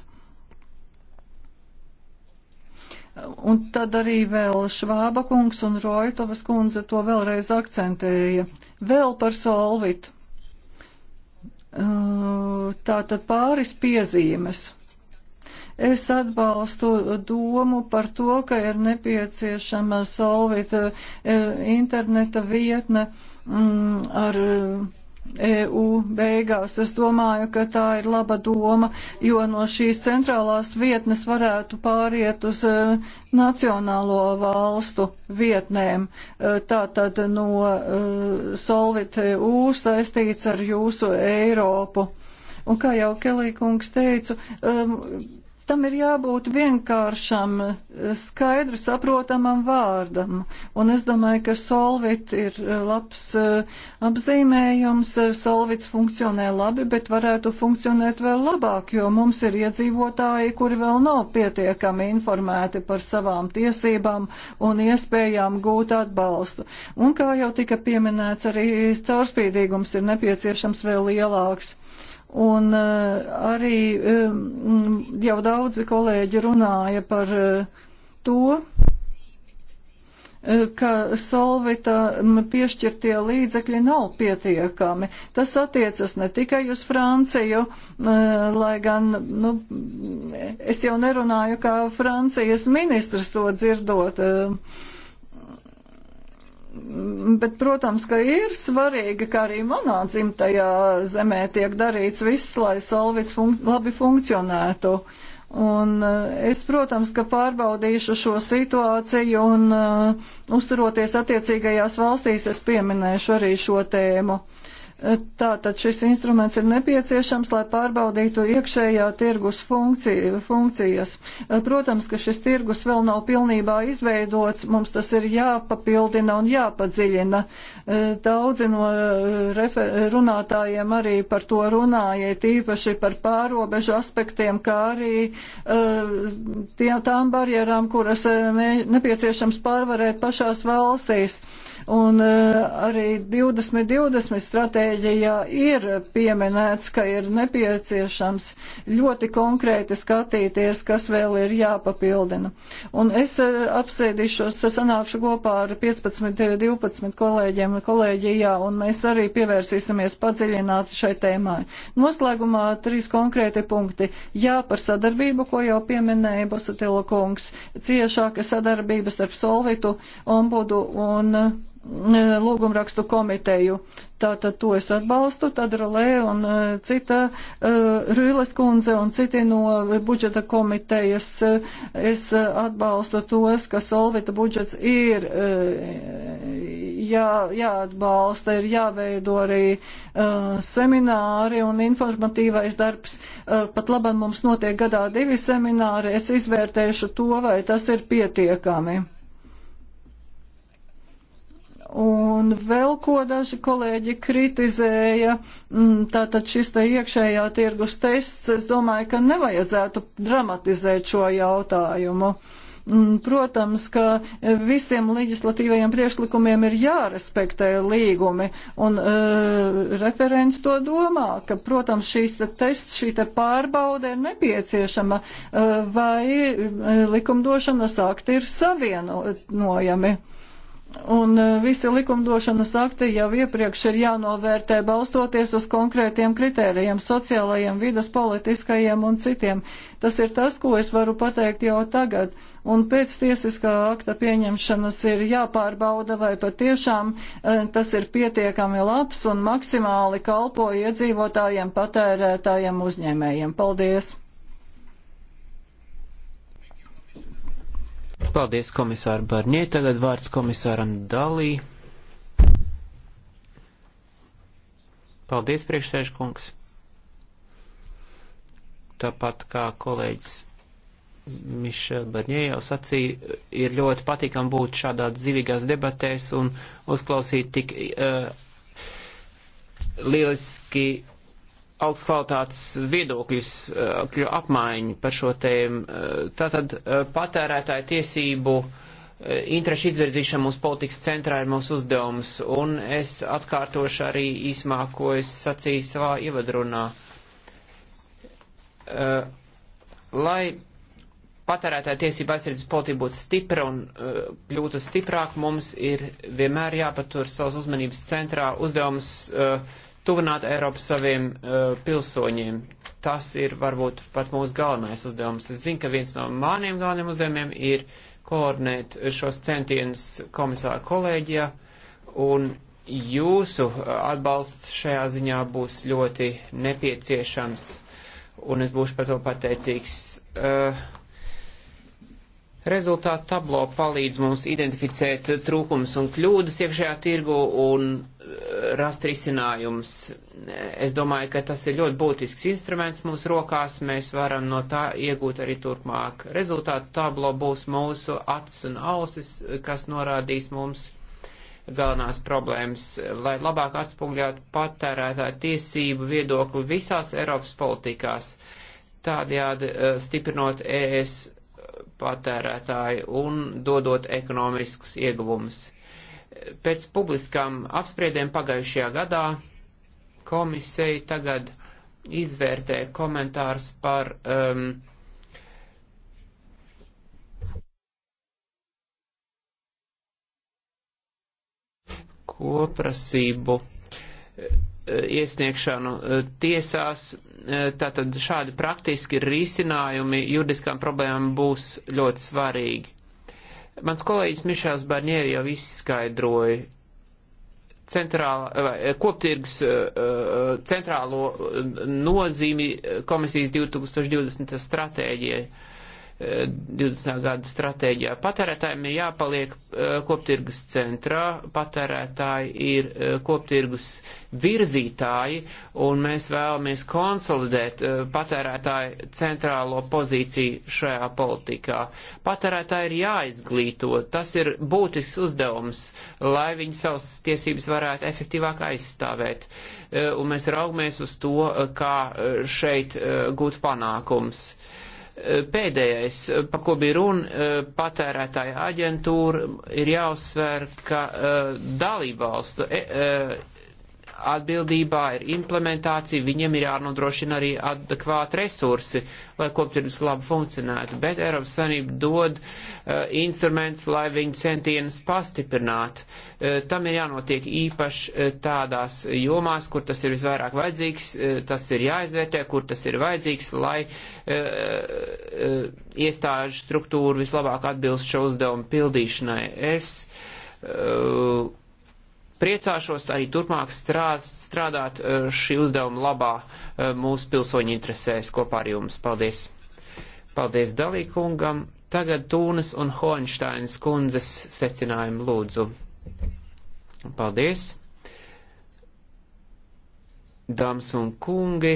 Un tad arī vēl Švāba kungs un Roitovas kundze to vēlreiz akcentēja. Vēl par solvitu. Tātad pāris piezīmes Es atbalstu domu par to, ka ir nepieciešama solvita e, interneta vietne mm, ar EU e beigās. Es domāju, ka tā ir laba doma, jo no šīs centrālās vietnes varētu pāriet uz uh, nacionālo valstu vietnēm. Uh, tā tad no uh, Solvit EU saistīts ar jūsu Eiropu. Un kā jau Kelīkungs teicu, um, tam ir jābūt vienkāršam, skaidri saprotamam vārdam. Un es domāju, ka solvit ir eh, labs eh, apzīmējums, solvits funkcionē labi, bet varētu funkcionēt vēl labāk, jo mums ir iedzīvotāji, kuri vēl nav pietiekami informēti par savām tiesībām un iespējām gūt atbalstu. Un kā jau tika pieminēts, arī caurspīdīgums ir nepieciešams vēl lielāks. Un eh, arī eh, jau daudzi kolēģi runāja par eh, to, ka solvitam piešķirtie līdzekļi nav pietiekami. Tas attiecas ne tikai uz Franciju, lai gan nu, es jau nerunāju kā Francijas ministrs to dzirdot. Mm, bet, protams, ka ir svarīgi, ka arī manā dzimtajā zemē tiek darīts viss, lai solvits funk labi funkcionētu. Un eh, es, protams, ka pārbaudīšu šo situāciju un uh, uzturoties attiecīgajās valstīs, es pieminēšu arī šo tēmu. Uh, Tātad šis instruments ir nepieciešams, lai pārbaudītu iekšējā tirgus funkciju, funkcijas. Protams, ka šis tirgus vēl nav pilnībā izveidots, mums tas ir jāpapildina un jāpadziļina. Daudzi no eh, runātājiem arī par to runāja, tīpaši par pārobežu aspektiem, kā arī eh, tām barjerām, kuras eh, nepieciešams pārvarēt pašās valstīs. Un eh, arī 2020 stratēģijā ir pieminēts, ka ir nepieciešams ļoti konkrēti skatīties, kas vēl ir jāpapildina. Un es eh, apsēdīšos, es sanākšu kopā ar 15-12 kolēģiem kolēģijā, un mēs arī pievērsīsimies padziļināti šai tēmai. Noslēgumā trīs konkrēti punkti. Jā, par sadarbību, ko jau pieminēja Busatila kungs, ciešāka sadarbības starp Solvitu, ombudu un lūgumrakstu komiteju. Tātad to es atbalstu, tad Rolē un e, cita e, Rīles kundze un citi no budžeta komitejas. Es atbalstu tos, ka solvita budžets ir e, jā, jāatbalsta, ir jāveido arī semināri un informatīvais darbs. Pat labam mums notiek gadā divi semināri. Es izvērtēšu to, vai tas ir pietiekami. Un vēl ko daži kolēģi kritizēja, mm, tātad šis te iekšējā tirgus tests, es domāju, ka nevajadzētu dramatizēt šo jautājumu. Mm, protams, ka visiem leģislatīvajiem priešlikumiem ir jārespektē līgumi, un uh, referents to domā, ka, protams, šīs te tests, šī te pārbauda ir nepieciešama, uh, vai eh, likumdošanas akti ir savienojami. No, Un eh, visi likumdošanas akti jau iepriekš ir jānovērtē balstoties uz konkrētiem kritērijiem, sociālajiem, vidas politiskajiem un citiem. Tas ir tas, ko es varu pateikt jau tagad. Un pēc tiesiskā akta pieņemšanas ir jāpārbauda, vai patiešām eh, tas ir pietiekami labs un maksimāli kalpo iedzīvotājiem, patērētājiem, uzņēmējiem. Paldies! Paldies komisāru Barņē. Tagad vārds komisāram Dalī. Paldies, priekšsēžkungs. Tāpat kā kolēģis Mišel Barņē jau sacīja, ir ļoti patīkam būt šādās zivīgās debatēs un uzklausīt tik uh, lieliski augsts kvalitātes viedokļus, eh, apmaiņu par šo tēmu. Eh, tātad eh, patērētāja tiesību interešu izvirzīšana mūsu politikas centrā ir mūsu uzdevums, un es atkārtošu arī īsmā, ko es sacīju savā ievadrunā. Lai patērētāja tiesība aizsardzības politika būtu stipra un uh, kļūtu stiprāk, mums ir vienmēr jāpatur savas uzmanības centrā uzdevums uh, tuvināt Eiropu saviem uh, pilsoņiem. Tas ir varbūt pat mūsu galvenais uzdevums. Es zinu, ka viens no maniem galvenajiem uzdevumiem ir koordinēt šos centienus komisāra kolēģijā, un jūsu atbalsts šajā ziņā būs ļoti nepieciešams, un es būšu par to pateicīgs. Uh, Rezultātu tablo palīdz mums identificēt trūkums un kļūdas iekšējā tirgu un rast risinājums. Es domāju, ka tas ir ļoti būtisks instruments mūsu rokās. Mēs varam no tā iegūt arī turpmāk. Rezultātu tablo būs mūsu acis un ausis, kas norādīs mums galvenās problēmas, lai labāk atspūgļātu patērētāju tiesību viedokli visās Eiropas politikās, tādējādi eh, stiprinot ES patērētāju un dodot ekonomiskus ieguvumus. Pēc publiskām apspriedēm pagājušajā gadā komisija tagad izvērtē komentārs par um, koprasību uh, iesniegšanu uh, tiesās. Uh, tātad šādi praktiski risinājumi juridiskām problēmām būs ļoti svarīgi. Mans kolēģis Mišās Barnieri jau izskaidroja centrāla, vai, eh, koptirgs eh, eh, centrālo nozīmi komisijas 2020 stratēģijai 20. gada stratēģijā. Patērētājiem ir jāpaliek e, koptirgus centrā, patērētāji ir e, koptirgus virzītāji, un mēs vēlamies konsolidēt e, patērētāju centrālo pozīciju šajā politikā. Patērētāji ir jāizglīto, tas ir būtisks uzdevums, lai viņi savas tiesības varētu efektīvāk aizstāvēt, un mēs raugamies uz to, kā šeit gūt panākums Pēdējais, pa ko bija runa, e, patērētāja aģentūra ir jāuzsver, ka e, dalībvalstu e, atbildībā ir implementācija, viņiem ir jānodrošina arī adekvāti resursi, lai koptirgus labi funkcionētu. Bet Eiropas Savienība dod uh, instruments, lai viņu centienus pastiprinātu. Uh, eh, tam ir jānotiek īpaši uh, tādās jomās, kur tas ir visvairāk vajadzīgs, uh, tas ir jāizvērtē, kur tas ir vajadzīgs, lai uh, uh, iestāžu struktūra vislabāk atbilst šo uzdevumu pildīšanai. Es, uh, priecāšos arī turpmāk strād, strādāt e, šī uzdevuma labā e, mūsu pilsoņu interesēs kopā ar jums. Paldies! Paldies Dalīkungam! Tagad Tūnas un Hoņštainas kundzes secinājumu lūdzu. Paldies! Dāmas un kungi,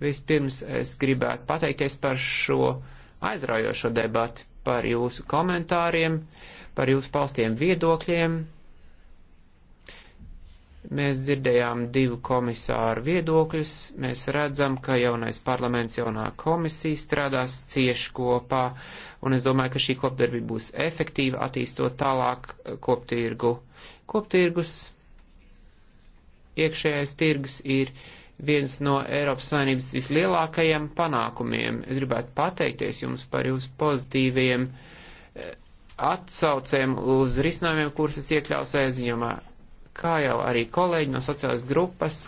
vispirms es gribētu pateikties par šo aizraujošo debati, par jūsu komentāriem, par jūsu palstiem viedokļiem. Mēs dzirdējām divu komisāru viedokļus, mēs redzam, ka jaunais parlaments, jaunā komisija strādās cieši kopā, un es domāju, ka šī kopdarbība būs efektīva, attīstot tālāk koptirgu. Koptirgus, iekšējais tirgus ir viens no Eiropas Savienības vislielākajiem panākumiem. Es gribētu pateikties jums par jūsu pozitīviem eh, atsaucēm uz risinājumiem, kurus es iekļaus aizņemā kā jau arī kolēģi no sociālās grupas,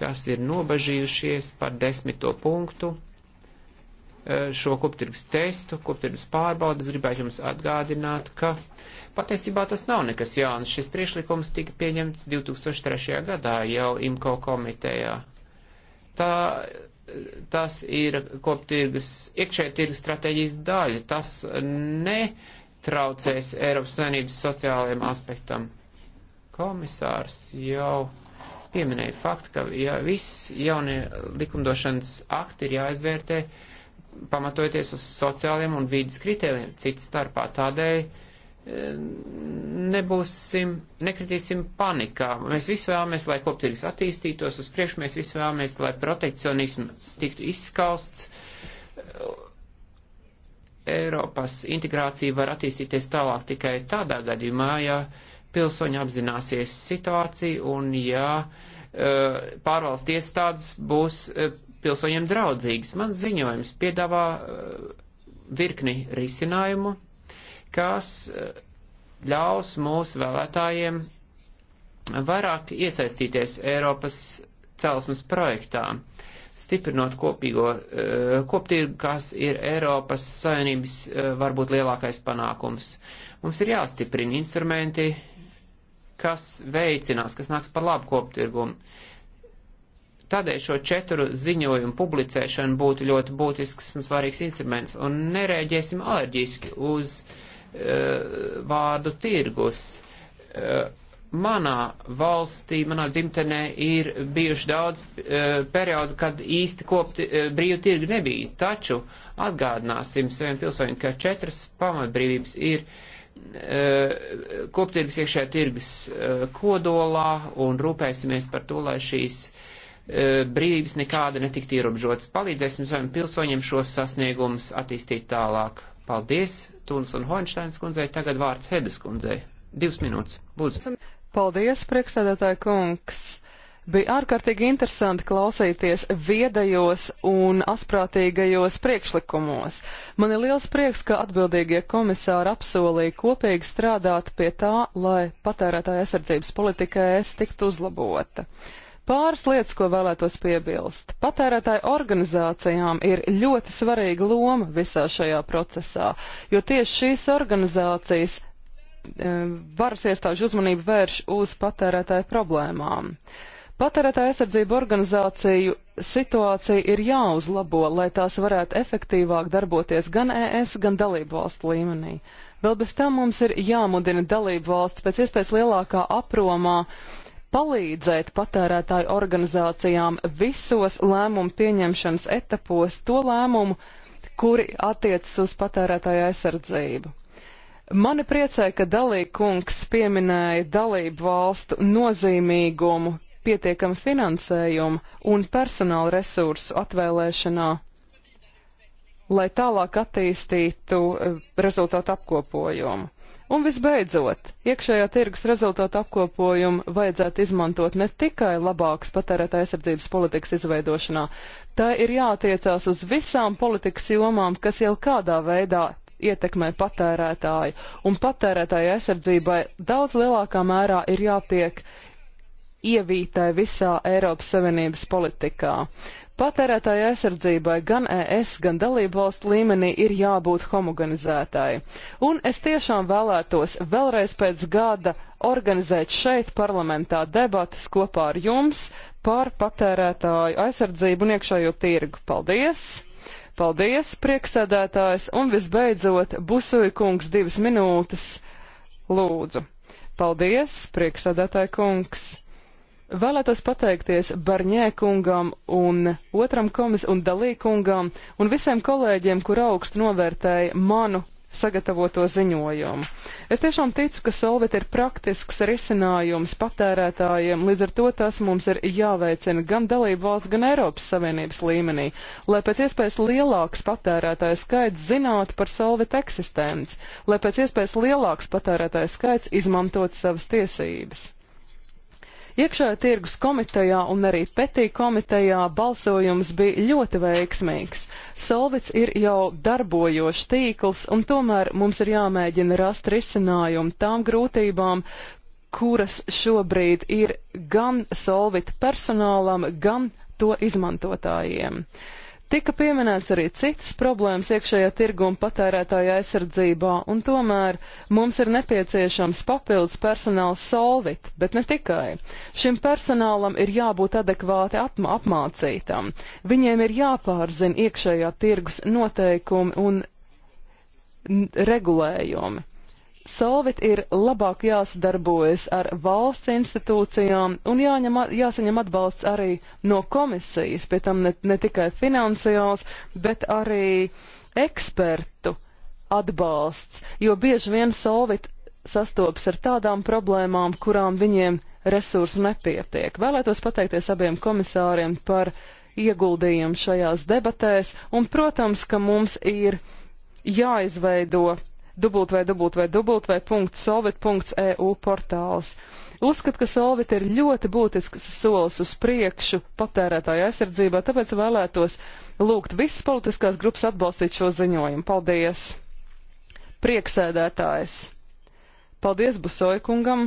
kas ir nobažījušies par desmito punktu eh, šo koptirgus testu, koptirgus pārbaudas, gribētu jums atgādināt, ka patiesībā tas nav nekas jauns. Šis priešlikums tika pieņemts 2003. gadā jau IMCO komitejā. Tā tas ir koptirgus, iekšē tirgus stratēģijas daļa. Tas netraucēs Eiropas Savienības sociālajiem aspektam. Komisārs jau pieminēja faktu, ka ja viss jaunie likumdošanas akti ir jāizvērtē pamatojoties uz sociāliem un vīdas kritērijiem, cits starpā tādēļ eh, nebūsim, nekritīsim panikā. Mēs visi vēlamies, lai koptirgs attīstītos uz priekšu, mēs visi vēlamies, lai protekcionisms tiktu izskausts. Eiropas integrācija var attīstīties tālāk tikai tādā gadījumā, ja uh, pilsoņi apzināsies situāciju un ja e, pārvalsts iestādes būs e, pilsoņiem draudzīgas. Man ziņojums piedāvā e, virkni risinājumu, kas ļaus mūsu vēlētājiem vairāk iesaistīties Eiropas celsmas projektā, stiprinot kopīgo koptīrgu, kas ir Eiropas Savienības varbūt lielākais panākums. Mums ir jāstiprina instrumenti, kas veicinās, kas nāks par labu koptirgumu. Tādēļ šo četru ziņojumu publicēšana būtu ļoti būtisks un svarīgs instruments, un nereaģēsim alerģiski uz uh, vārdu tirgus. Uh, manā valstī, manā dzimtenē ir bijuši daudz uh, periodu, kad īsti kopti uh, brīvu tirgu nebija, taču atgādināsim saviem pilsoņiem, ka četras pamatbrīvības ir uh, Eh, koptirgs iekšē tirgus eh, kodolā un rūpēsimies par to, lai šīs eh, brīvības nekāda netikt ierobežotas. Palīdzēsim saviem pilsoņiem šos sasniegumus attīstīt tālāk. Paldies, Tuns un Hoņšteins kundzei, tagad vārds Hedes kundzei. Divas minūtes, lūdzu. Paldies, priekšsēdētāja kungs. Bija ārkārtīgi interesanti klausīties viedajos un asprātīgajos priekšlikumos. Man ir liels prieks, ka atbildīgie komisāri apsolīja kopīgi strādāt pie tā, lai patērētāja aizsardzības politika es tiktu uzlabota. Pāris lietas, ko vēlētos piebilst. Patērētāju organizācijām ir ļoti svarīga loma visā šajā procesā, jo tieši šīs organizācijas eh, varas iestāžu uzmanību vērš uz patērētāju problēmām. Uh, Patērētāja aizsardzību organizāciju situācija ir jāuzlabo, lai tās varētu efektīvāk darboties gan ES, gan dalību valstu līmenī. Vēl bez tam mums ir jāmudina dalību valsts pēc iespējas lielākā apromā palīdzēt patērētāju organizācijām visos lēmumu pieņemšanas etapos to lēmumu, kuri attiecas uz patērētāju aizsardzību. Mani priecē, ka dalīkungs pieminēja dalību valstu nozīmīgumu pietiekami finansējumu un personāla resursu atvēlēšanā, lai tālāk attīstītu eh, rezultātu apkopojumu. Un visbeidzot, iekšējā tirgus rezultātu apkopojumu vajadzētu izmantot ne tikai labākas patērētā aizsardzības politikas izveidošanā, tā ir jātiecās uz visām politikas jomām, kas jau kādā veidā ietekmē patērētāju, un patērētāju aizsardzībai daudz lielākā mērā ir jātiek uh, ievītai visā Eiropas Savienības politikā. Patērētāja aizsardzībai gan ES, gan dalību valstu līmenī ir jābūt homogenizētai. Un es tiešām vēlētos vēlreiz pēc gada organizēt šeit parlamentā debatas kopā ar jums par patērētāju aizsardzību un iekšējo tirgu. Paldies! Paldies, prieksēdētājs, un visbeidzot, Busuja kungs divas minūtes, lūdzu. Paldies, prieksēdētāja kungs. Vēlētos pateikties Barņē kungam un otram komis un Dalī kungam un visiem kolēģiem, kur augstu novērtēja manu sagatavoto ziņojumu. Es tiešām ticu, ka solvet ir praktisks risinājums patērētājiem, līdz ar to tas mums ir jāveicina gan dalību valsts, gan Eiropas Savienības līmenī, lai pēc iespējas lielāks patērētāju skaits zinātu par solvet eksistenci, lai pēc iespējas lielāks patērētāju skaits izmantot savas tiesības. Iekšējā tirgus komitejā un arī petī komitejā balsojums bija ļoti veiksmīgs. Solvits ir jau darbojošs tīkls, un tomēr mums ir jāmēģina rast risinājumu tām grūtībām, kuras šobrīd ir gan solvita personālam, gan to izmantotājiem. Uh, Tika pieminēts arī citas problēmas iekšējā tirgu un patērētāja aizsardzībā, un tomēr mums ir nepieciešams papildus personāls solvit, bet ne tikai. Šim personālam ir jābūt adekvāti apmā apmācītam. Viņiem ir jāpārzina iekšējā tirgus noteikumi un regulējumi. Solvit ir labāk jāsadarbojas ar valsts institūcijām un jāņem, jāsaņem atbalsts arī no komisijas, pie tam ne, ne tikai finansiāls, bet arī ekspertu atbalsts, jo bieži vien Solvit sastopas ar tādām problēmām, kurām viņiem resursu nepietiek. Vēlētos pateikties abiem komisāriem par ieguldījumu šajās debatēs, un, protams, ka mums ir jāizveido dubult vai dubult vai dubult vai punkts solvit punkts EU portāls. Uzskat, ka solvit ir ļoti būtisks solis uz priekšu patērētāju aizsardzībā, tāpēc vēlētos lūgt visas politiskās grupas atbalstīt šo ziņojumu. Paldies! Prieksēdētājs! Paldies Busoikungam!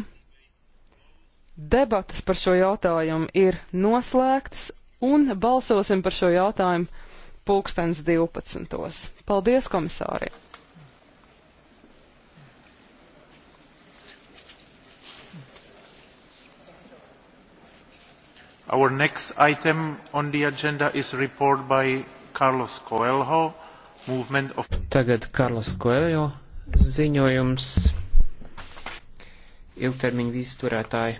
Debatas par šo jautājumu ir noslēgtas un balsosim par šo jautājumu pulkstens 12. Paldies komisāriem! Our next item on the agenda is report by Carlos Coelho, movement of... Tagad Carlos Coelho ziņojums ilgtermiņu vīzturētāji